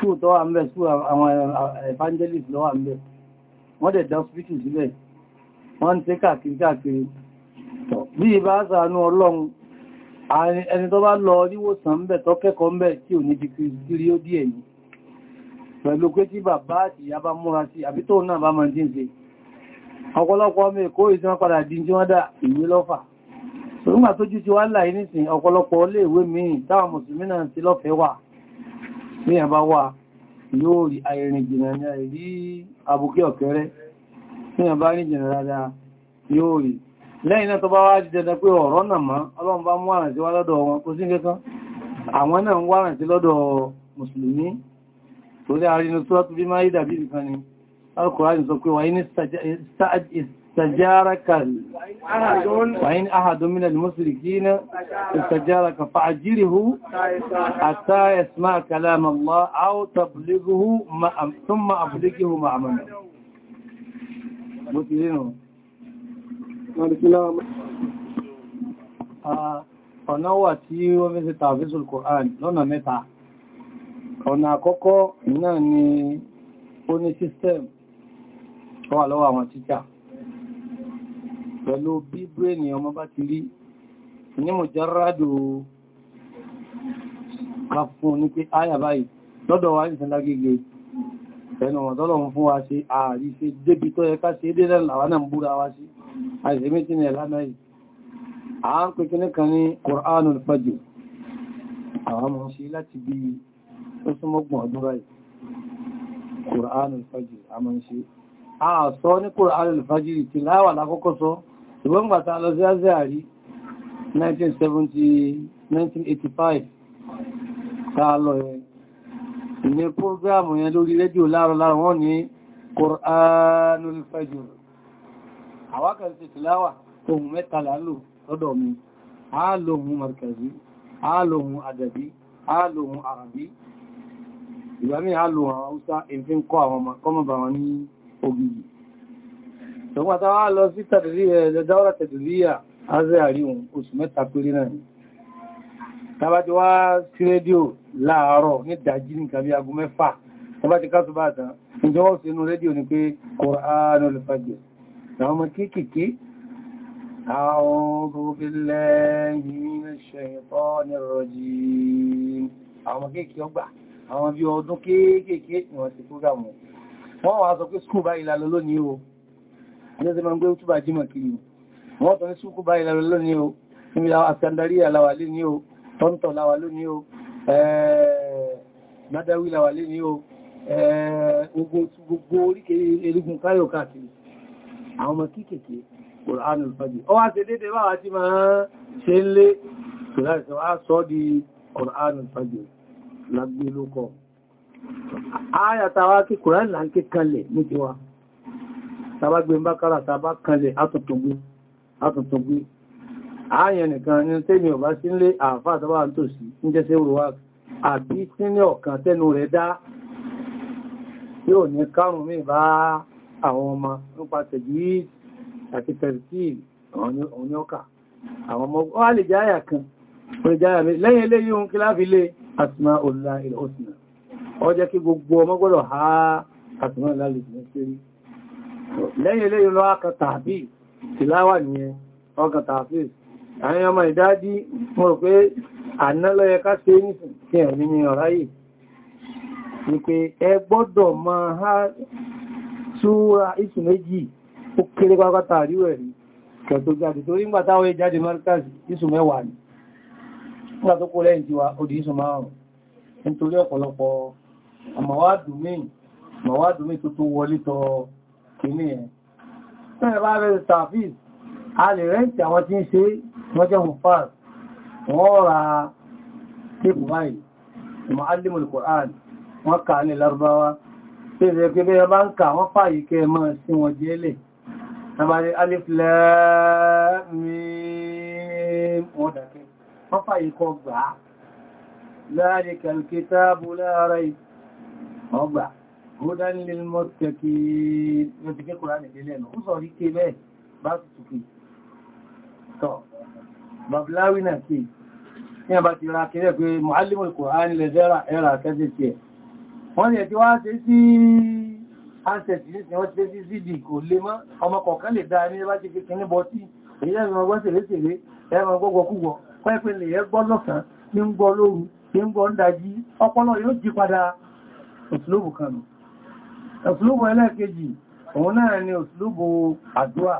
school tó wà ń bẹ̀ school àwọn evangelist ló wà ń bẹ̀ wọ́n dẹ̀ dá hospital sílẹ̀ wọ́n ń tẹ́ káàkiri káàkiri bí i bá sàánú ọlọ́run ẹni tó bá lọ níwòsàn ń bẹ̀ tó kẹ́kọ̀ọ́ ń bẹ̀ tí ò ní ti kiri ó díẹ̀ ní pẹ̀lú pé tí bàbá àti ìyá bá ní ẹ̀bá wà yóò rí àìrìn jìnà ní àìrí abúkẹ́ ọ̀kẹ́rẹ́ ní ẹ̀bá rí jìnà dáadáa yóò rí lẹ́yìn náà tó bá wá jí pé ọ̀rọ̀ náà mọ́ ọlọ́run bá mú àràntí wá lọ́dọ̀ wọn sí kẹ́kọ́ àwọn náà ń wá àràntí lọ́dọ̀ mùsùlùmí torí àrínú tó bí máa yí dàbí ni alkùnrin sọ pé استجارك وإن أحد من المشركين استجارك فأجره حتى يسمع كلام الله أو تبلغه ثم أبلغه معمنا متلينه ọ̀nà wà tí wọ́n mẹ́sẹ̀ tàbísùl Kùrán lọ́nà mẹ́ta ọ̀nà àkọ́kọ́ náà ni ó ní sístẹ̀m tó wà lọ́wọ́ àwọn títà pẹ̀lú bí bírèni ọmọ bá ti rí ní mọ̀ járádò kàfún ní pé áyà báyìí lọ́dọ̀ wà nìsànlá gẹ́gẹ́ ẹnu ọ̀dọ́lọ́run fún wa ṣe ààrí ṣe débi tó yẹ ká ṣe dé lẹ́làwà náà búra wa sí àìsẹ̀mẹ́tì ní ẹ̀lá náà à ń pè kíní kan ní Qur'anul Fajr àwọn mọ̀ ṣe láti bí ó súnmọ́gbọ̀n ọdún báyìí Qur'anul Fajr a mọ̀ ṣe àà sọ ní Qur'anul Fajr tìláwà lákọ́kọ́ sọ ṣùgbọ́n pàtà lọ sí azẹ́àrí 1970-1985 tàà lọ ẹ̀ ní púrógrámù yẹn lórí rédíò láàrọ̀ láàrọ̀ wọ́n ní Qur'anul Fajr àwákan sí tìláwà ohun mẹ́tàlá lò lọ́dọ̀ mi áàlòhun markazi áàlòhun adabi áàlòhun arabi ìgbàmí áàlòhun haúsá èfin kọ́ àwọn ọmọ kọ́mọ̀bà wọn ní ogigi ṣùgbọ́n tàwà lọ sí dáwọ́lá tẹ̀dùlíyà azẹ́ àríwọ̀n oṣù mẹ́ta péré náà tàbátí wá sí rédíò láàárọ̀ ní ìdájí ní kàbí agun mẹ́fà tàbátí kásù bá tán ìjọ wọ́n sínú rédíò ní pé Qur'anul Fajr àwọn ọmọ kéèkèé A'udhu billahi minash shaytanir rajim àwọn ọmọ kéèkèé ọgbà àwọn bí ọdún kéèkèé ni wọ́n ti kúrò àjọ́sẹ́ máa ń gbé túbà jímọ̀ kiri wọ́n tọ́ ní ṣúkú báyìí lọ lónìí o níbi àtàndarí àlàwà lé ní o tọ́ntọ̀ láwà lónìí o nádáwí láwà lé ní o gbogbo oríkèé erigun káyọ̀ káàkiri àwọn ọmọ kíkèké Kùránù fàájì ọ wá ṣe dédé báwà ayàtàwà kí Kùránù là ń ké kalẹ̀ ní tiwa tàbágbé ń bá kára tàbá kanlẹ̀ átùtùgbé ààyàn nìkan ní tẹ́mi ọ̀bá sí ń lé àfáà tàbá ń tò sí ń jẹ́ sí òrùwá àbí sí ní ọ̀kan tẹ́nu rẹ̀ dá yóò ní kárùn mí bá àwọn ọmọ nípa tẹ̀jú àti tẹ̀rìtì òní ọkà àwọn ọmọ wá lè ọjọ́ kí gbogbo ọmọ gbọ́dọ̀ ha asìmá ìlàlẹ̀ ìsìnà lẹ́yìn ilé ìlú ọkà tàbí tìláwà nìyẹn ọkà tàbí àwọn ọmọ ìdájí mọ̀ pé ànálọ́yẹ ká ṣe ní ẹ̀mí ni ọ̀rá yìí ni pé ẹ gbọ́dọ̀ máa há súra ìsù méjì ó kéré pápátá àríwẹ̀ rí kẹ̀tọ́ tó kìíní ẹ̀. Bẹ́ẹ̀ bá rẹ̀ tàfíìs, a lè rẹ́ǹtì àwọn tí ń ṣe wọ́n jẹ́ mú fàá. Wọ́n ra típù báyìí, ìmọ̀ alìmùl Kùrán, wọ́n kà ní Lárúbáwá. Bẹ́ẹ̀ pé bẹ́ẹ̀ bá ń kà wọ́n Alif Lam Mim wọ́n dàkẹ́. Wọ́n fàyí kọ gbà. Láàrín kàlùkítà bú láàárẹ̀ هدى للمتقين ló ti kékòrò ní ilé ẹ̀nà ó sọ rí ké bẹ́ẹ̀ bá tutù kí tọ́ babuláwí náà kí ní àbá ti ra kéré pé mọ̀álìmù Kùránì lè zẹ́ra ẹ̀rà kẹ́sẹ̀ tí ẹ̀ wọ́n ni ẹ̀tí wá ṣe sí asẹ̀tì ní wọ́n ṣe sí zidi kò lè mọ́ ọmọ kọ̀ọ̀kan lè dáa ní ẹbá ti fi kíní bọ́ tí èyí ẹ̀rọ ọgbọ́ sèrésèré ẹ̀rọ gbogbo kúgbọ́ pẹ́pẹ́ lè yẹ gbọ́ lọ́sàn ní ń gbọ́ lóru ní ń gbọ́ ń dají ọpọlọ yóò jí padà òtúlóbù kan nù Òṣìlúbò ẹlẹ́ẹ̀kejì, òun náà ni òṣìlúbò àdúrà.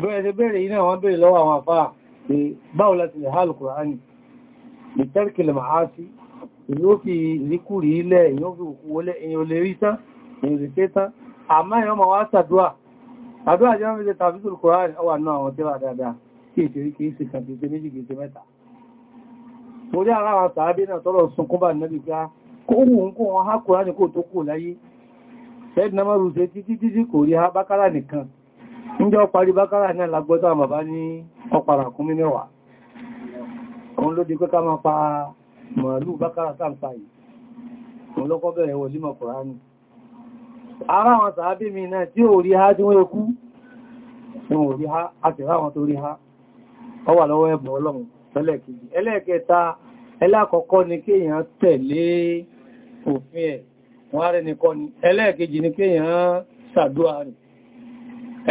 Bẹ́ẹ̀ ṣe bèèrè iná wọ́n bèèrè lọ́wọ́ àwọn àfáà pé báwo láti lè hálù Kùránì, lè tẹ́rìkìlì màá sí, yóò fi ìríkùrí ilẹ̀, yóò fi òkú wọlé, èyàn lè rí tán, èyàn lè ké tán, àmá èyàn ma wá sàdúà. Àdúà jẹ́ mẹ́jẹ tàbísùl Kùránì, ọwà náà àwọn tẹ́wà dáadáa, kí ìṣèrí kìí ṣe kàn kìí ṣe méjì kìí ṣe mẹ́ta. Mo rí ara àwọn sàábé náà tọ́lọ̀ sunkún bá nẹ́bí gbá, ah, kó wù kó wọn há Kùránì kó tó kù láyé, sẹ́dìnà mọ́rù ṣe títí títí kò rí ha bákárà nìkan níjọ́ parí bákárà náà lagbọ́tọ́ àwọn bàbá ní ọpàrà kún mí mẹ́wàá ló di pé ká pa màálù bákárà sáǹpa yìí òun lọ́kọ́ bẹ̀rẹ̀ a tó ha ọ wà òfin ẹ̀ wọ́n rẹ̀ nìkan ni ẹlẹ́ẹ̀kejì ni kí èèyàn ṣàdúrà rẹ̀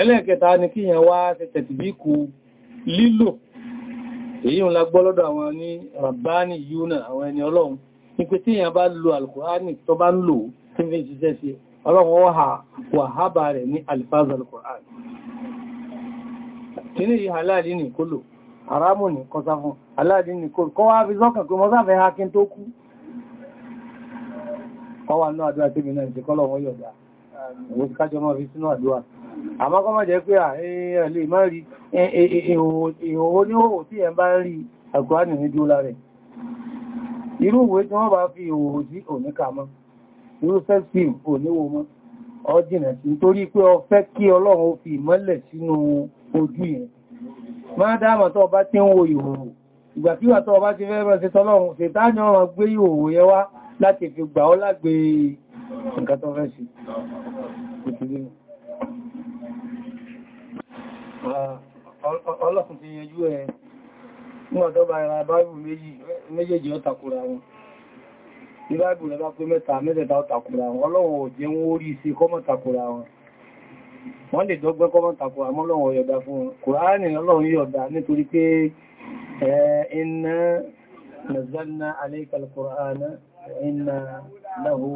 ẹlẹ́ẹ̀kẹta ni kí èèyàn wá tẹ̀tẹ̀tì bí kú lílò èyí ń la gbọ́ lọ́dọ̀ àwọn ní rabbani yúnà àwọn ẹni ọlọ́run ní pé tí èèyàn bá lo alkùránì tó bá ń lò tí fi ṣiṣẹ́ sí ọlọ́run ọha wàhábà rẹ̀ ní alifaz ọwà náà àdúrà tí mi náà ti kọ́lọ̀ wọ́n yọ̀dá wọ́n ti kájọ máa fi sínú àdúrà àmọ́kọ́ máa jẹ́ pé ààrẹ máa rí ìhòhò ní òhò tí ẹ bá rí àkùránì ní dúó lára irú ìwé tí wọ́n bá fi ìhòhò sí òníkà mọ́ irú sẹ́sì òníwò mọ́ ọdínà sí nítorí pé ọ fẹ́ kí Ọlọ́run ó fi ìmọ́lẹ̀ sínú ojú yẹn máa dáàmà tó ọba tí ń wo ìhòhò ìgbàkíwà tó ọba ti fẹ́ rẹ̀ sí tọ́lọ́run ṣètájọ́ wọn gbé ìhòhò yẹn wá láti fi gbà ọ́ lágbé nǹkan tó fẹ́ sí ọlọ́kùn ti yẹjú ẹ̀ ní ọ̀dọ́bà ẹ̀rọ báìbù méjèèjì ó takùra wọn ní báìbù rẹ̀ bá pé mẹ́ta mẹ́tẹ̀ta ó takùra wọn ọlọ́wọ̀n ò jẹ́ wọ́n orí sí kọ́mọ̀ takùra wọn wọ́n lè dọ́gbẹ́ kọ́mọ̀ iná láhú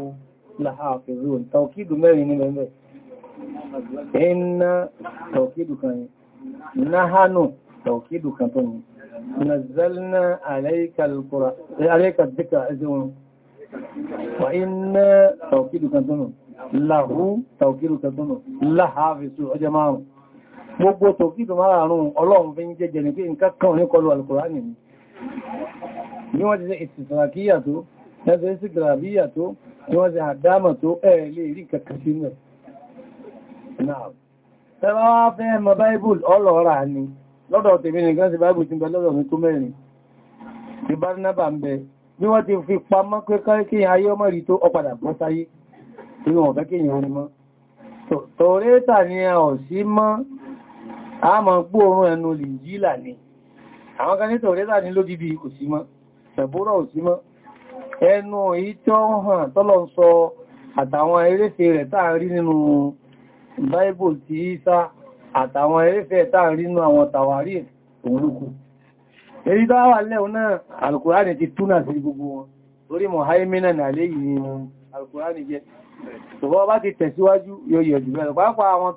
láhàfẹ́rún tàwọ̀kídù mẹ́rin ní mẹ́mẹ́ iná tàwọ̀kídù kan ní náhánù tàwọ̀kídù kan tó ní nazalna alaikar zika azin wa iná tàwọ̀kídù kan tó ní láhú tàwọ̀kídù kan tó ní láhàfẹ́rún ọjọ́ márùn gbogbo tòkídù márùn-ún ọlọ́run fi ń jẹ́jẹ́ ẹgbẹ́ sí gàràbíyà tó tí wọ́n ti àdámà tó rí kankan sí náà ẹ̀rọ wá fẹ́ mọ báíbùl ọlọ́ọ̀rà ni lọ́dọ̀ tèmi nìkan ti bẹ lọ́dọ̀ mi tó mẹ́rin ti bá nábà ń bẹ bí wọ́n ti fi pamọ́ pé ayé ọmọ rí tó ọpadà bọ́ sáyé ọ̀fẹ́ mọ́ ni a ò sí mọ́ a mọ̀ ẹnu lè yí ni kò sí mọ́ ẹnu èyí tí ó ń hàn tọ́lọ̀ ń sọ àtàwọn eréfẹ́ rẹ̀ táà rí nínú báíbù tí Ìsá àtàwọn eréfẹ́ táà rí nínú àwọn tàwárí òunlúkù èyí tó wà lẹ́un náà alkùránì ti túnà sí gbogbo wọn torí mọ̀ haimina nà léyìn ni alkùránì jẹ́ ṣùgbọ́n bá ti tẹ̀síwájú yóò yẹ̀ jù bẹ́ẹ̀ pàápàá àwọn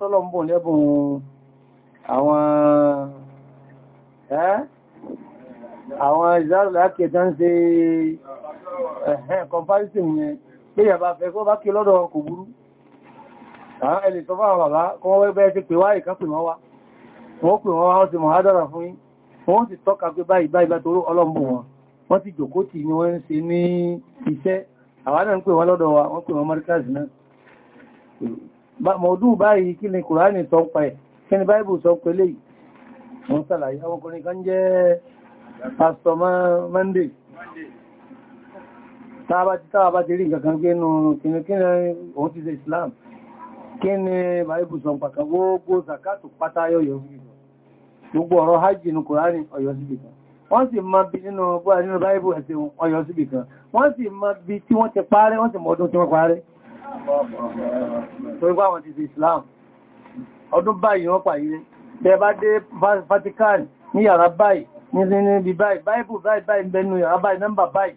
àwọn ìzárò láti ẹ̀tọ́ ń se ẹ̀hẹ́n comparison yẹn pé yàbá fẹ́ kó bá kí lọ́dọ̀ kò burú àwọn ẹlẹ̀ tó bá wà bàbá kọ́ wọ́n bẹ́ẹ̀ ti pè wá ìkà pè wọ́n wá wọ́n pè wọ́n wá wọ́n ti mọ̀ ádára fún yín wọ́n ti tọ́ka pé báyìí báyìí bá toró ọlọ́mbù wọn wọ́n ti jòkó tì ní wọ́n ń ṣe ní iṣẹ́ àwọn náà ń pè wọ́n lọ́dọ̀ wa wọ́n pè wọ́n markaz náà mọ̀ọ́dù báyìí kí ni kùránì sọ pa pásítọ̀ Monday tàbá ti tàbá ti rí nǹkan kan gínú kìnnìkìnnì òun ti ṣe Islam kí ni báyìí sọ pàtàkì gbogbo zakatù pátá yọ́yọ̀ gbogbo ọ̀rọ̀ hajji ní Kùránì ọ̀yọ́ síbì kan wọ́n sì ma bí nínú bóyá nínú báyìí ẹ̀sẹ̀ ọ̀yọ́ síbì kan wọ́n sì ma bí tí wọ́n ti parẹ́ wọ́n sì mọ̀ọ́dún tí wọ́n parẹ́ Islam ọdún báyìí wọ́n pàyí tẹ bá dé Vatican ní yàrá báyìí níbi níbi báyìí báìbù báyìí báyìí bẹnu yàrá báyìí nọ́mbà báyìí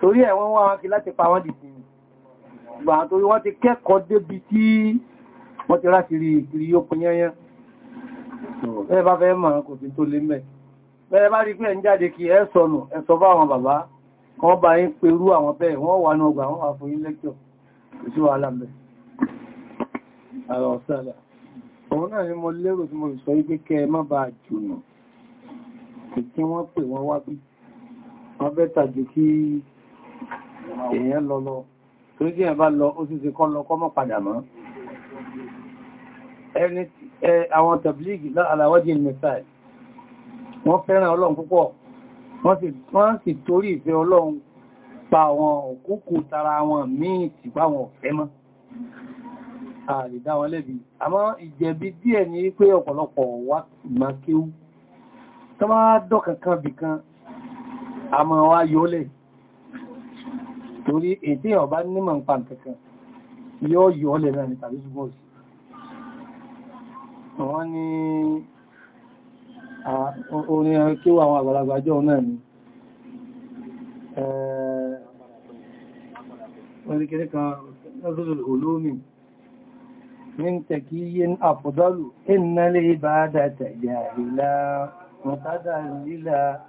torí ẹ̀ wọ́n wá wọn kí láti pa wọ́n dìde gbà torí wọ́n ti kẹ́kọ̀ọ́ débi tí wọ́n ti ráti rí ìkiri yóò pín yányán bẹ́ẹ̀ bá fẹ́ mọ̀ kò sí tó lé mẹ́ bẹ́ẹ̀ bá rí pé ẹ̀ ń jáde kí ẹ sọnù ẹ sọ bá àwọn bàbá kan bá yín perú àwọn bẹ́ẹ̀ wọ́n wà ní ọgbà wọ́n wà fún yín lẹ́kọ̀ọ́ kò sí wàhálà mẹ́ àrọ̀ ọ̀sálà òun náà ni mo lérò tí mo sọ wípé má bàa jùnù pè kí wọ́n pè wọ́n wá bí wọ́n bẹ́ta jù kí èèyàn lọ lọ torí tí èèyàn bá lọ ó sì ti kọ́ lọ kọ́ mọ́ padà mọ́ ẹni àwọn tàbílìgì aláwọ́jì mẹ́sàì wọ́n fẹ́ràn ọlọ́run púpọ̀ wọ́n sì torí ìfẹ́ ọlọ́run pa àwọn òkúkú tara wọn míì sì pa wọn ọ̀fẹ́ mọ́ ààrẹ̀ wọn lẹ́bi àmọ́ ìjẹ̀bi díẹ̀ ní pé ọ̀pọ̀lọpọ̀ wá máa kéwú tó bá dọ́kankan bìkan a mọ̀ wá yólẹ̀ torí èdè ọ̀bá nímọ̀ nǹkan kankan yóò yólẹ̀ náà ní tàbí ṣùgbọ́n sí wọ́n ní orin kí wà àwọn àgbàlagbà náà ni wani kiri kan rúrù olómi ní tẹ̀kí bá dátà ìyàrí láàá متدللا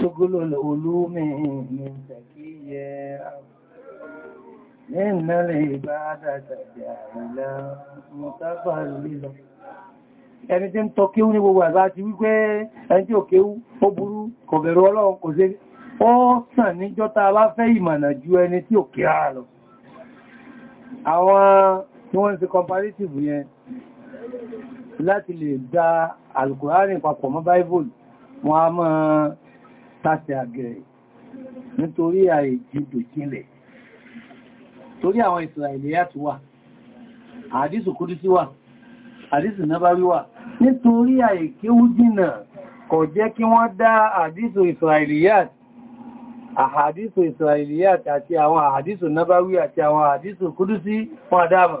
شغل العلوم من تكية إن العبادة جاهلا متقللا ẹni tí ń tọ kéwú ní gbogbo àgbà ti wípé ẹni tí ò kéwú ó burú kò bẹ̀rù ọlọ́run kò sí ó sàn níjọ́ ta bá fẹ́ ìmọ̀nà ju ẹni tí ò kí á lọ àwọn tí wọ́n ń ṣe comparative yẹn láti lè dá alkùnrin papọ̀ mọ́ bible wọn a mọ́ tàṣẹ àgẹ̀rẹ̀ nítorí àìjìdò jílẹ̀ torí àwọn Isra'iliyat tó wà àdísù kúdísí wà àdísù nábáwí wà nítorí àìkéwú jìnà kò jẹ́ kí wọ́n dá àdísù Isra'iliyat àhàdísù Isra'iliyat àti àwọn àhàdísù nábáwí àti àwọn àdísù kúdísí wọn dámọ̀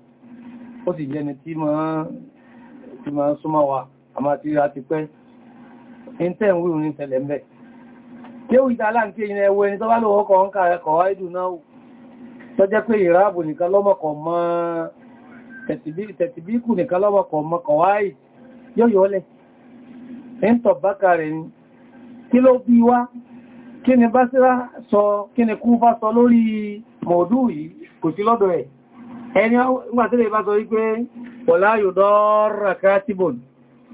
ó sì jẹni tí ma ń súnmọ́ wa àmá tí a ti pẹ́ ìntẹ́ ìwé òní tẹ̀lẹ̀ mẹ́ kí ó ìta aláǹkí ìrìn ẹwọ ẹni tó bá lówó kọ̀ ń ká ẹkọ̀ áìdù náà tó jẹ́ pé ìráàbò nìkan lọ́mọkọ̀ mọ́ tẹ̀tìbíkù nìkan lọ́mọkọ̀ mọ́ kọ̀ ẹni ọgbàtílẹ̀ bá sọ wípé wọ̀lá yòdọ́rà kátìbòn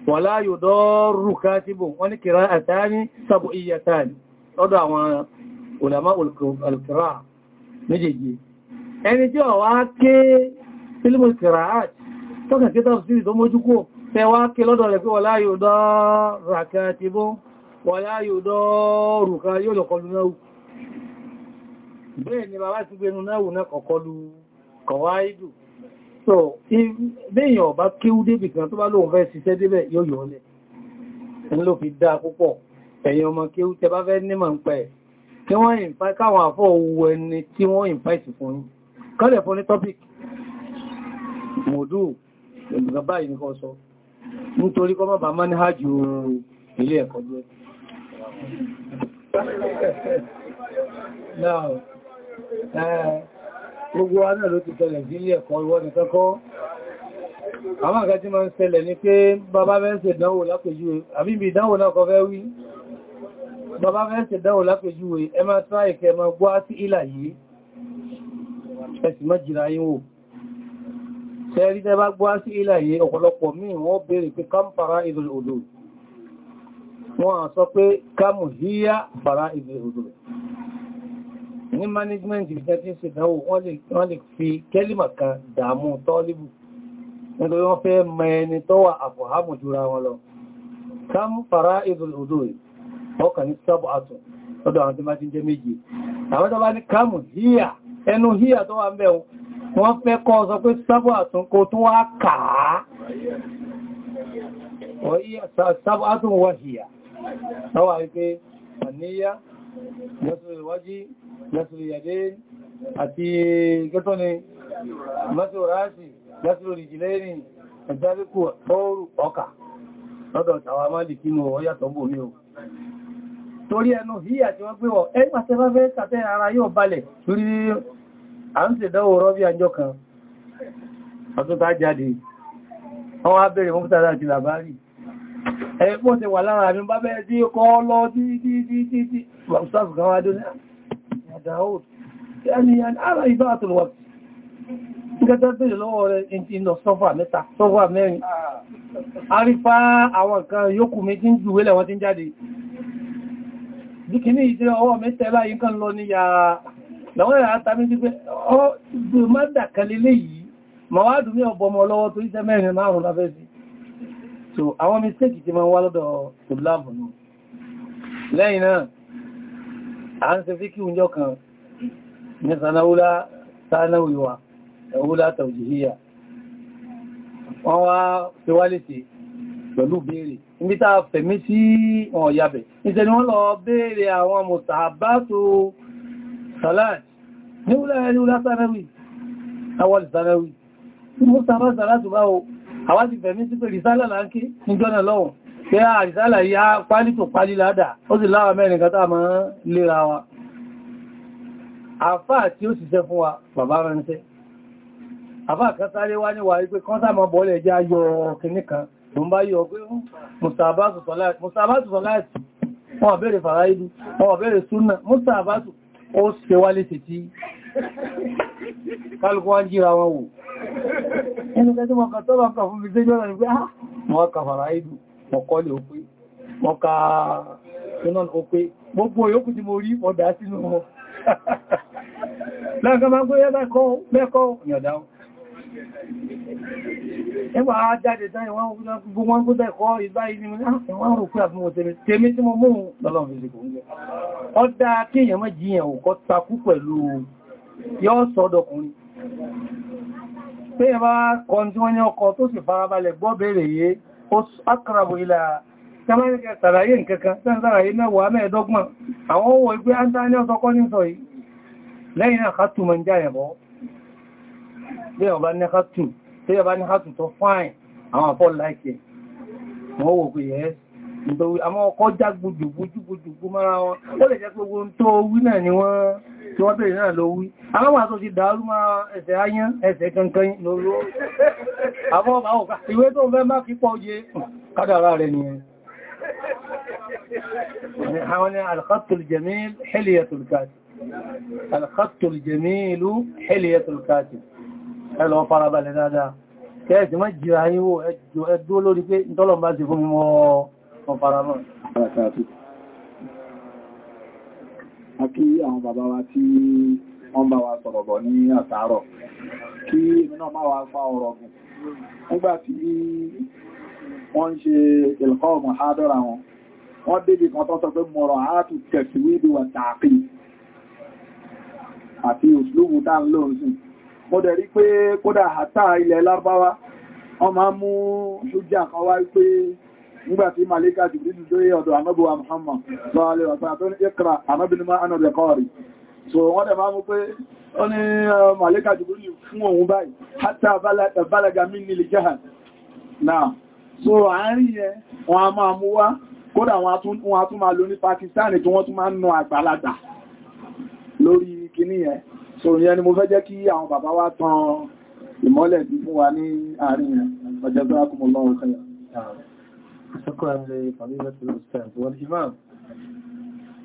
wọ̀lá yòdọ́rù kátìbòn wọ́n ní kìrá àtàní sàbò iya tàní lọ́dọ̀ àwọn olàmá olùkìrá méjèèjì ẹni tí ó wá ké fílìmù kìrá tọ́kà kí tàbí tó mójúkó fẹ́ wá ké lọ́dọ̀ rẹ̀ pé wọ̀lá yòdọ́rà kátìbòn wọ̀lá yòdọ́rù ká yóò lọ kọ̀wáìdù so béèyàn ọ̀bá kéwú débì kan tó bá lóun fẹ́ ṣiṣẹ́ débẹ̀ yóò yọ ọlẹ̀ ń ló fi dáa púpọ̀ ẹ̀yin ọmọ kéwú tẹ bá fẹ́ nímọ̀ ń pẹ́ kí wọ́n ìfẹ́ káwọn àfọ́ owó ẹni tí wọ́n ìfẹ́sì fún yín kọ́lẹ̀ fún ní topic mòdù ìgbà báyìí nìkan sọ nítorí kọ́ mọ́bà mọ́ ní hajjú ilé ẹ̀kọ́ jẹ́ Now, uh, gbogbo wa náà ló ti tẹ̀lẹ̀ ìdílé ẹ̀kọ́ ìwọ́ ni kẹ́kọ́ àwọn àgbà tí ma ń ṣẹlẹ̀ ní pé bàbá fẹ́ẹ̀sẹ̀ dánwò lápèjúwe àbí ibi ìdánwò náà kọ fẹ́ wí bàbá fẹ́ẹ̀sẹ̀ dánwò lápèjúwe ẹ máa tọ́ àìkẹ́ ma gbọ́ sí ìlà yìí ẹ̀sì má jìnà yín wò tẹ́rí tẹ́ bá gbọ́ sí ìlà yìí ọ̀pọ̀lọpọ̀ míì wọ́n béèrè pé ká fara ìdòrò òdò wọ́n sọ pé ká mù híyá fara ní management ìfẹ́tí ìsìnkáwò wọ́n lè fi kẹ́lìmà kan dààmú tọ́líbù nítorí wọ́n fẹ́ mọ ẹni tó wà àfọ̀hábù jùra wọn lọ kam fara idul odo ọkà ní sábù àtùn lọ́dọ̀ àwọn tí má ti jẹ́ méje àwọn tó bá ní kamu híyà ẹnu híyà tó wà mẹ́un wọ́n fẹ́ kọ́ sọ pé sábù àtùn kò tún wá kàá sábù àtùn wà híyà نصر ati نصر اليدين أتي قطني نصر راسي نصر رجلين ذلك هو طول وقع lọ́dọ̀ tàwà máa lè kí mọ̀ ọ̀yà tọ́gbò ní o torí ẹnu híyà tí wọ́n pé wọ́n ẹgbà tẹ́ bá fẹ́ tàtẹ́ ara yóò balẹ̀ lórí à ń tẹ̀dánwò bi àjọ kan ọ̀tọ́ta ta wọ́n á bẹ̀rẹ̀ mọ́kútà láti làbárì ẹ̀pọ̀ tẹ wà lára àmì bá bẹ́ẹ̀ tí ó kọ́ lọ títí الأستاذ غوادون يا داود يعني أنا أرى إضاءة الوقت nǹkan tó bèèrè lọ́wọ́ rẹ̀ ìnà sọ́fà mẹ́ta sọ́fà mẹ́rin àrífà àwọn kan yókù méjì ń jùwé lẹ̀wọ́n tí ń jáde dìkìní ìdí ọwọ́ mẹ́tẹ́lá yìí kan lọ ní ya lọ́wọ́ rẹ̀ àtàmí ti pé ọ́ mọ́dà kalilé yìí ma wá dùn ní ọbọmọ lọ́wọ́ tó iṣẹ́ mẹ́rin márùn lábẹ́ sí so àwọn mistake ti máa wá lọ́dọ̀ tòbláàbù náà lẹ́yìn náà a ń ṣe fíkí oúnjẹ kan ní sanáwúlá sanáwíwa ẹ̀wúlá tàwùjìhíyà wọ́n wá fi wálé sí pẹ̀lú béèrè níbi tá a fẹ̀mí sí wọn yàbẹ̀ níṣẹ́ ni wọ́n lọ béèrè àwọn mùsàbátò salat níwúlá ẹ̀ríwúlá sanáwí awọ́l sanáwí mùsàbá salat báwo pé àrísálà yá pálítò pálí ládà ó sì láwà mẹ́rin kan táàmà lera wa àfáà tí ó ṣiṣẹ́ fún wa bàbá ránṣẹ́ àfáà kan sáré wá níwà wípé kan sáàmà bọ́ọ̀lẹ̀ jẹ́ ayọ̀ kìíní kan tó ń bá yọ pé mùsàbátù sọláàtì wọn àbẹ́rẹ̀ fàráìdú wọn àbẹ́rẹ̀ súnà mùsàbátù ó ṣe wá lè ṣe tí kálùkù wá ń jíra wọn wò ẹnìkẹ́ tí wọ́n kà tọ́bà kà fún fi mo kọ́lé ó pé mo ka iná ó pé gbogbo yòókù tí mo rí ọ̀dá sínú wọn lọ́nkà máa ń gbé mẹ́kọ́ ìyọ̀dá ẹwà jáde tán ìwọ̀n gbogbo wọn kó tẹ́kọ́ ìgbá ìní wọn rò pé àfihàn tẹ́mi tẹ́mi tí mo mú lọ́lọ́ fìsìkò ń jẹ́ ọdá kí èèyàn mọ́ jíyàn ò kọ́ takú pẹ̀lú yọ́ sọ́dọ̀kùnrin pé ẹ bá kọ́ tí wọ́n ní ọkọ̀ tó sì farabalẹ̀ gbọ́ bèèrè yìí akọ̀rọ̀bù ilẹ̀ tẹ́mẹ́rẹ́kẹ́ tàràyé nkankan tẹ́sàràyé mẹ́wàá mẹ́ẹ̀dọ́gbọ̀n àwọn owó ìgbé àntáni ọ̀tọ́kọ́ ní sọ yìí lẹ́yìn náà kàtù mọ̀ ń jáyẹ̀bọ́ bí ọba ní kàtù tó fáìn àwọn ìtòwí àmọ́ ọkọ̀ já gbùdùgbùdùgbùdù mara wọn ó lè jẹ́ gbogbo tó wí náà ni wọ́n tí wọ́n bèèrè náà ló wí aláwọ̀ àtò ti dàárú mara ẹsẹ̀ ayán ẹsẹ̀ kankan lóró àbọ́ ọ̀pá jamil hiliyatul katib alkhatul jamil hiliyatul katib ẹlọ farabalẹ̀ dáadáa kẹ́ẹ̀sì má jìra yíwó ẹjọ́ ẹdó lórí pé ìtọ́lọ̀ bá ti fún mọ́ ọ̀faramọ́. A kí àwọn bàbá wa tí wọ́n bá wa sọ̀rọ̀ bọ̀ ní àtàárọ̀ kí èmi náà máa wá fa ọ̀rọ̀ gùn. Nígbà tí wọ́n ń ṣe ìlkọ́ ọmọ hádọ́ra wọn, wọ́n débi kan tó sọ pé mọ̀rọ̀ àátù tẹ̀síwédì wà tààkì àti òṣìlúwù dá lóòsìn. Mo dẹ̀ rí pé kódà àtà ilẹ̀ lárúbáwá, wọ́n máa mú ṣújà kan wá nígbàtí malika jibril dóyé ọ̀dọ̀ anábíwa muhammad sọ́ọ̀lẹ̀ ọ̀sán tó ní ikra anábìnimá anábìnimá kọ́ọ̀rì so wọ́n dẹ̀ máa mú pé ó ní malika jibril fún òun báyìí hátà bálaga mí nílì jahan náà so àárín yẹn wọ́n a máa mú wá kódà wọ́n a tún máa lò ní pakistan tí wọ́n tún máa ń nà àgbàlagbà lórí kìíní yẹn so yẹn ni mo fẹ́ jẹ́ kí àwọn bàbá wa tan ìmọ́lẹ̀ sí fún wa ní àárín yẹn ọjọ́ tó rákùnmọ́ lọ́wọ́ kẹyà شكرا لفضيلة الأستاذ والإمام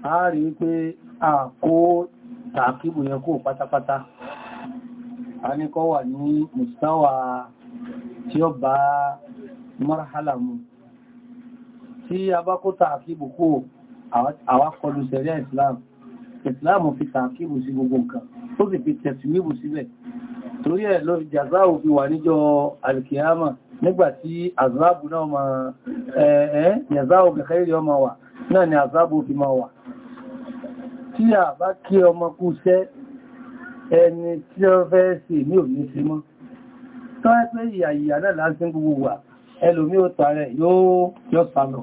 a rí pé a kó tààkìbù yẹn kó pátápátá a ní kọ́ wà ní mustawa tí ó bá marhala mu tí a bá kó tààkìbù kó àwa kọlu sẹ̀ríà islam islam fi tààkìbù sí gbogbo nǹkan ó sì fi tẹ̀síwíbù síbẹ̀ torí ẹ̀ lọ jàzá òfin wà níjọ alkiyama nígbàtí azabu náà ma ẹ̀ẹ́ yàzáwò bẹ̀kẹ́rì ọmọ wà náà ni azabu fi ma wà tí a bá kí ọmọ kú sẹ́ ẹni tí ó fẹ́ sí ní òní sí mọ́ tó ẹ́ pé ìyà ìyà náà lásí gbogbo wà ẹlòmí ó tààrẹ yóò yọ sálọ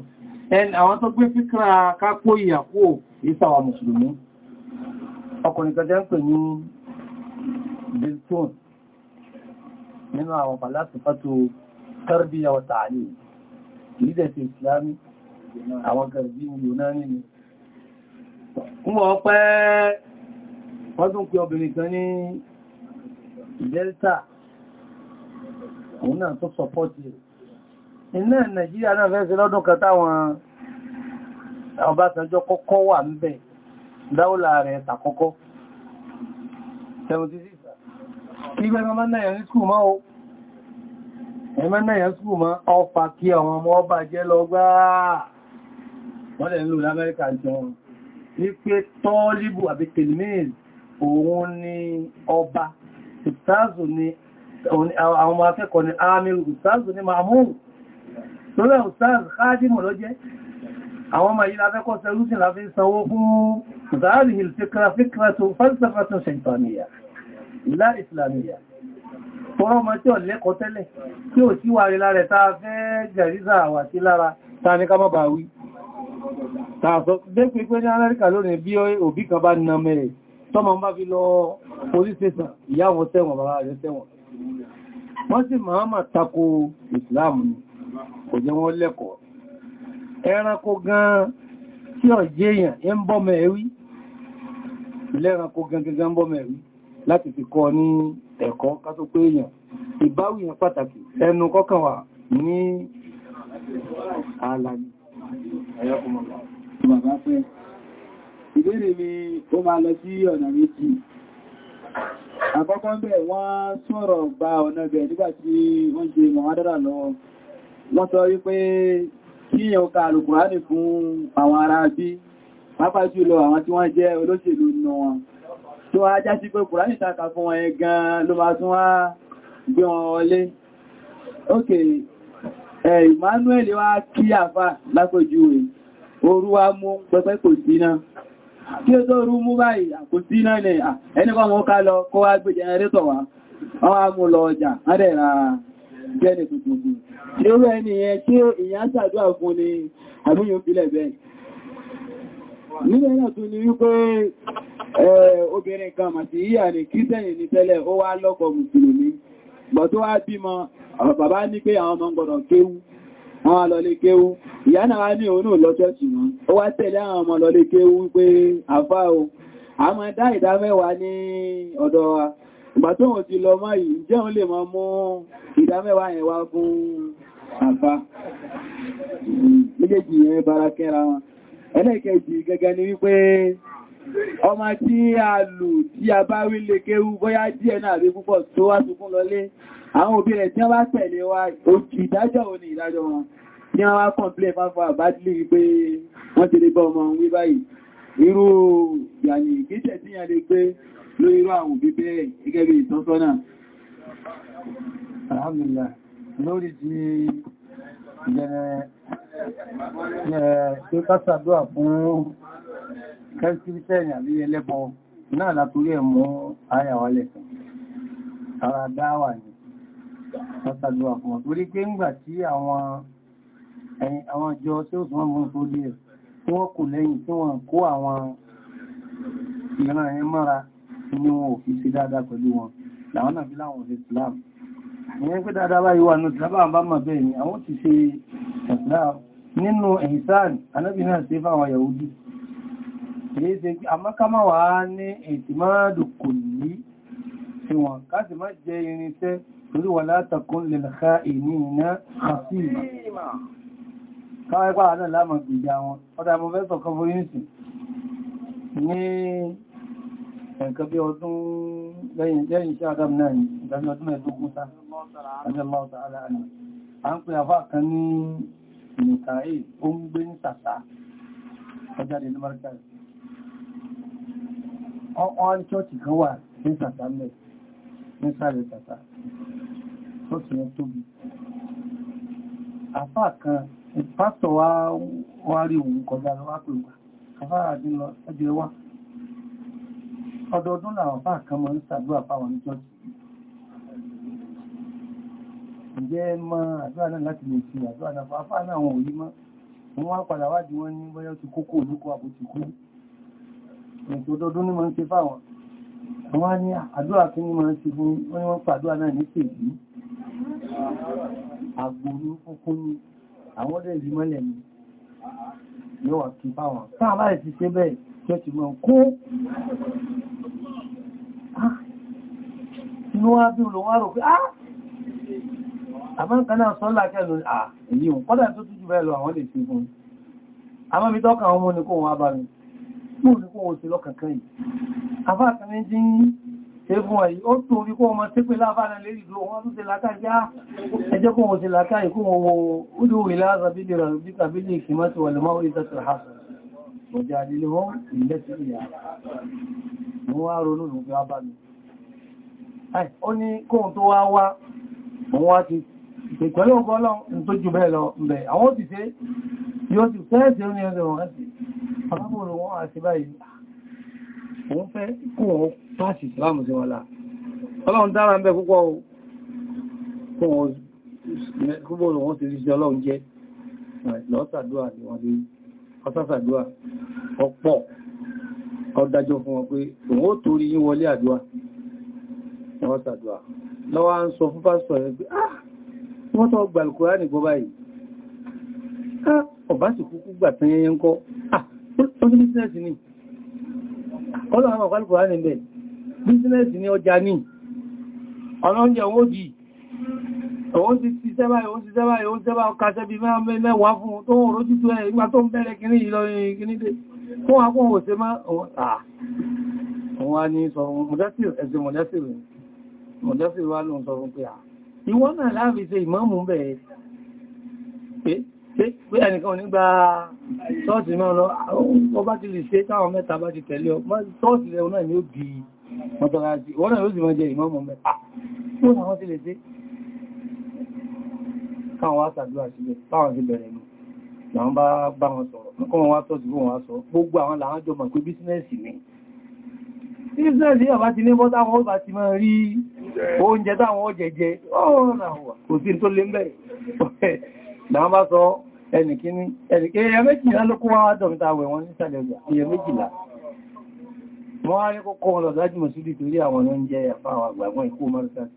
nínú àwọn pàlásìpátò tarbiya wa ta'alim kìí dẹ̀ ti islami àwọn gàrbí yunani ni ń wọ́n pẹ́ wọ́n tún pẹ obìnrin kan ní delta òun náà tó sọpọ́tì iná nàìjíríà náà fẹ́ sí lọ́dún kan táwọn Ọbásanjọ́ kọ́kọ́ wà ń bẹ̀ dáúlà rẹ̀ tàkọ́kọ́ 76 ìgbẹ̀rẹ̀ ọmọ náà yẹn ní skùl máa ẹ̀mẹ́ náà yẹn skú ma ọfà kí àwọn ọmọ ọba jẹ́ lọ gbáà wọ́n lẹ̀ ń lò l'Amẹ́ríkà jọun ní pé tọ́líbù àbí tèlmìl ni ọba ìtàzù ni àwọn ni amiru ìtàzù ni mahmud torí ìtàzù káàdìmù ló jẹ́ àwọn ọmọ yìí lábẹ́kọ́ sẹ́rúsìn láfi sanwó fún zahari hìl fíkra fíkra tó fálsafà tó ṣe ìtàníyà wọ́n ọmọ tí ò lẹ́kọ̀ọ́ tẹ́lẹ̀ tí ò sí wàrí lára ta fẹ́ jẹ̀ríza àwà sí lára ta ní ká má bá wí tààsọ dẹ́pẹ́ pé ní Amẹ́ríkà lónìí bí òbí kan bá na mẹ́rẹ̀ tọ́mọ bá fi lọ police ìyá wọn tẹ́wọ̀n láti fi kọ́ ní ẹ̀kọ́ ká tó pé èèyàn ìbáwí yẹn pàtàkì ẹnu kọ́kàn wà ní àlàní bàbá fẹ́ ìbéèrè mi ó máa lọ sí ọ̀nà méjì àkọ́kọ́ bẹ̀ wọ́n sọ̀rọ̀ gba ọ̀nà bẹ̀ nígbàtí wọ́n ṣe mọ̀wádára lọ wọ́n sọ wípé kí yàn ka al fún àwọn ará bí pápá jùlọ àwọn tí wọ́n jẹ́ olóṣèlú nù tó wá já sí pé kùránì tàkà fún wọn ẹgan ló máa tún wá gbé wọn wọlé ok Emmanuel wá kí àfà lápòjú rẹ̀ orú wá mú pẹ́pẹ́ kò sí náà kí ó tó rú mú báyìí kò sí náà ni ẹnikọ́ mú ká lọ kó wá gbé jẹnẹrétọ̀ wá wọ́n wá mú lọ ọjà adẹ́ra jẹ́nì tuntun tí ó rẹ̀ ni ẹ tí ìyá sàdúrà fún ni àbúyàn fílẹ̀ bẹ́ẹ̀ obìnrin kan màtí yíyà ní kírísẹ̀yìn ní tẹ́lẹ̀ ó wá lọ́kọ mùsùlùmí bọ̀ tó wá bímọ bàbá ní pé àwọn ọmọ gbọ́dọ̀ kéwú àwọn lọlé kéwú ìyá náà wá ní òun náà lọ wá tẹ̀lé àwọn ọmọ lọlé kéwú pé àfá o lọ lè ọmọ tí a lò tí a bá wí lè kéwú bóyá díẹ̀ náà rí púpọ̀ tó wá tukún lọlé àwọn òbí rẹ̀ tí wọ́n bá tẹ̀lé wa ojú ìdájọ́ òní ìdájọ́ wọn tí wọ́n wá kọ̀m̀plẹ̀ fáfà bá dìlé wọ́n ti lè bọ́ ọmọ ṣe kásàdúà fún kẹ́sìtìrìtẹ́ni àbí ẹlẹ́bọ náà látorí ẹ̀ mú ayàwálẹ̀ ara dáwà ní kásàdúà fún wọn torí pé ńgbà tí àwọn ìjọ tí ó tún tó tí wọ́n kò lẹ́yìn tí wọn sí dáadáa pẹ̀lú ìyẹn pé dáadáa báyìí wà ní ìtàbà bá mọ̀ bẹ́ẹ̀ ni àwọn ti ṣe ṣàtìlá nínú ẹ̀hìsáàn anábì náà ṣe fáwọn Yahudi èyí ṣe amákámáwà ní ìtìmáàdù kò ní ṣe wọn káàsì má jẹ irinṣẹ́ torí wà látàkún lè lọ́ká èní iná nǹkan bí ọdún lẹ́yìn iṣẹ́ adam náà ni ìdájí ọdún mẹ́ẹ̀dógún sá àjọ́lọ́ tààlà ni a ń pè àfá kan ní ìnìkàáyè ó ń gbé ní tàtà ọjá lè ní markaz ọ́n chọ́ọ̀tì kan wà ní tàtà mẹ́ kan pásítọ̀ wá rí òun kọjá lọ wá pè wá àfá àdínlọ ẹjọ́ ọdọọdún làwọn bá kan mọ́ ń sàdúrà fáwọn ìjọ́jì ǹjẹ́ mọ́ àdúrà náà láti lè fi àdúrà náà fáfá náà wọn ò yí mọ́ wọ́n wá padà wádìí wọ́n ní bọ́yọ́ ti kókó olúkọ àbòtí kú ètò ọdọọdún ní mọ́ ń ṣe fáwọn wọ́n ní àdúrà kí ní mọ́ ń ṣe fún wọ́n ní wọ́n pàdúrà náà ní pèsè àgbòrú kúkú ní àwọn ọdẹ ìgbìmọ́lẹ̀ ni lẹ́tì mọ̀ kó inú wá bí olùwá rò pé ah àmọ́kaná sọ́lá kẹ́lù ah èyí ò kọ́dà tó tújú bẹ́ẹ̀ lọ àwọn lè ṣe fún àmọ́ mi tọ́ka àwọn ọmọ ní kó wọn bá mi mú ní kó wọn sí lọ́kànkan yìí afákaní jí egun ẹ̀yí ó tún orí kó ọmọ tí pé láfáàrẹ lérí ìlú wọn tó ti látàjá ẹjẹ́ kó wọn ti látàjá ìkó wọn wo ó dúró ìlà àzàbílì rẹ̀ bí tàbílì ìkìmọ́ ti wà lè máa orí tẹ́tẹ̀ hásùn ọjà nílé wọ́n ilẹ̀ sí ìyà wọ́n wá ronú lùgbé wá bá mi ó ní kóhùn tó wá wá wọ́n wá ti pẹ̀lú ọkọ̀ ọlọ́run tó jù bẹ́ẹ̀ lọ mẹ́ àwọn ti ṣe yóò ti fẹ́ẹ̀sẹ̀ ní ọjọ́ wọn ti àbábòrò wọn àti báyìí wọ́n fẹ́ kó wọn pàṣì ìsìláàmù ọsásàdúwà ọ̀pọ̀ ọdájọ́ fún wọn pé òun ó torí yí wọlé àdúwà wọ́n sàdúwà lọ́wọ́ ń sọ fún pásọ̀ rẹ̀ pé ah wọ́n tọ́ gbà Al-Kùránì gbọ́ báyìí ah ọ̀bá sì kúkú gbà tán yẹn ah ó ní bísínẹ́sì ni ọlọ́ àwọn ni ọjà ní ọ̀nà oúnjẹ òun ó dìí òun ti ti sẹ́bà òun ti sẹ́bà òun sẹ́bà kàṣẹ́ bí mẹ́wàá fún tó ń rojú tó ẹ̀ ìgbà tó ń bẹ̀rẹ̀ kìrí ìlọrin eh, kìrí dé fún àpọ̀ òṣè má òun ní sọ ẹ̀sìn mọ̀dẹ́sì wá lóun sọ fún pé à ìwọ náà láàrin ṣe ìmọ́mù bẹ̀ pé ẹnìkan nígbà ṣọ́ọ̀tì mẹ́rin lọ ọ bá ti lè ṣe táwọn mẹ́ta bá ti tẹ̀lé ọ ṣọ́ọ̀tì lẹ́wọ́n náà ni ó di mọ́tọ́lá káwọn wá sàdúrà sílẹ̀ báwọn ti bẹ̀rẹ̀ nù làwọn bá bá wọn sọ̀rọ̀ nǹkan wọn wá tọ́jú wọn wá sọ gbogbo àwọn làwọn jọ mọ̀ pé bísínẹ́sì ni bísínẹ́sì yàbá ti ní bọ́tá wọn bá ti máa rí oúnjẹ táwọn jẹjẹ ọ̀rọ̀ kò sí tó lé mẹ́rẹ̀ làwọn bá sọ ẹnìkíní ẹnìkíní ẹ̀yẹ méjìlá ló kó wá dọ̀mítà wẹ̀ wọn nísàlẹ̀ ọjà ẹ̀yẹ méjìlá wọ́n á rí kókó wọn lọ dájú mọ̀ sí nítorí àwọn oúnjẹ àfáwọn àgbàgbọ́n ikú mọ́rúsásí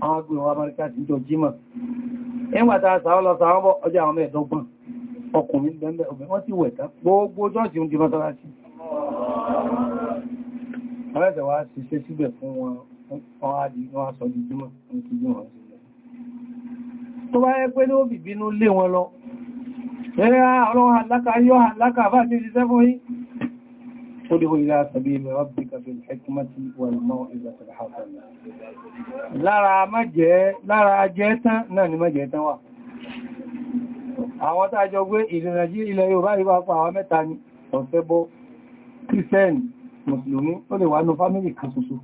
àwọn agbóhùn amẹ́ríkà ti jọ jímọ̀ nígbàtà sàálọ sàábọ̀ ọjọ́ àwọn mẹ́ẹ̀dọ́gbọ̀n ọkùnrin bẹ̀m̀bẹ̀ obìnrin wọ́n ti weta gbogbo jọ́ọ̀sì ń fún di di jímọ̀ ní sí ادعو إلى سبيل ربك بالحكمة والموعظة الحسنة lára má jẹ́ lára jẹ́ tán náà ni má jẹ́ tán wà àwọn tá a jọ gbé ìrìnàjí ilẹ̀ Yorùbá ìwà pa àwọn mẹ́ta ni ọ̀sẹ́bọ́ kírísẹ́nì mùsùlùmí ó lè wà ní fámílì kan ṣoṣo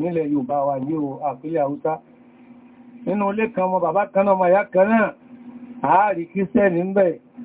nílẹ̀ Yorùbá wà ní o àpílẹ̀ Haúsá nínú ilé kan mọ bàbá kan náà mọ̀ ìyá kan náà àárí kírísẹ́nì ń bẹ̀rẹ̀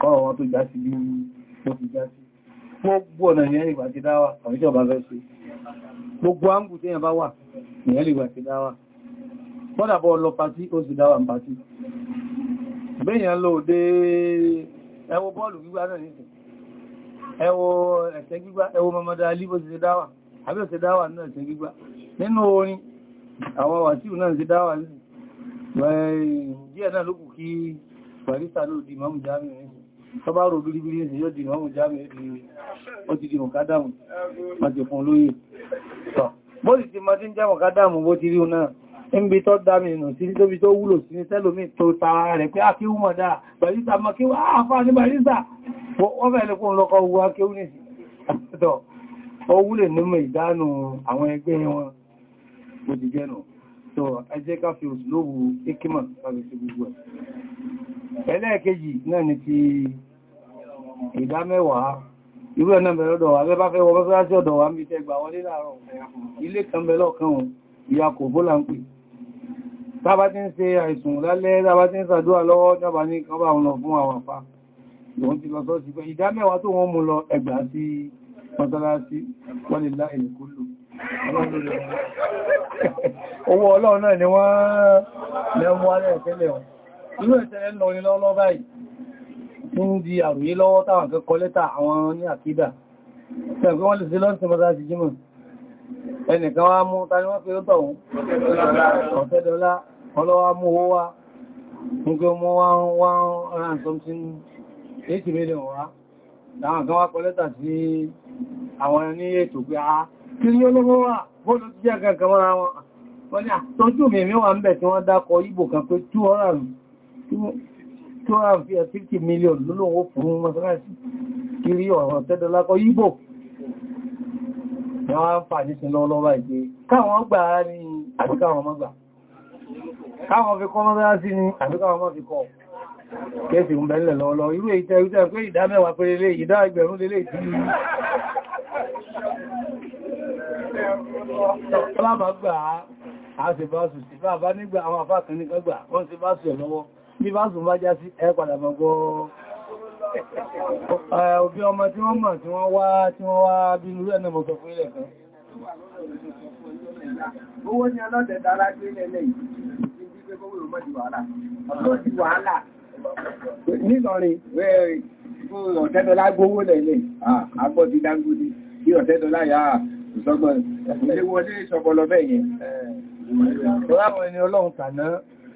kọ́rọ̀ wọn tó já sí bí ó fi já sí gbogbo ọ̀nà ìyẹn lè gbà ti dáwà àwíṣẹ́ ọba fẹ́ sí gbogbo áńgù tí yẹn bá wà ìyẹn lè gbà ti dáwà bọ́dàbọ́ lọ patí ó sì dáwà ń patí bẹ́yàn lò dé ẹ wo bọ́ọ̀lù gbígbá náà nìsìn ẹ wo ẹ̀sẹ̀ gbígbá ẹ wo Muhammad Ali bó ti ṣe dáwà àbí ó ṣe dáwà nínú ẹ̀sẹ̀ gbígbá nínú orin àwọn wàsíù náà ṣe dáwà nìsìn díẹ̀ náà ló kí barista ló mọ́mù jámì tó bá rò gírígírí ní yóò dìnà ọmọ jáàmì wọ́n ti di mọ̀kádàmù wọ́n ti fún olóyè tọ́ bó sì ti máa ti ń jẹ́ mọ̀kádàmù bó ti rí un náà ń bí tọ́ dámì nù sí tóbi tó wúlò sí ní tẹ́lómí tó tara rẹ̀ pé ákíwú mọ̀ dáa bàrísà mọ̀ kí àfáà ní bàrísà wọ́n fẹ́ lẹ́kùn lọ́kọ̀ owó ákíwú ní ìsìnkú ó wúlè ẹlẹ́ẹ̀kejì náà ni ti ìdá mẹ́wàá irú ẹ̀nà mẹ́rọ́dọ̀ wà bẹ́bá fẹ́ wọ mọ́sánásí ọ̀dọ̀ wà ń bí tẹgbà wọlé láàárọ̀ ilé kan bẹ́lọ̀ kan wọn ìyá kò bó láńpì tábá tí ń ṣe àìsùn lálẹ́ tábá tí ń ṣàdúrà lọ́wọ́ jábà ní kan bá lọ fún àwọn àpá lòun ti lọ sọ́ sí pé ìdá mẹ́wàá tó wọ́n mú lá ìlúkúlù owó ọlọ́run náà ni wọ́n lẹ́mú alẹ́ ìpínlẹ̀ wọn inú ìtẹ́lẹ̀ lọ ní lọ́lọ́ báyìí tí ń di àrùyé lọ́wọ́ táwọn kan kọ àwọn ní àkídà tẹ́gbẹ́ wọ́n lè sí lọ́sí mọ́sá sí jímọ̀ ẹnìkan wá mú ta ni wọ́n fi lọ́tọ̀ òun ọ̀tẹ́dọ́lá ọlọ́wà mú owó wá nígbé mú wọ́n rán something 8 million wá láwọn kan wá kọ lẹ́tà sí àwọn ní ètò pé a ah, kí ní olówó wà bọ́ọ̀lù tí jẹ́ kankan mọ́ra wọn wọ́n ni àtọ́jú ah, mẹ́mí wà ń bẹ̀ tí wọ́n dákọ̀ ibò 250 million ló lóun fún mọ́sánásì kiri ọ̀rọ̀ tẹ́dọ̀lákọ́ yíbò wọ́n fà ní sí lọ́lọ́wà ìgbé káwọn gbà ní àti káwọn káwọn fi kọ́ mọ́sánásì ní àti káwọn kọ́ kéèsì ń bẹ̀lẹ̀ lọ́lọ́ àwọn àfáà ní kan gbà, wọ́n sì bá sùn lọ́wọ́ bí bá sùn bá já sí ẹ padà òbí ọmọ tí wọ́n mọ̀ tí wọ́n wá tí wọ́n wá bí irú ẹ̀nà mọ̀ sọ fún ilẹ̀ kan owó ni ọlọ́dẹ̀ dára gbé lẹ́lẹ̀ nílọrin ọ̀tẹ́dọ́lá gbówó lẹ́lẹ̀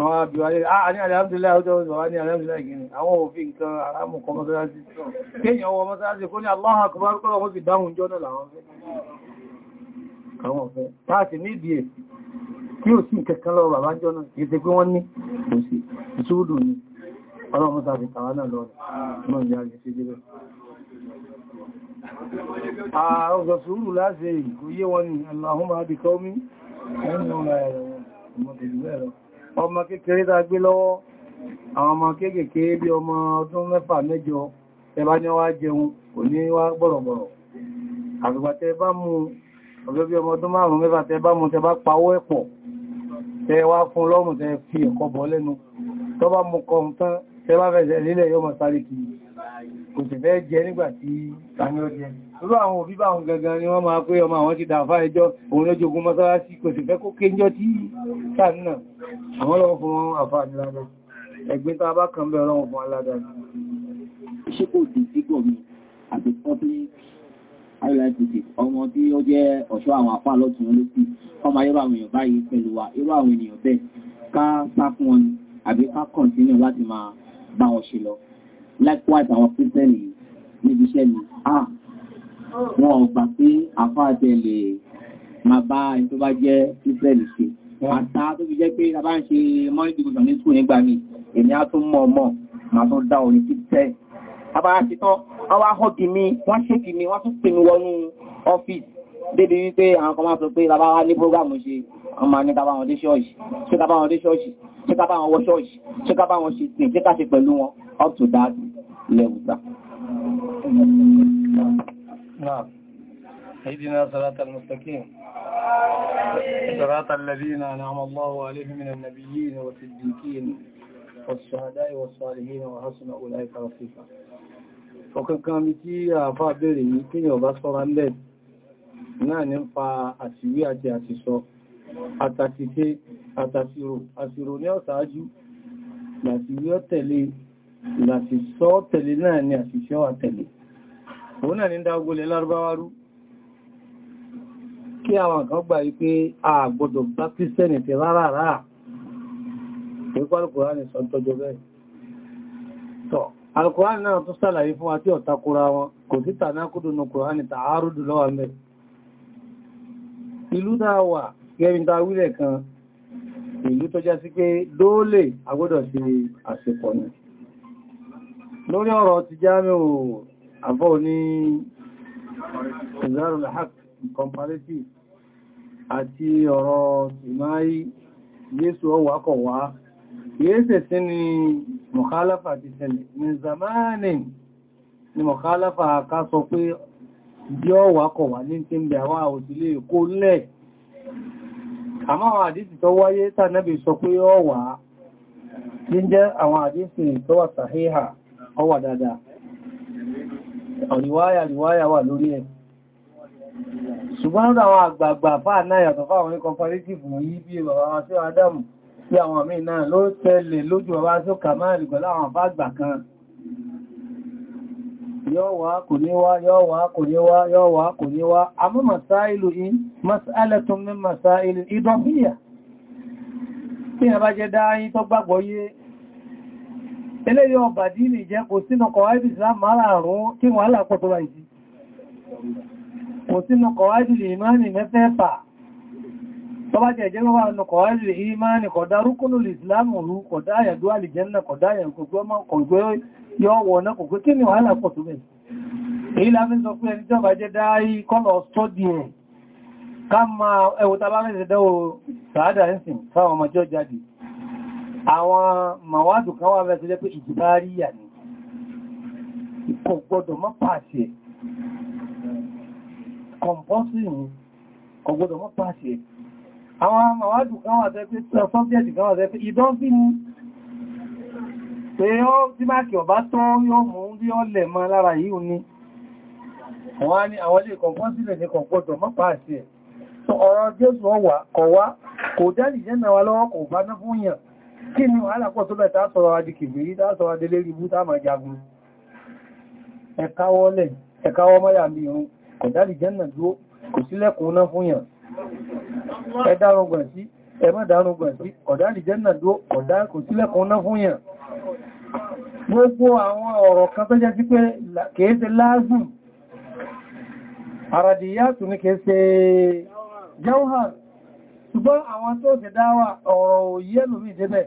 Àwọn àbíwáyé, àà ah, ní àdámdílá ọjọ́ ìwà ní àdámdílá ìgbìnì, àwọn òfin nǹkan àrámù kọ mọ́sánásí. Kéèyàn wọ mọ́sánásí kó ní Allahu Akbar kọ́lọ̀ wọ́n sì dáhùn jọ́nà làwọn fẹ́. Àwọn ọ̀fẹ́. Táàtì ní ìdí ẹ̀ kí ò sí ìkẹ́kẹ́ lọ bàbá jọ́nà, ètè pé wọ́n ní ìṣúrùdù ni, ọlọ́mọ́ tàbí tàwà náà lọ, náà ní àjẹ́ sí jẹ́ Àwọn ọ̀sọ̀ sùúrù Allahumma bikọ́ mi, ẹni wọn láyẹ̀ lọ́wọ́, ọmọ kékeré tá gbé lọ́wọ́ àwọn ọmọ kéèkèé bí ọmọ ọdún mẹ́fà mẹ́jọ tẹba ní wá jẹun kò ní wá gbọ̀rọ̀gbọ̀rọ̀ àgbà tẹba mú ọgbẹ́ bí ọmọ ọdún márùn-ún mẹ́fà tẹba mú tẹba pawọ́ ẹ̀pọ̀ tẹ wá fún lọ́rùn tẹ fi ẹ̀kọ́ bọ́ lẹ́nu tọba mú kọ̀ǹtán tẹba fẹ̀sẹ̀ nílẹ̀ yóò mọ̀ sáré kìí kò sì fẹ́ jẹ nígbà tí tani ó jẹ Irú àwọn òbí báhùn gangan ni wọ́n máa pé ọmọ àwọn ti dàfá ẹjọ́ òun ló jogun mọ́sálásí kò sì fẹ́ kó kéjọ́ tí sàánà àwọn lọ́wọ́ fún wọn àfà nílára. Ẹgbẹ́ tá a bá kàn bẹ̀rẹ̀ wọn fún alága. Ṣé kò dì sí gò mi àti public highlight visit ọmọ tí ó jẹ́ ọ̀ṣọ́ àwọn àpá lọ́tún olókì ọmọ Likewise àwọn Christian níbi iṣẹ́ ni, ah, wọn ò gbà pé àfáàjẹ lè máa bá ẹni tó bá jẹ́ Israel ṣe àtà tó fi jẹ́ pé a bá ń ṣe mọ́rin dìgbòsàn ní skul nígbà mi èmi á tún mọ̀ mọ̀ màá tún dá orin títẹ́ abára ti tán wọ́n wá họ́gì mi wọ́n ṣèkì mi wọ́n tún pè mí wọnú ọ́fíìsì débi wípé àwọn kan máa sọ pé labá wá ní prógrámù ṣe ọmọ ní kábá wọn dé ṣọ́ọ̀ṣì ṣé kábá wọn dé ṣọ́ọ̀ṣì ṣé kábá wọn wọ ṣọ́ọ̀ṣì ṣé kábá wọn نعم هدنا صراط المستقيم صراط الذين انعم الله عليهم من النبيين والصديقين والشهداء والصالحين وحسن اولئك رفيقا فكان كاميتي افا بيري كينيو باسوراندي نا نيمفا اسيوي اتي اسيسو اتاتيتي اتاسيرو اسيرو نيو ساجو ناسيو تيلي ناسيسو تيلي ناني اسيسو اتيلي òun náà ní dágolẹ̀ lárúbáwá rú kí àwọn kan gbà yí pé a gbọdọ̀ bá kírísẹ́nì ti rárá rárá ìpá alùkùránì sọ tọ́jọ bẹ́ẹ̀ tọ́ alùkùránì náà tó sàlàyé fún àti ọ̀takura wọn kò sí tànákùdù nù kùránì tààrùdù lọ́wà mẹ́ ìlú dáwà gẹ́rin dáwílẹ̀ kan ìlú tó já sí pé dóòlè agbọ́dọ̀ sí àṣepọ̀ ni lórí ọ̀rọ̀ ti jámẹ́ òòrùn àbọ́ ní ìzárùn haq comparative àti ọ̀rọ̀ ìmáyí Jésù ọwà kọ̀ wá yẹ́sẹ̀ sí ni mọ̀kálàfà ti ṣẹlẹ̀ ní zamani ni mọ̀kálàfà ká sọ pé bí ọwà kọ̀ wá ní tí ń bẹ̀ àwọn òtílé kó lẹ̀ àmáwọn àdísì tó wáyé tànẹ́bì sọ pé ọwà jíjẹ́ àwọn àdísì ọ̀ríwáyà ríwáyà wà lórí ẹ̀ ṣùgbọ́n àwọn àgbààgbà fáà náà yàtọ̀ fáwọn ní cooperative yìí bí bàbá wa sí Ádámù sí àwọn míì náà ló tẹ́lẹ̀ lójú bàbá sí Kàmáàlì pẹ̀lú àwọn àfáàgbà kan yóò wá kò ní wá yóò wá kò ní wá a bá jẹ́ dáyí tó gbàgbọ́ yé eléyìí ọba dínì jẹ́ kò sínú kọ̀wáìdì islam márààrún kí wọ́n là pọ̀tọ́ àìsí kò sínú kọ̀wáìdì ìmáni mẹ́fẹ́fà tó bá jẹ́ wọ́n wọ́n kọ̀wáìdì ìmáni kódà rúkúnù islam rú kódà àyàdúwà lè jẹ́ náà kódà àyàkọ̀gbọ́ àwọn màwádùn kan wà bẹ́ẹ̀ tó jẹ́ pé ìjìbáríyà ni kò gbọdọ̀ mọ́ pàṣẹ kọmpọ́sì ni kò gbọdọ̀ mọ́ pàṣẹ àwọn màwádùn kan wà tẹ́ pé sọ́bjẹ́tì kan wà tẹ́ pé ìdán bí ni pé ó tí máa kí ọ̀bá tó yóò mú bí ó lẹ̀ mọ́ lára yìí ni wọ́n ní àwọn ilé kọmpọ́sì rẹ̀ ní kò ọ̀rọ̀ Jésù ọwà kọ̀wá kò dá ìjẹ́ náà wà lọ́wọ́ kò bá ná fún yàn kí ni wàhálà pọ̀ tó bẹ̀ tá sọ̀rọ̀ adì kìbìrí tá sọ̀rọ̀ adélé ribú tá mọ̀ jagun ẹ̀káwọ́lẹ̀ ẹ̀káwọ́ mọ́yà mi irun kò dálì jẹ́nà dúró kò sílẹ̀kùn náà fún yàn ẹ dárùngbọ̀n sí ẹ má dárùngbọ̀n sí ọ̀dálì jẹ́nà dúró kò sílẹ̀kùn náà fún yàn gbogbo àwọn ọ̀rọ̀ kan tó jẹ́ sí pé kèése láàzùn àràdìyàtù ní kèése jawhar ṣùgbọ́n àwọn tó ti dáwà ọ̀rọ̀ òyẹ́lùmí débẹ̀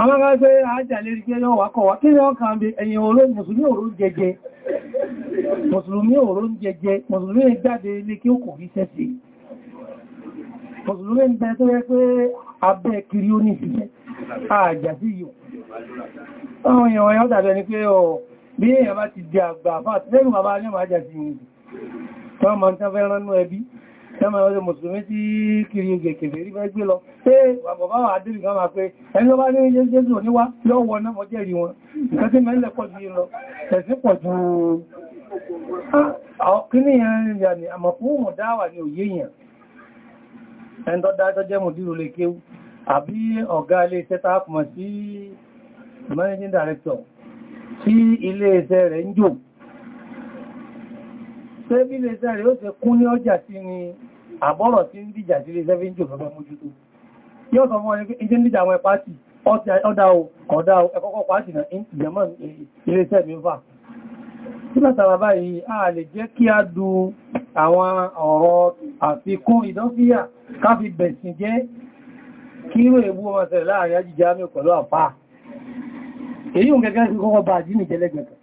àwọn bá pé àájà lérí pé yọ wákọ̀ wá kí ni wọ́n kàn bí ẹ̀yìn oró mùsùlùmí oró jẹjẹ mùsùlùmí oró jẹjẹ mùsùlùmí jáde ilé kí ó kò rí sẹ́sì mùsùlùmí ń bẹ tó yẹ pé abẹ́ kiri ó ní ìfẹ́ àjà sí yìí àwọn èèyàn ẹ̀yọ́ dàbẹ̀ ni pé ọ bí èèyàn bá ti di ẹmọ ọdún mùsùlùmí tí kiri gẹ̀kẹ̀lẹ̀ rí fẹ́ gbé lọ pé bàbá wà dìrì kan máa pé ẹni ọba ní jésù níwá yóò wọ náà mọ́jẹ́ rí wọn nǹkan tí mẹ́lẹ̀ pọ̀ jù lọ ẹ̀sí pọ̀ jù ah, kíní yẹn àmọ̀ fún mọ̀ dáwà ní òye yẹn ẹni tó dájọ́ jẹ́ mù dírò lè kéwú àbí ọ̀gá ilé iṣẹ́ tá a pọ̀ sí ilé iṣẹ́ rẹ̀ ń jò ṣé bí lè sáré ó ṣe kún ní ọjà sí ni àbọ́rọ̀ sí ń dìjà sí lè sẹ́fẹ́ jù fẹ́fẹ́ mójútó yóò sọ fún ọ ní pé ìdí ń dìjà àwọn pàtì ọdá o kọ̀dá o ẹkọ́kọ́ pàtì náà ìjẹmọ́ eh, iléeṣẹ́ mi fà sílẹ̀sára báyìí a lè jẹ́ kí a du àwọn ọ̀rọ̀ àfikún ìdánfíyà káfí bẹ̀sìn jẹ́ kí irú èbú ọmọ sẹ̀rẹ̀ láàrin ajíjá mi pẹ̀lú àpá èyí ò gẹ́gẹ́ sí kọ́kọ́ bá jí nìjẹ́lẹ́gbẹ̀ẹ́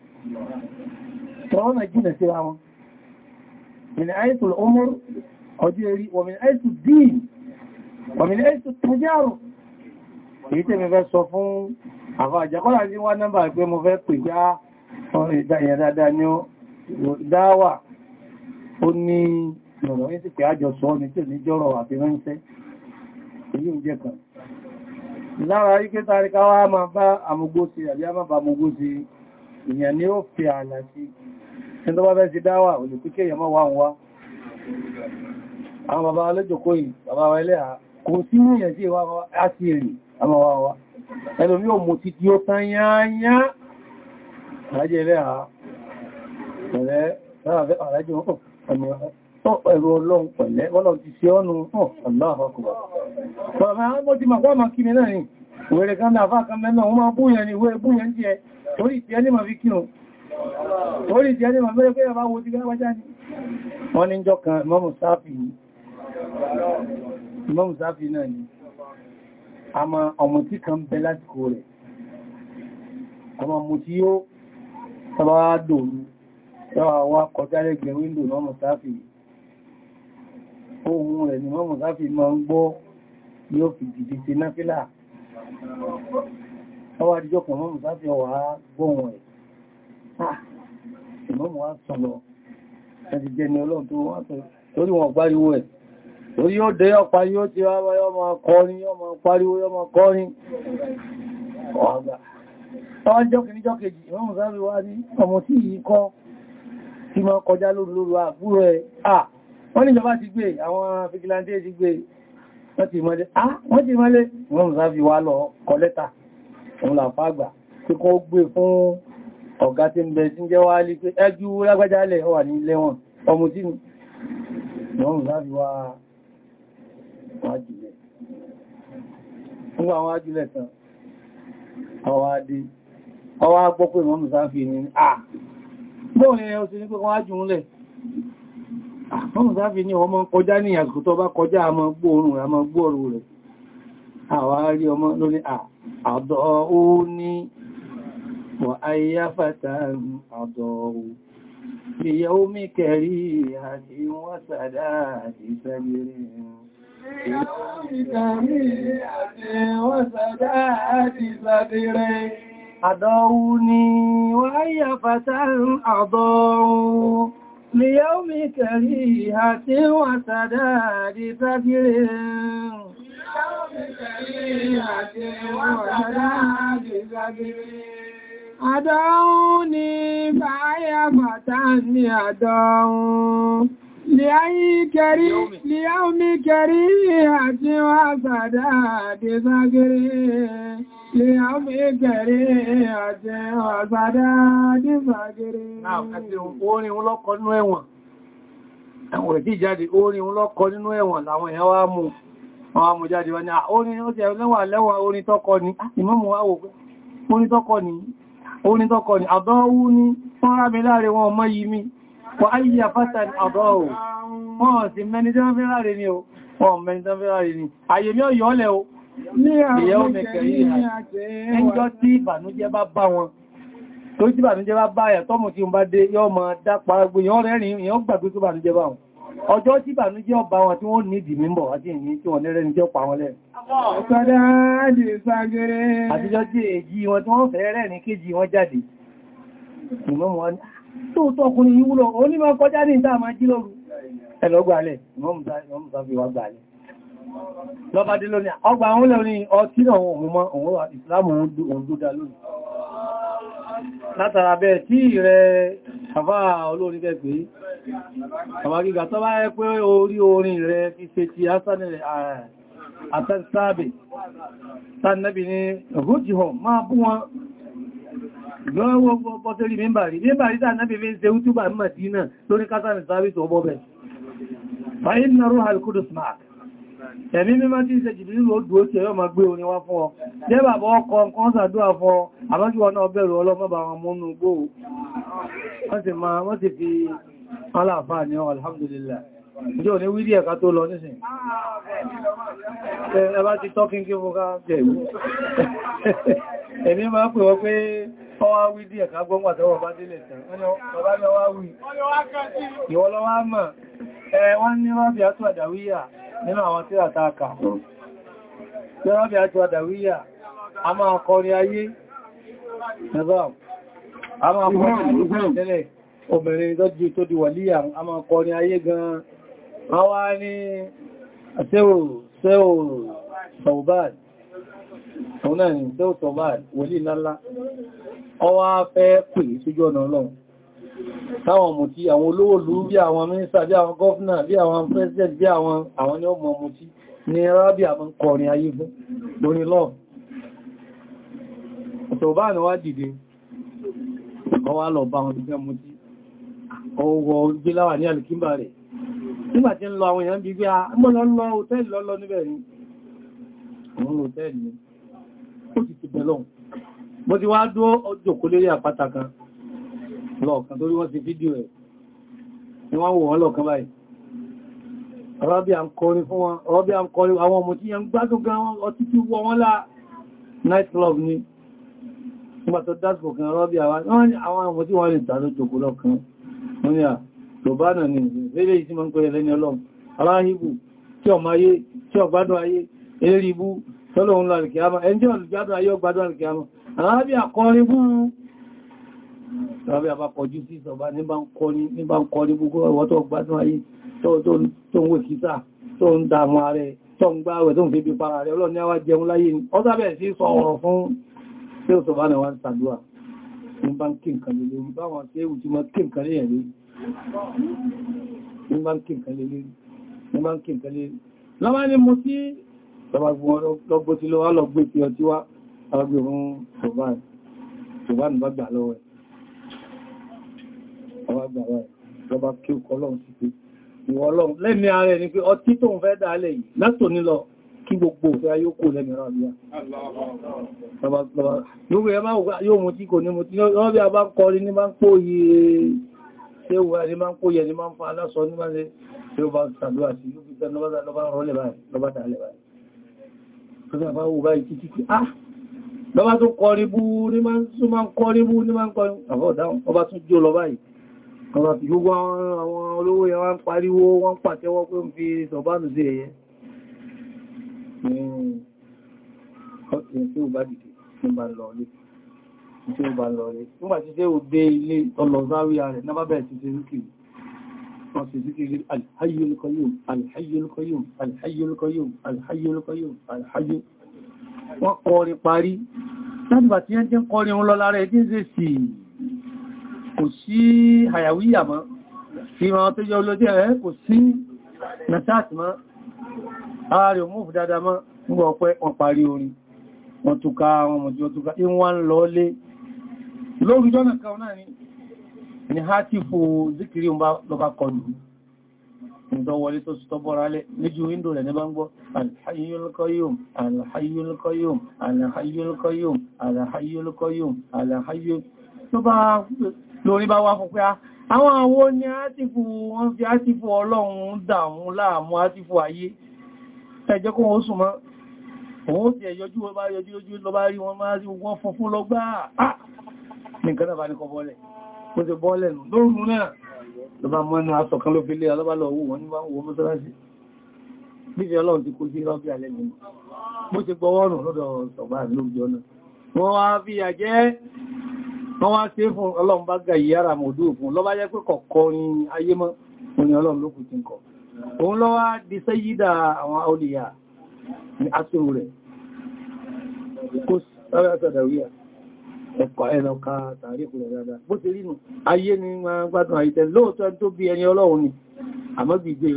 tọ́rọ náà jìnà síra wọn من حيث الأمر أجيري ومن حيث الدين ومن حيث التجارب èyítẹ́ mi fẹ́ sọ fún àwọn àjẹ́kọ́lá tí wá nọ́mbà pé mo fẹ́ pè já ìyẹn dáadáa ní dáwà ó ní ọ̀rọ̀ yìí sì pé àjọ sọ ní tí ò ní jọ́rọ̀ àti ránṣẹ́ èyí ò jẹ́ kan lára rí pé tàríkáwà máa bá àmúgbó sí àbí àmàbà àmúgbó sí ìyẹn ni ó fi ààlà sí ẹni tó bá fẹ́ sí dáwà olùkúkẹ́ èèyàn mọ́ wà ń wá àwọn bàbá alẹ́jọ̀kó yìí bàbá wa ilẹ́ kò sí ní èèyàn sí ìwà àti èrì àmà wà wá ẹlòmí ò mú ti di ó tán yányá àrájẹ́ ilẹ́ àá pẹ̀lẹ́ àrájẹ́ ẹ̀rọ ọlọ́run pẹ̀lẹ́ ọlọ́run ti ṣe ọ́nu ọ̀láàkùnrin bàbá mọ́ ti màkọ́ àmà kí mi náà ni ìwẹ̀rẹ̀ kan náà fà kan mẹ́nà wọ́n máa búyẹ̀ ni ìwẹ̀ búyẹ̀ ń jẹ torí ìtẹ́ ní màá fi kírun orí jẹ́ ní mọ̀mọ́lẹ́ pé ẹ̀bá wo ti gẹ́ wájá ní wọ́n ní jọ kan mọ́mù sáàfì náà ni a ma ọmọ tí kan bẹ lásìkò rẹ̀ ọmọ mú tí ó sábà dòrú sáwà wá kọjá lẹ́gbẹ̀ẹ́ wíńdò mọ́mù sáàfì ohun rẹ̀ ni mọ́mù sáàfì máa ń gbọ́ yóò fi dìde sí náfílà ọwọ́ àdíjọ́ kan mọ́mù sáàfì ọwà gbọ́hùn rẹ̀ ìmọ́mù ah. wá sùn lọ ẹni jẹ́ ni ọlọ́run tó wá sọ lórí wọn gbáriwó ẹ̀ lórí yóò dé ọpa yóò ti wá yọ́ ma kọrin yọ́ ma pariwo yọ́ ma kọrin ọ̀gbà wọ́n jọ́ kìí jọ́ kejì ìmọ́mù sáàbí wá ní ọmọ tí yìí kọ́ tí ma kọjá lórí lórí àbúrò ẹ̀ à wọ́n níjọba ti gbé ah wọ́n ti mọ́lé ìmọ́mù sáàbí wá lọ kọ lẹ́tà òun làfá àgbà ọ̀gá tí ń jẹ́ wá lé pé lágbàjá lẹ̀ wà ní ilé wọn ọmọ tí ní wọ́n láti wá wájúlẹ̀ nígbà àwọn wájúlẹ̀ tán ọwá dé ọwá gbọ́ pé ní wọ́n ní ọmọ kọjá ọmọ وأي فتى أضار بيوم كريهة وسداد سبر بيوم كريهة وسداد سبر أضروني وأي فتى أضار ليوم كريهة وسداد سبر ليوم كريهة وسداد سبر Àdọ́rún ni fàáyà bàtà ní àdọ́rún. Lìáyí kẹrí àti wá sàdá àti ságírí. Lìáyí kẹrí àti wá sàdá àti orin nínú ẹ̀wọ̀n. Ẹ̀wọ̀n tí jáde orin lọ́kọ̀ nínú ẹ̀wọ̀n làwọn èèyàn wá mú. wá mú jáde ni, ah, orin ó ti orin tọ́kọ ni. Ah, Ìmọ́mù wá wò pé, orin tọ́kọ ni. orin tọ́kọ̀ ni àdọ́wú ní wọ́n rábẹ̀ láàrin wọn ọmọ yìí mi wọ́n ayíyà fásà ní àdọ́wù wọ́n sì mẹ́ni tẹ́ wọ́n fẹ́ láàrin ni o wọ́n mẹ́ni tẹ́ wọ́n fẹ́ láàrin ni àyèmí ọ̀yọ́ ọlẹ̀ o ìyẹ́wọ́ mẹ́kẹ̀ẹ́ ìjọ tí ìbànújẹ́ bá bá wọn tí ìbànújẹ́ bá bá wọn ọjọ́ tí bànújẹ́ ọba wọn tí wọ́n ní ìdì mímbọ̀ àti ìyí tí wọ́n lẹ́rẹ́ níjọ́ pa wọn lẹ́rẹ̀. ọ̀sọ́dá àdì ìsàgẹ́rẹ́ àtijọ́ tí èjì wọn tí wọ́n fẹ́ rẹ̀ ní kéjì wọn jáde lọ́bàdé lónìí ọgbà àwọn olórin ọtí náà òun mọ́ òun ìsìlámù òun dúdá lónìí látara bẹ́ẹ̀ tí rẹ àfá olórin gẹ́gbé àwọn gíga tó bá yẹ pé orí orin rẹ fi ṣe ti asánilẹ̀ àtẹ́sáàbẹ̀ tánàbì ni rújìhọ̀ máa bú wọn lọ́wọ́ pọ́tẹ́rí mímbàrí mímbàrí tánàbì fi ń ṣe útúbà mọ̀ dínà lórí kásánì sáàbẹ̀ tó bọ́bẹ̀ ẹ̀mí mímọ́ tí ìṣẹ́ jìbìrì ló dúó tí ẹ̀yọ́ ma gbé orin wá fún ọ jẹ́ bàbá ọkọ̀ nǹkan sàdúrà fún ọ àmọ́júwọ́ náà bẹ̀rù ọlọ́mọ́bà wọn múnú gbó wọ́n ti fi aláàfáà ní ọ alhamdulillah ìjọ ní wídí ẹ̀ká tó lọ nísìn ẹbá ti tọ́kín kí fún ká jẹ̀wú èmi máa pè wọ́n pé ọwá wídí ẹ̀ká gbọ́ngbà tọ́wọ́ bá délẹ̀ tán ọba ní ọwá wí ìwọ́lọ́wà mọ̀ wọ́n ní rọ́bì àtúwàdàwíyà nínú àwọn tí àtàkà lọ́rọ̀bí àti àdàwíyà a máa kọrin ayé nìzọ́m a máa kọrin ayé tẹ́lẹ̀ obìnrin lọ́jú tó di wàlíyà a máa kọrin ayé gan ma wá ní sẹ́wò sẹ́wò sọ̀báàd òun náà ni sẹ́wò sọ̀báàd wòlí lálá ọwá táwọn mutí àwọn olówó lú bí àwọn mínísà bí àwọn gọ́fìnà bí àwọn president bí àwọn àwọn ni ó mọ mutí ní rábí àwọn kọrin ayé fún lórí lọ́ọ̀ ọ̀tọ̀bá ni wá dìde ọwá lọ bá wọn gbígbẹ́ mutí ọwọ́ gbíláwà ní alìkímbà rẹ̀ nígbàtí ń lọ àwọn èèyàn bí gbé ah, mọ́lọ́lọ́ hòtẹ́lì lọ́lọ́ níbẹ̀ ni ti wá dúó ọjọ́ kó lérí àpáta kan lọ́ọ̀kan torí wọ́n ti fídíò ẹ̀ ni wọ́n wò wọ́n lọ́ọ̀kan báyìí rọ́bí à ń kọrin fún wọn rọ́bí à ń kọrin àwọn ọmọ tí yẹn gbádùn gan wọn ọtí tí wọ wọ́n lá night club ni nígbà tó dásìkò kan rọ́bí àwọn ọmọ tí wọ́n lè dá lójòkó lọ́kan wọ́n ni à lòbánà ni lélé ìsí ma ń pẹ̀lẹ̀ lẹ́ni ọlọ́run aláhìbù tí ọmọ ayé tí ọgbádùn ayé eléríbú tọ́lọ̀ òun lọ àrìkìyàmọ́ ẹni tí ọ̀lùgbádùn ayé ọgbádùn àrìkìyàmọ́ àwọn àbí àkọrin fún Rọ́bí àbá kọjú sí ìsọ̀bá ní bá ń kọ́ ní gbogbo ọwọ́ tó gbádùn ayé tó ń wò kíta, tó ń dàmú ààrẹ, tó ń gbáwẹ̀ tó ń fi bí para rẹ̀ ọlọ́ni àwá jẹun láyé ni. Ó sábẹ̀ sí sọ ọ̀rọ̀ fún tí ó sọ bá ní wọ́n sàdúwà. Ní bá ń kí nǹkan lè lórí, báwọn tí èwù ti mọ́ kí nǹkan lè rí. Ní bá ń kí nǹkan lè lórí. Ní bá ń kí nǹkan lè lórí. ni mo sí Kí gbogbo òfẹ́ ayó kò lẹ́mìíràn bí i. Yóò rẹ̀ yóò mú tí kò ní mú tí yóò bí a bá ń kọrin ní bá ń kó yìí ṣe wà ní bá ń kó yẹ ní bá ń fa aláṣọ ní bá ṣe tí ó bá ṣàdúrà sí ló fi tẹ́lọ bá rọ́lẹ̀ báyìí lọ́bá tààlẹ̀ báyìí. Tó sáfá wò báyìí títí pé, ah, lọ́bá tó kọrí bú ní máa ń kọrí bú ní máa ń kọrí, àbọ̀ dáhùn, ọba tún jó lọ báyìí àwọn àti gbogbo àwọn olówó yẹn wá ń pariwo wọ́n pàtẹ́wọ́ pé ń fi sọ̀bánù sí ẹ̀yẹ hmm. tí ó bá dìde tí ó bá lọ rí tí ó bá lọ rí nígbà tí ṣe ó dé ilé ọlọ̀záríà rẹ̀ náà bẹ̀rẹ̀ ti ṣe rúkìrì wọ́n sì síkiri Al-Hayyul Qayyum Al-Hayyul Qayyum Al-Hayyul Qayyum Al-Hayyul Qayyum Al-Hayyu wọ́n kọrin parí láti bàtí yẹn tí ń kọrin ń lọ lára ẹ̀ tí ń ṣe sí i kò sí àyàwíyà mọ́ tí wọ́n tó yọ olóde ẹ̀ kò sí nasat mọ́ ààrẹ òmúfù dada mọ́ nígbà ọpẹ́ wọn parí orin wọn túká wọn mọ̀jú wọn túká in wọ́n lọ lé lórí jọ́nà kan náà ni ni ha ti fò zikiri lọ bá kọlù ìdọ́ wọlé tó sì tọ́bọ̀rọ̀ alẹ́ méjì wíńdò rẹ̀ ní bá ń gbọ́ Al-Hayyul Qayyum Al-Hayyul Qayyum Al-Hayyul Qayyum al tó bá lórí bá wá fún pé àwọn àwọ ni átífù wọ́n fi átífù ọlọ́run dàmú láàmú átífù ayé ẹjẹ́ kó wọ́n súnmọ́ òun ti ẹ̀yọjú wọ́n bá yọjú lójú lọ bá rí wọn máa rí wọ́n funfun lọ gbá ah! nìkan náà bá ní kọ bọ́ọ̀lẹ̀ mo ti bọ́ọ̀lẹ̀ nù lórùn náà lọ bá mọ́ náà sọ̀kan ló fi lé alọ́bálọ̀ owó wọn ní wọ́n wọ́n mọ́sálásí bí i ọlọ́run ti kó sí lọ́bí alẹ́ mi mo ti gbọ́wọ́rùn lọ́dọ̀ sọ̀bá lóòjọ́ náà wọ́n wá fi àjẹ́ wọ́n wá ṣe fún ọlọ́run bá gà yára mọ̀dú òkun lọ bá jẹ́ pé kọ̀kọ́ ní ayé mọ́ òní ọlọ́run ló kù ti ń kọ̀ òun lọ wá di sẹ́yídà àwọn olìyà ní aṣòrò rẹ̀ kó sọ́rọ̀ ẹ̀kọ́ ẹ̀lọ́ka tàrí ìpínlẹ̀ dáadáa bó ti rínú ayé ni ma gbádùn àìtẹ́ lóòtọ́ tó bí ẹni ọlọ́run ni àmọ́ bí gbé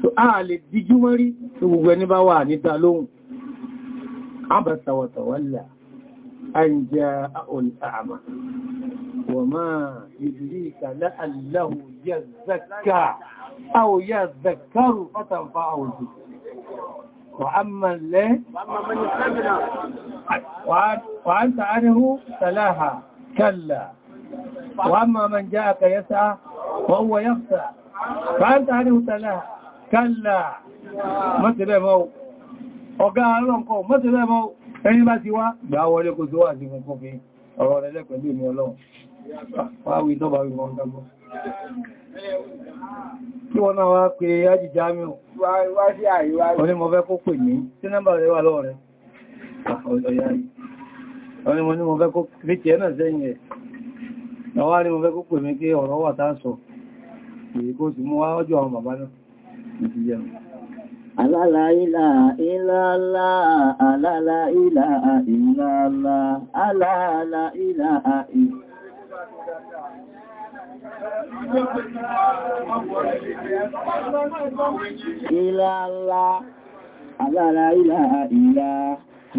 so a lè díjú mọ́rí tó أن جاءه الأعمى وما يدريك لعله يزكى أو يذكر فتنفعه الذكر وأما الليل وأنت عنه تلاها كلا وأما من جاءك يسعى وهو يخسى فأنت عنه تلاها كلا ما تبقى وقال لهم قوم ما تبقى ẹni bá ti wá gbà wọlé kò tó wà sí fún fún fi ọ̀rọ̀ rẹ̀ lẹ́pẹ̀lú ìmú ọlọ́run wáwí tọ́bà rí wọn dágbọ́ kí wọ́n náà wá pé ájì jamiu oní mo fẹ́ kó pè ní tí nọ́mbà rẹ̀ wà lọ́rẹ̀ kí ọ̀rọ̀ wà tá sọ èyí kó sì mú wá ọjọ́ àwọn bàbá náà Alala ila ilala, alala ila ilala, alala ila ilala. Ilala, alala ila ila,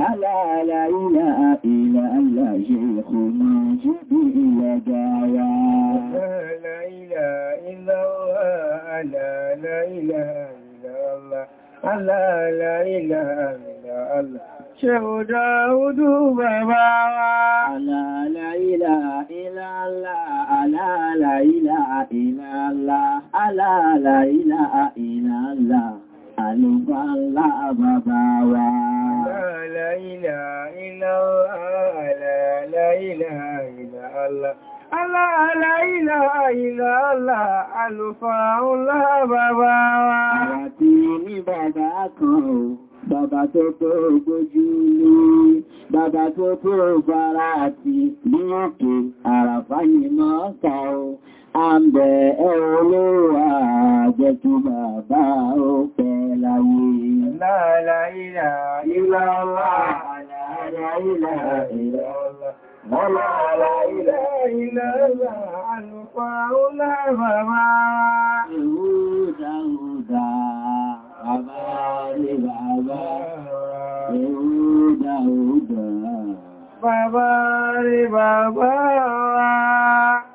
alala ila ila Allah shaykhuna jibi ila daya. La ilaha illa Allah, la ilaha illa aláàláìláàlá ṣe ò dáúdú bàbá wa aláàláìláàlá aláàláìláàlá aláàláìláàlá alùbálá bàbá wa aláàláìláàlá aláàláìláàlá Aláàlá ìlà ìlà àlà àlùfààún lábàbà wa. Àwọn tí ní bàbá kan bàbá tó tó gbójú lé, bàbá tó tó bára àti bí wọ́n kè àràfáyìmọ́ Àbẹ̀ olówà jẹ́ kí bàbá ó pẹ́ láyé. Láàláìlà ìlàlá, láàláìlà ìlàlá, láàláìlà ìlàlá, àlùfà ó lábà máa. Ìwúdà ìwúdà, bàbá rí bàbá, ìwúdà ìwúdà, bàbá rí bàbá wá.